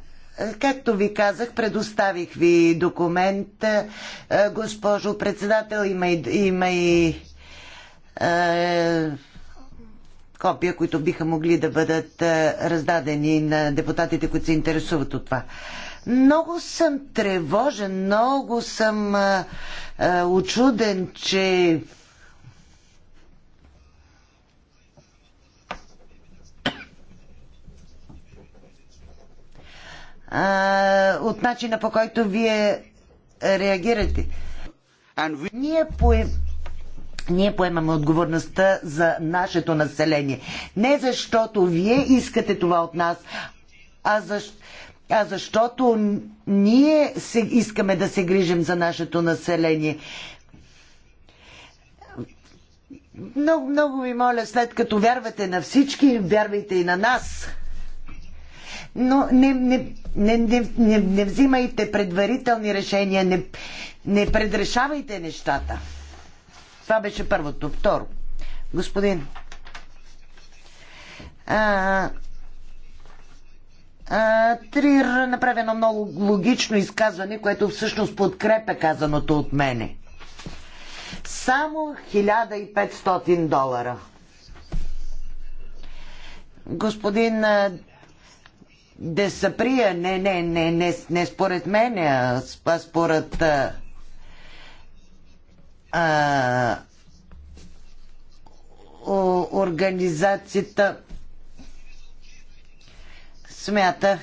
както ви казах, предоставих ви документ, е, госпожо председател, има и, има и е, копия, които биха могли да бъдат е, раздадени на депутатите, които се интересуват от това. Много съм тревожен, много съм а, е, а, е, очуден, че а, от начина по който вие реагирате. Ние ние поемаме отговорността за нашето население. Не защото вие искате това от нас, а защото а защото ние се искаме да се грижим за нашето население. Много, много ви моля, след като вярвате на всички, вярвайте и на нас. Но не, не, не, не, не, не взимайте предварителни решения, не, не предрешавайте нещата. Това беше първото. Второ. Господин. А, Трир направи едно много логично изказване, което всъщност подкрепя казаното от мене. Само 1500 долара. Господин Десаприя, не, не, не, не, не според мен, а според а, о, организацията смята,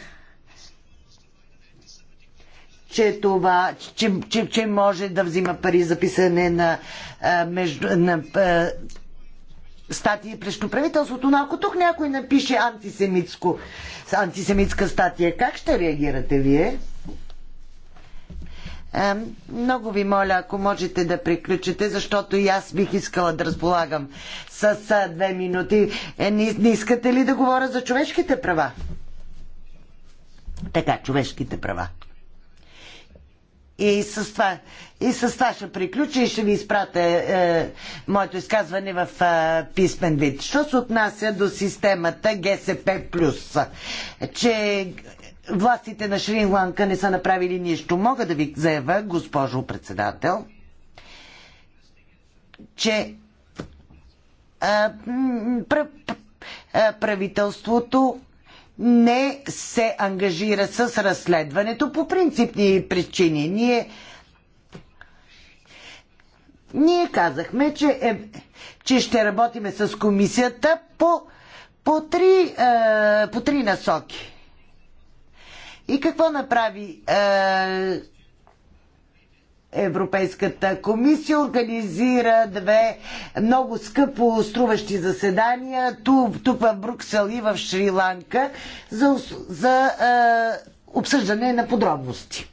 че това, че, че, че може да взима пари за писане на, а, между, на а, статии прещу правителството, но ако тук някой напише антисемитско, антисемитска статия, как ще реагирате вие? Много ви моля, ако можете да приключите, защото и аз бих искала да разполагам с две минути. Е, не, не искате ли да говоря за човешките права? Така, човешките права. И с това, и с това ще приключа и ще ви изпратя е, моето изказване в е, писмен вид. Що се отнася до системата ГСП, че властите на Шри-Ланка не са направили нищо. Мога да ви заявя, госпожо председател, че а, правителството не се ангажира с разследването по принципни причини. Ние, ние казахме, че, е, че ще работиме с комисията по, по, три, е, по три насоки. И какво направи е, Европейската комисия? Организира две много скъпо струващи заседания тук, тук в Бруксел и в Шри-Ланка за, за е, обсъждане на подробности.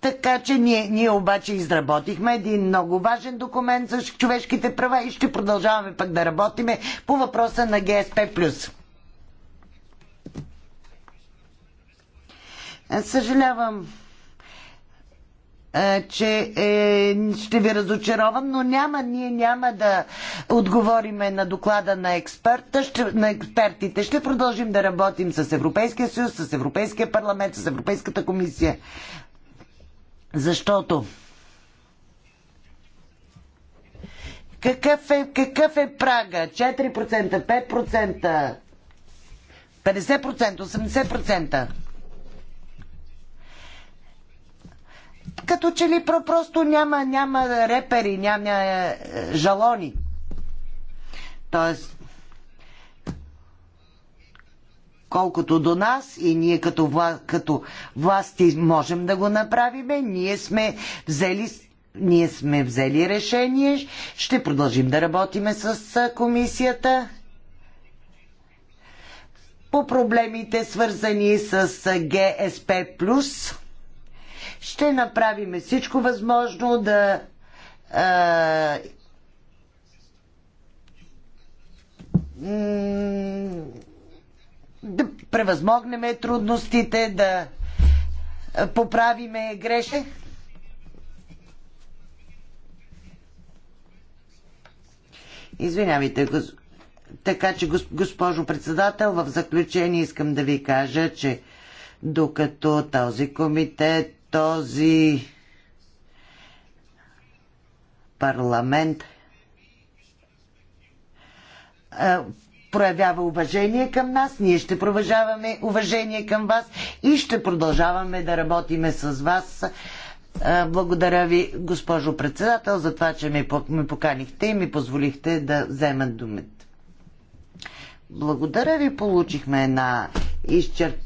Така че ние, ние обаче изработихме един много важен документ за човешките права и ще продължаваме пък да работиме по въпроса на ГСП+. Съжалявам, е, че е, ще ви разочаровам, но няма, ние няма да отговориме на доклада на, експерта, ще, на експертите. Ще продължим да работим с Европейския съюз, с Европейския парламент, с Европейската комисия защото какъв е, какъв е прага? 4%, 5%, 50%, 80%. Като че ли просто няма, няма репери, няма е, жалони. Тоест, колкото до нас и ние като, вла, като власти можем да го направиме. Ние сме взели ние сме взели решение, ще продължим да работиме с комисията по проблемите свързани с ГСП+. Ще направим всичко възможно да е, да превъзмогнем трудностите, да поправиме грешки. Извинявайте, така че, госпожо председател, в заключение искам да ви кажа, че докато този комитет, този парламент е, проявява уважение към нас, ние ще продължаваме уважение към вас и ще продължаваме да работиме с вас. Благодаря ви, госпожо председател, за това, че ме поканихте и ми позволихте да взема думата. Благодаря ви, получихме една изчерп...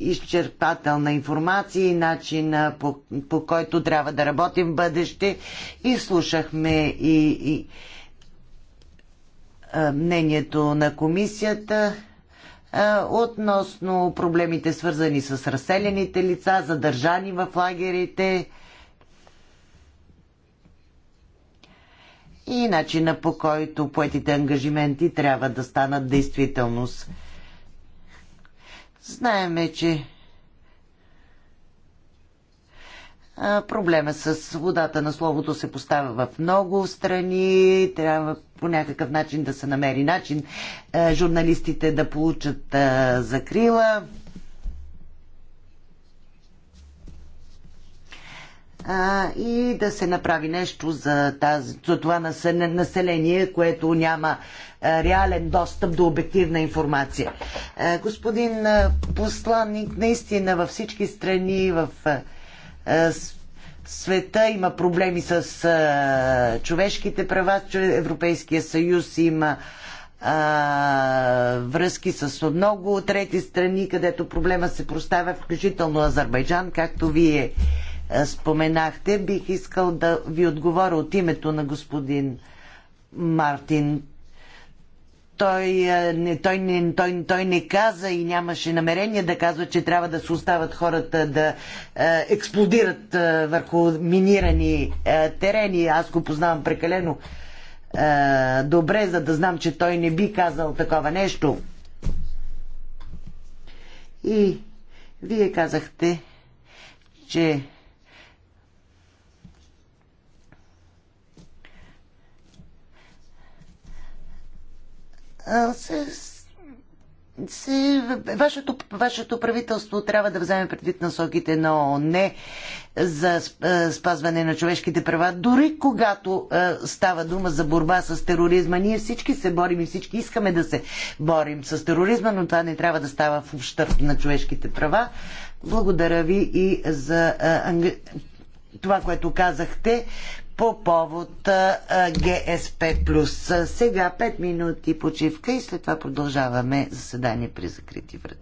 изчерпателна информация и начин по... по който трябва да работим в бъдеще и слушахме и, и мнението на комисията относно проблемите свързани с разселените лица, задържани в лагерите и начина по който поетите ангажименти трябва да станат действителност. Знаеме, че Проблема с свободата на словото се поставя в много страни. Трябва по някакъв начин да се намери начин е, журналистите да получат е, закрила. и да се направи нещо за, тази, за това население, което няма е, реален достъп до обективна информация. господин посланник, наистина във всички страни, в. Е, света има проблеми с е, човешките права, Европейския съюз има е, връзки с много трети страни, където проблема се проставя, включително Азербайджан, както вие споменахте. Бих искал да ви отговоря от името на господин Мартин той е, не, той, не, той, той не каза и нямаше намерение да казва, че трябва да се остават хората да е, експлодират е, върху минирани е, терени. Аз го познавам прекалено е, добре, за да знам, че той не би казал такова нещо. И вие казахте, че се, се, вашето, вашето правителство трябва да вземе предвид насоките на ООН за спазване на човешките права, дори когато е, става дума за борба с тероризма. Ние всички се борим и всички искаме да се борим с тероризма, но това не трябва да става в ущърп на човешките права. Благодаря ви и за е, анг... това, което казахте по повод ГСП+. Сега 5 минути почивка и след това продължаваме заседание при закрити врати.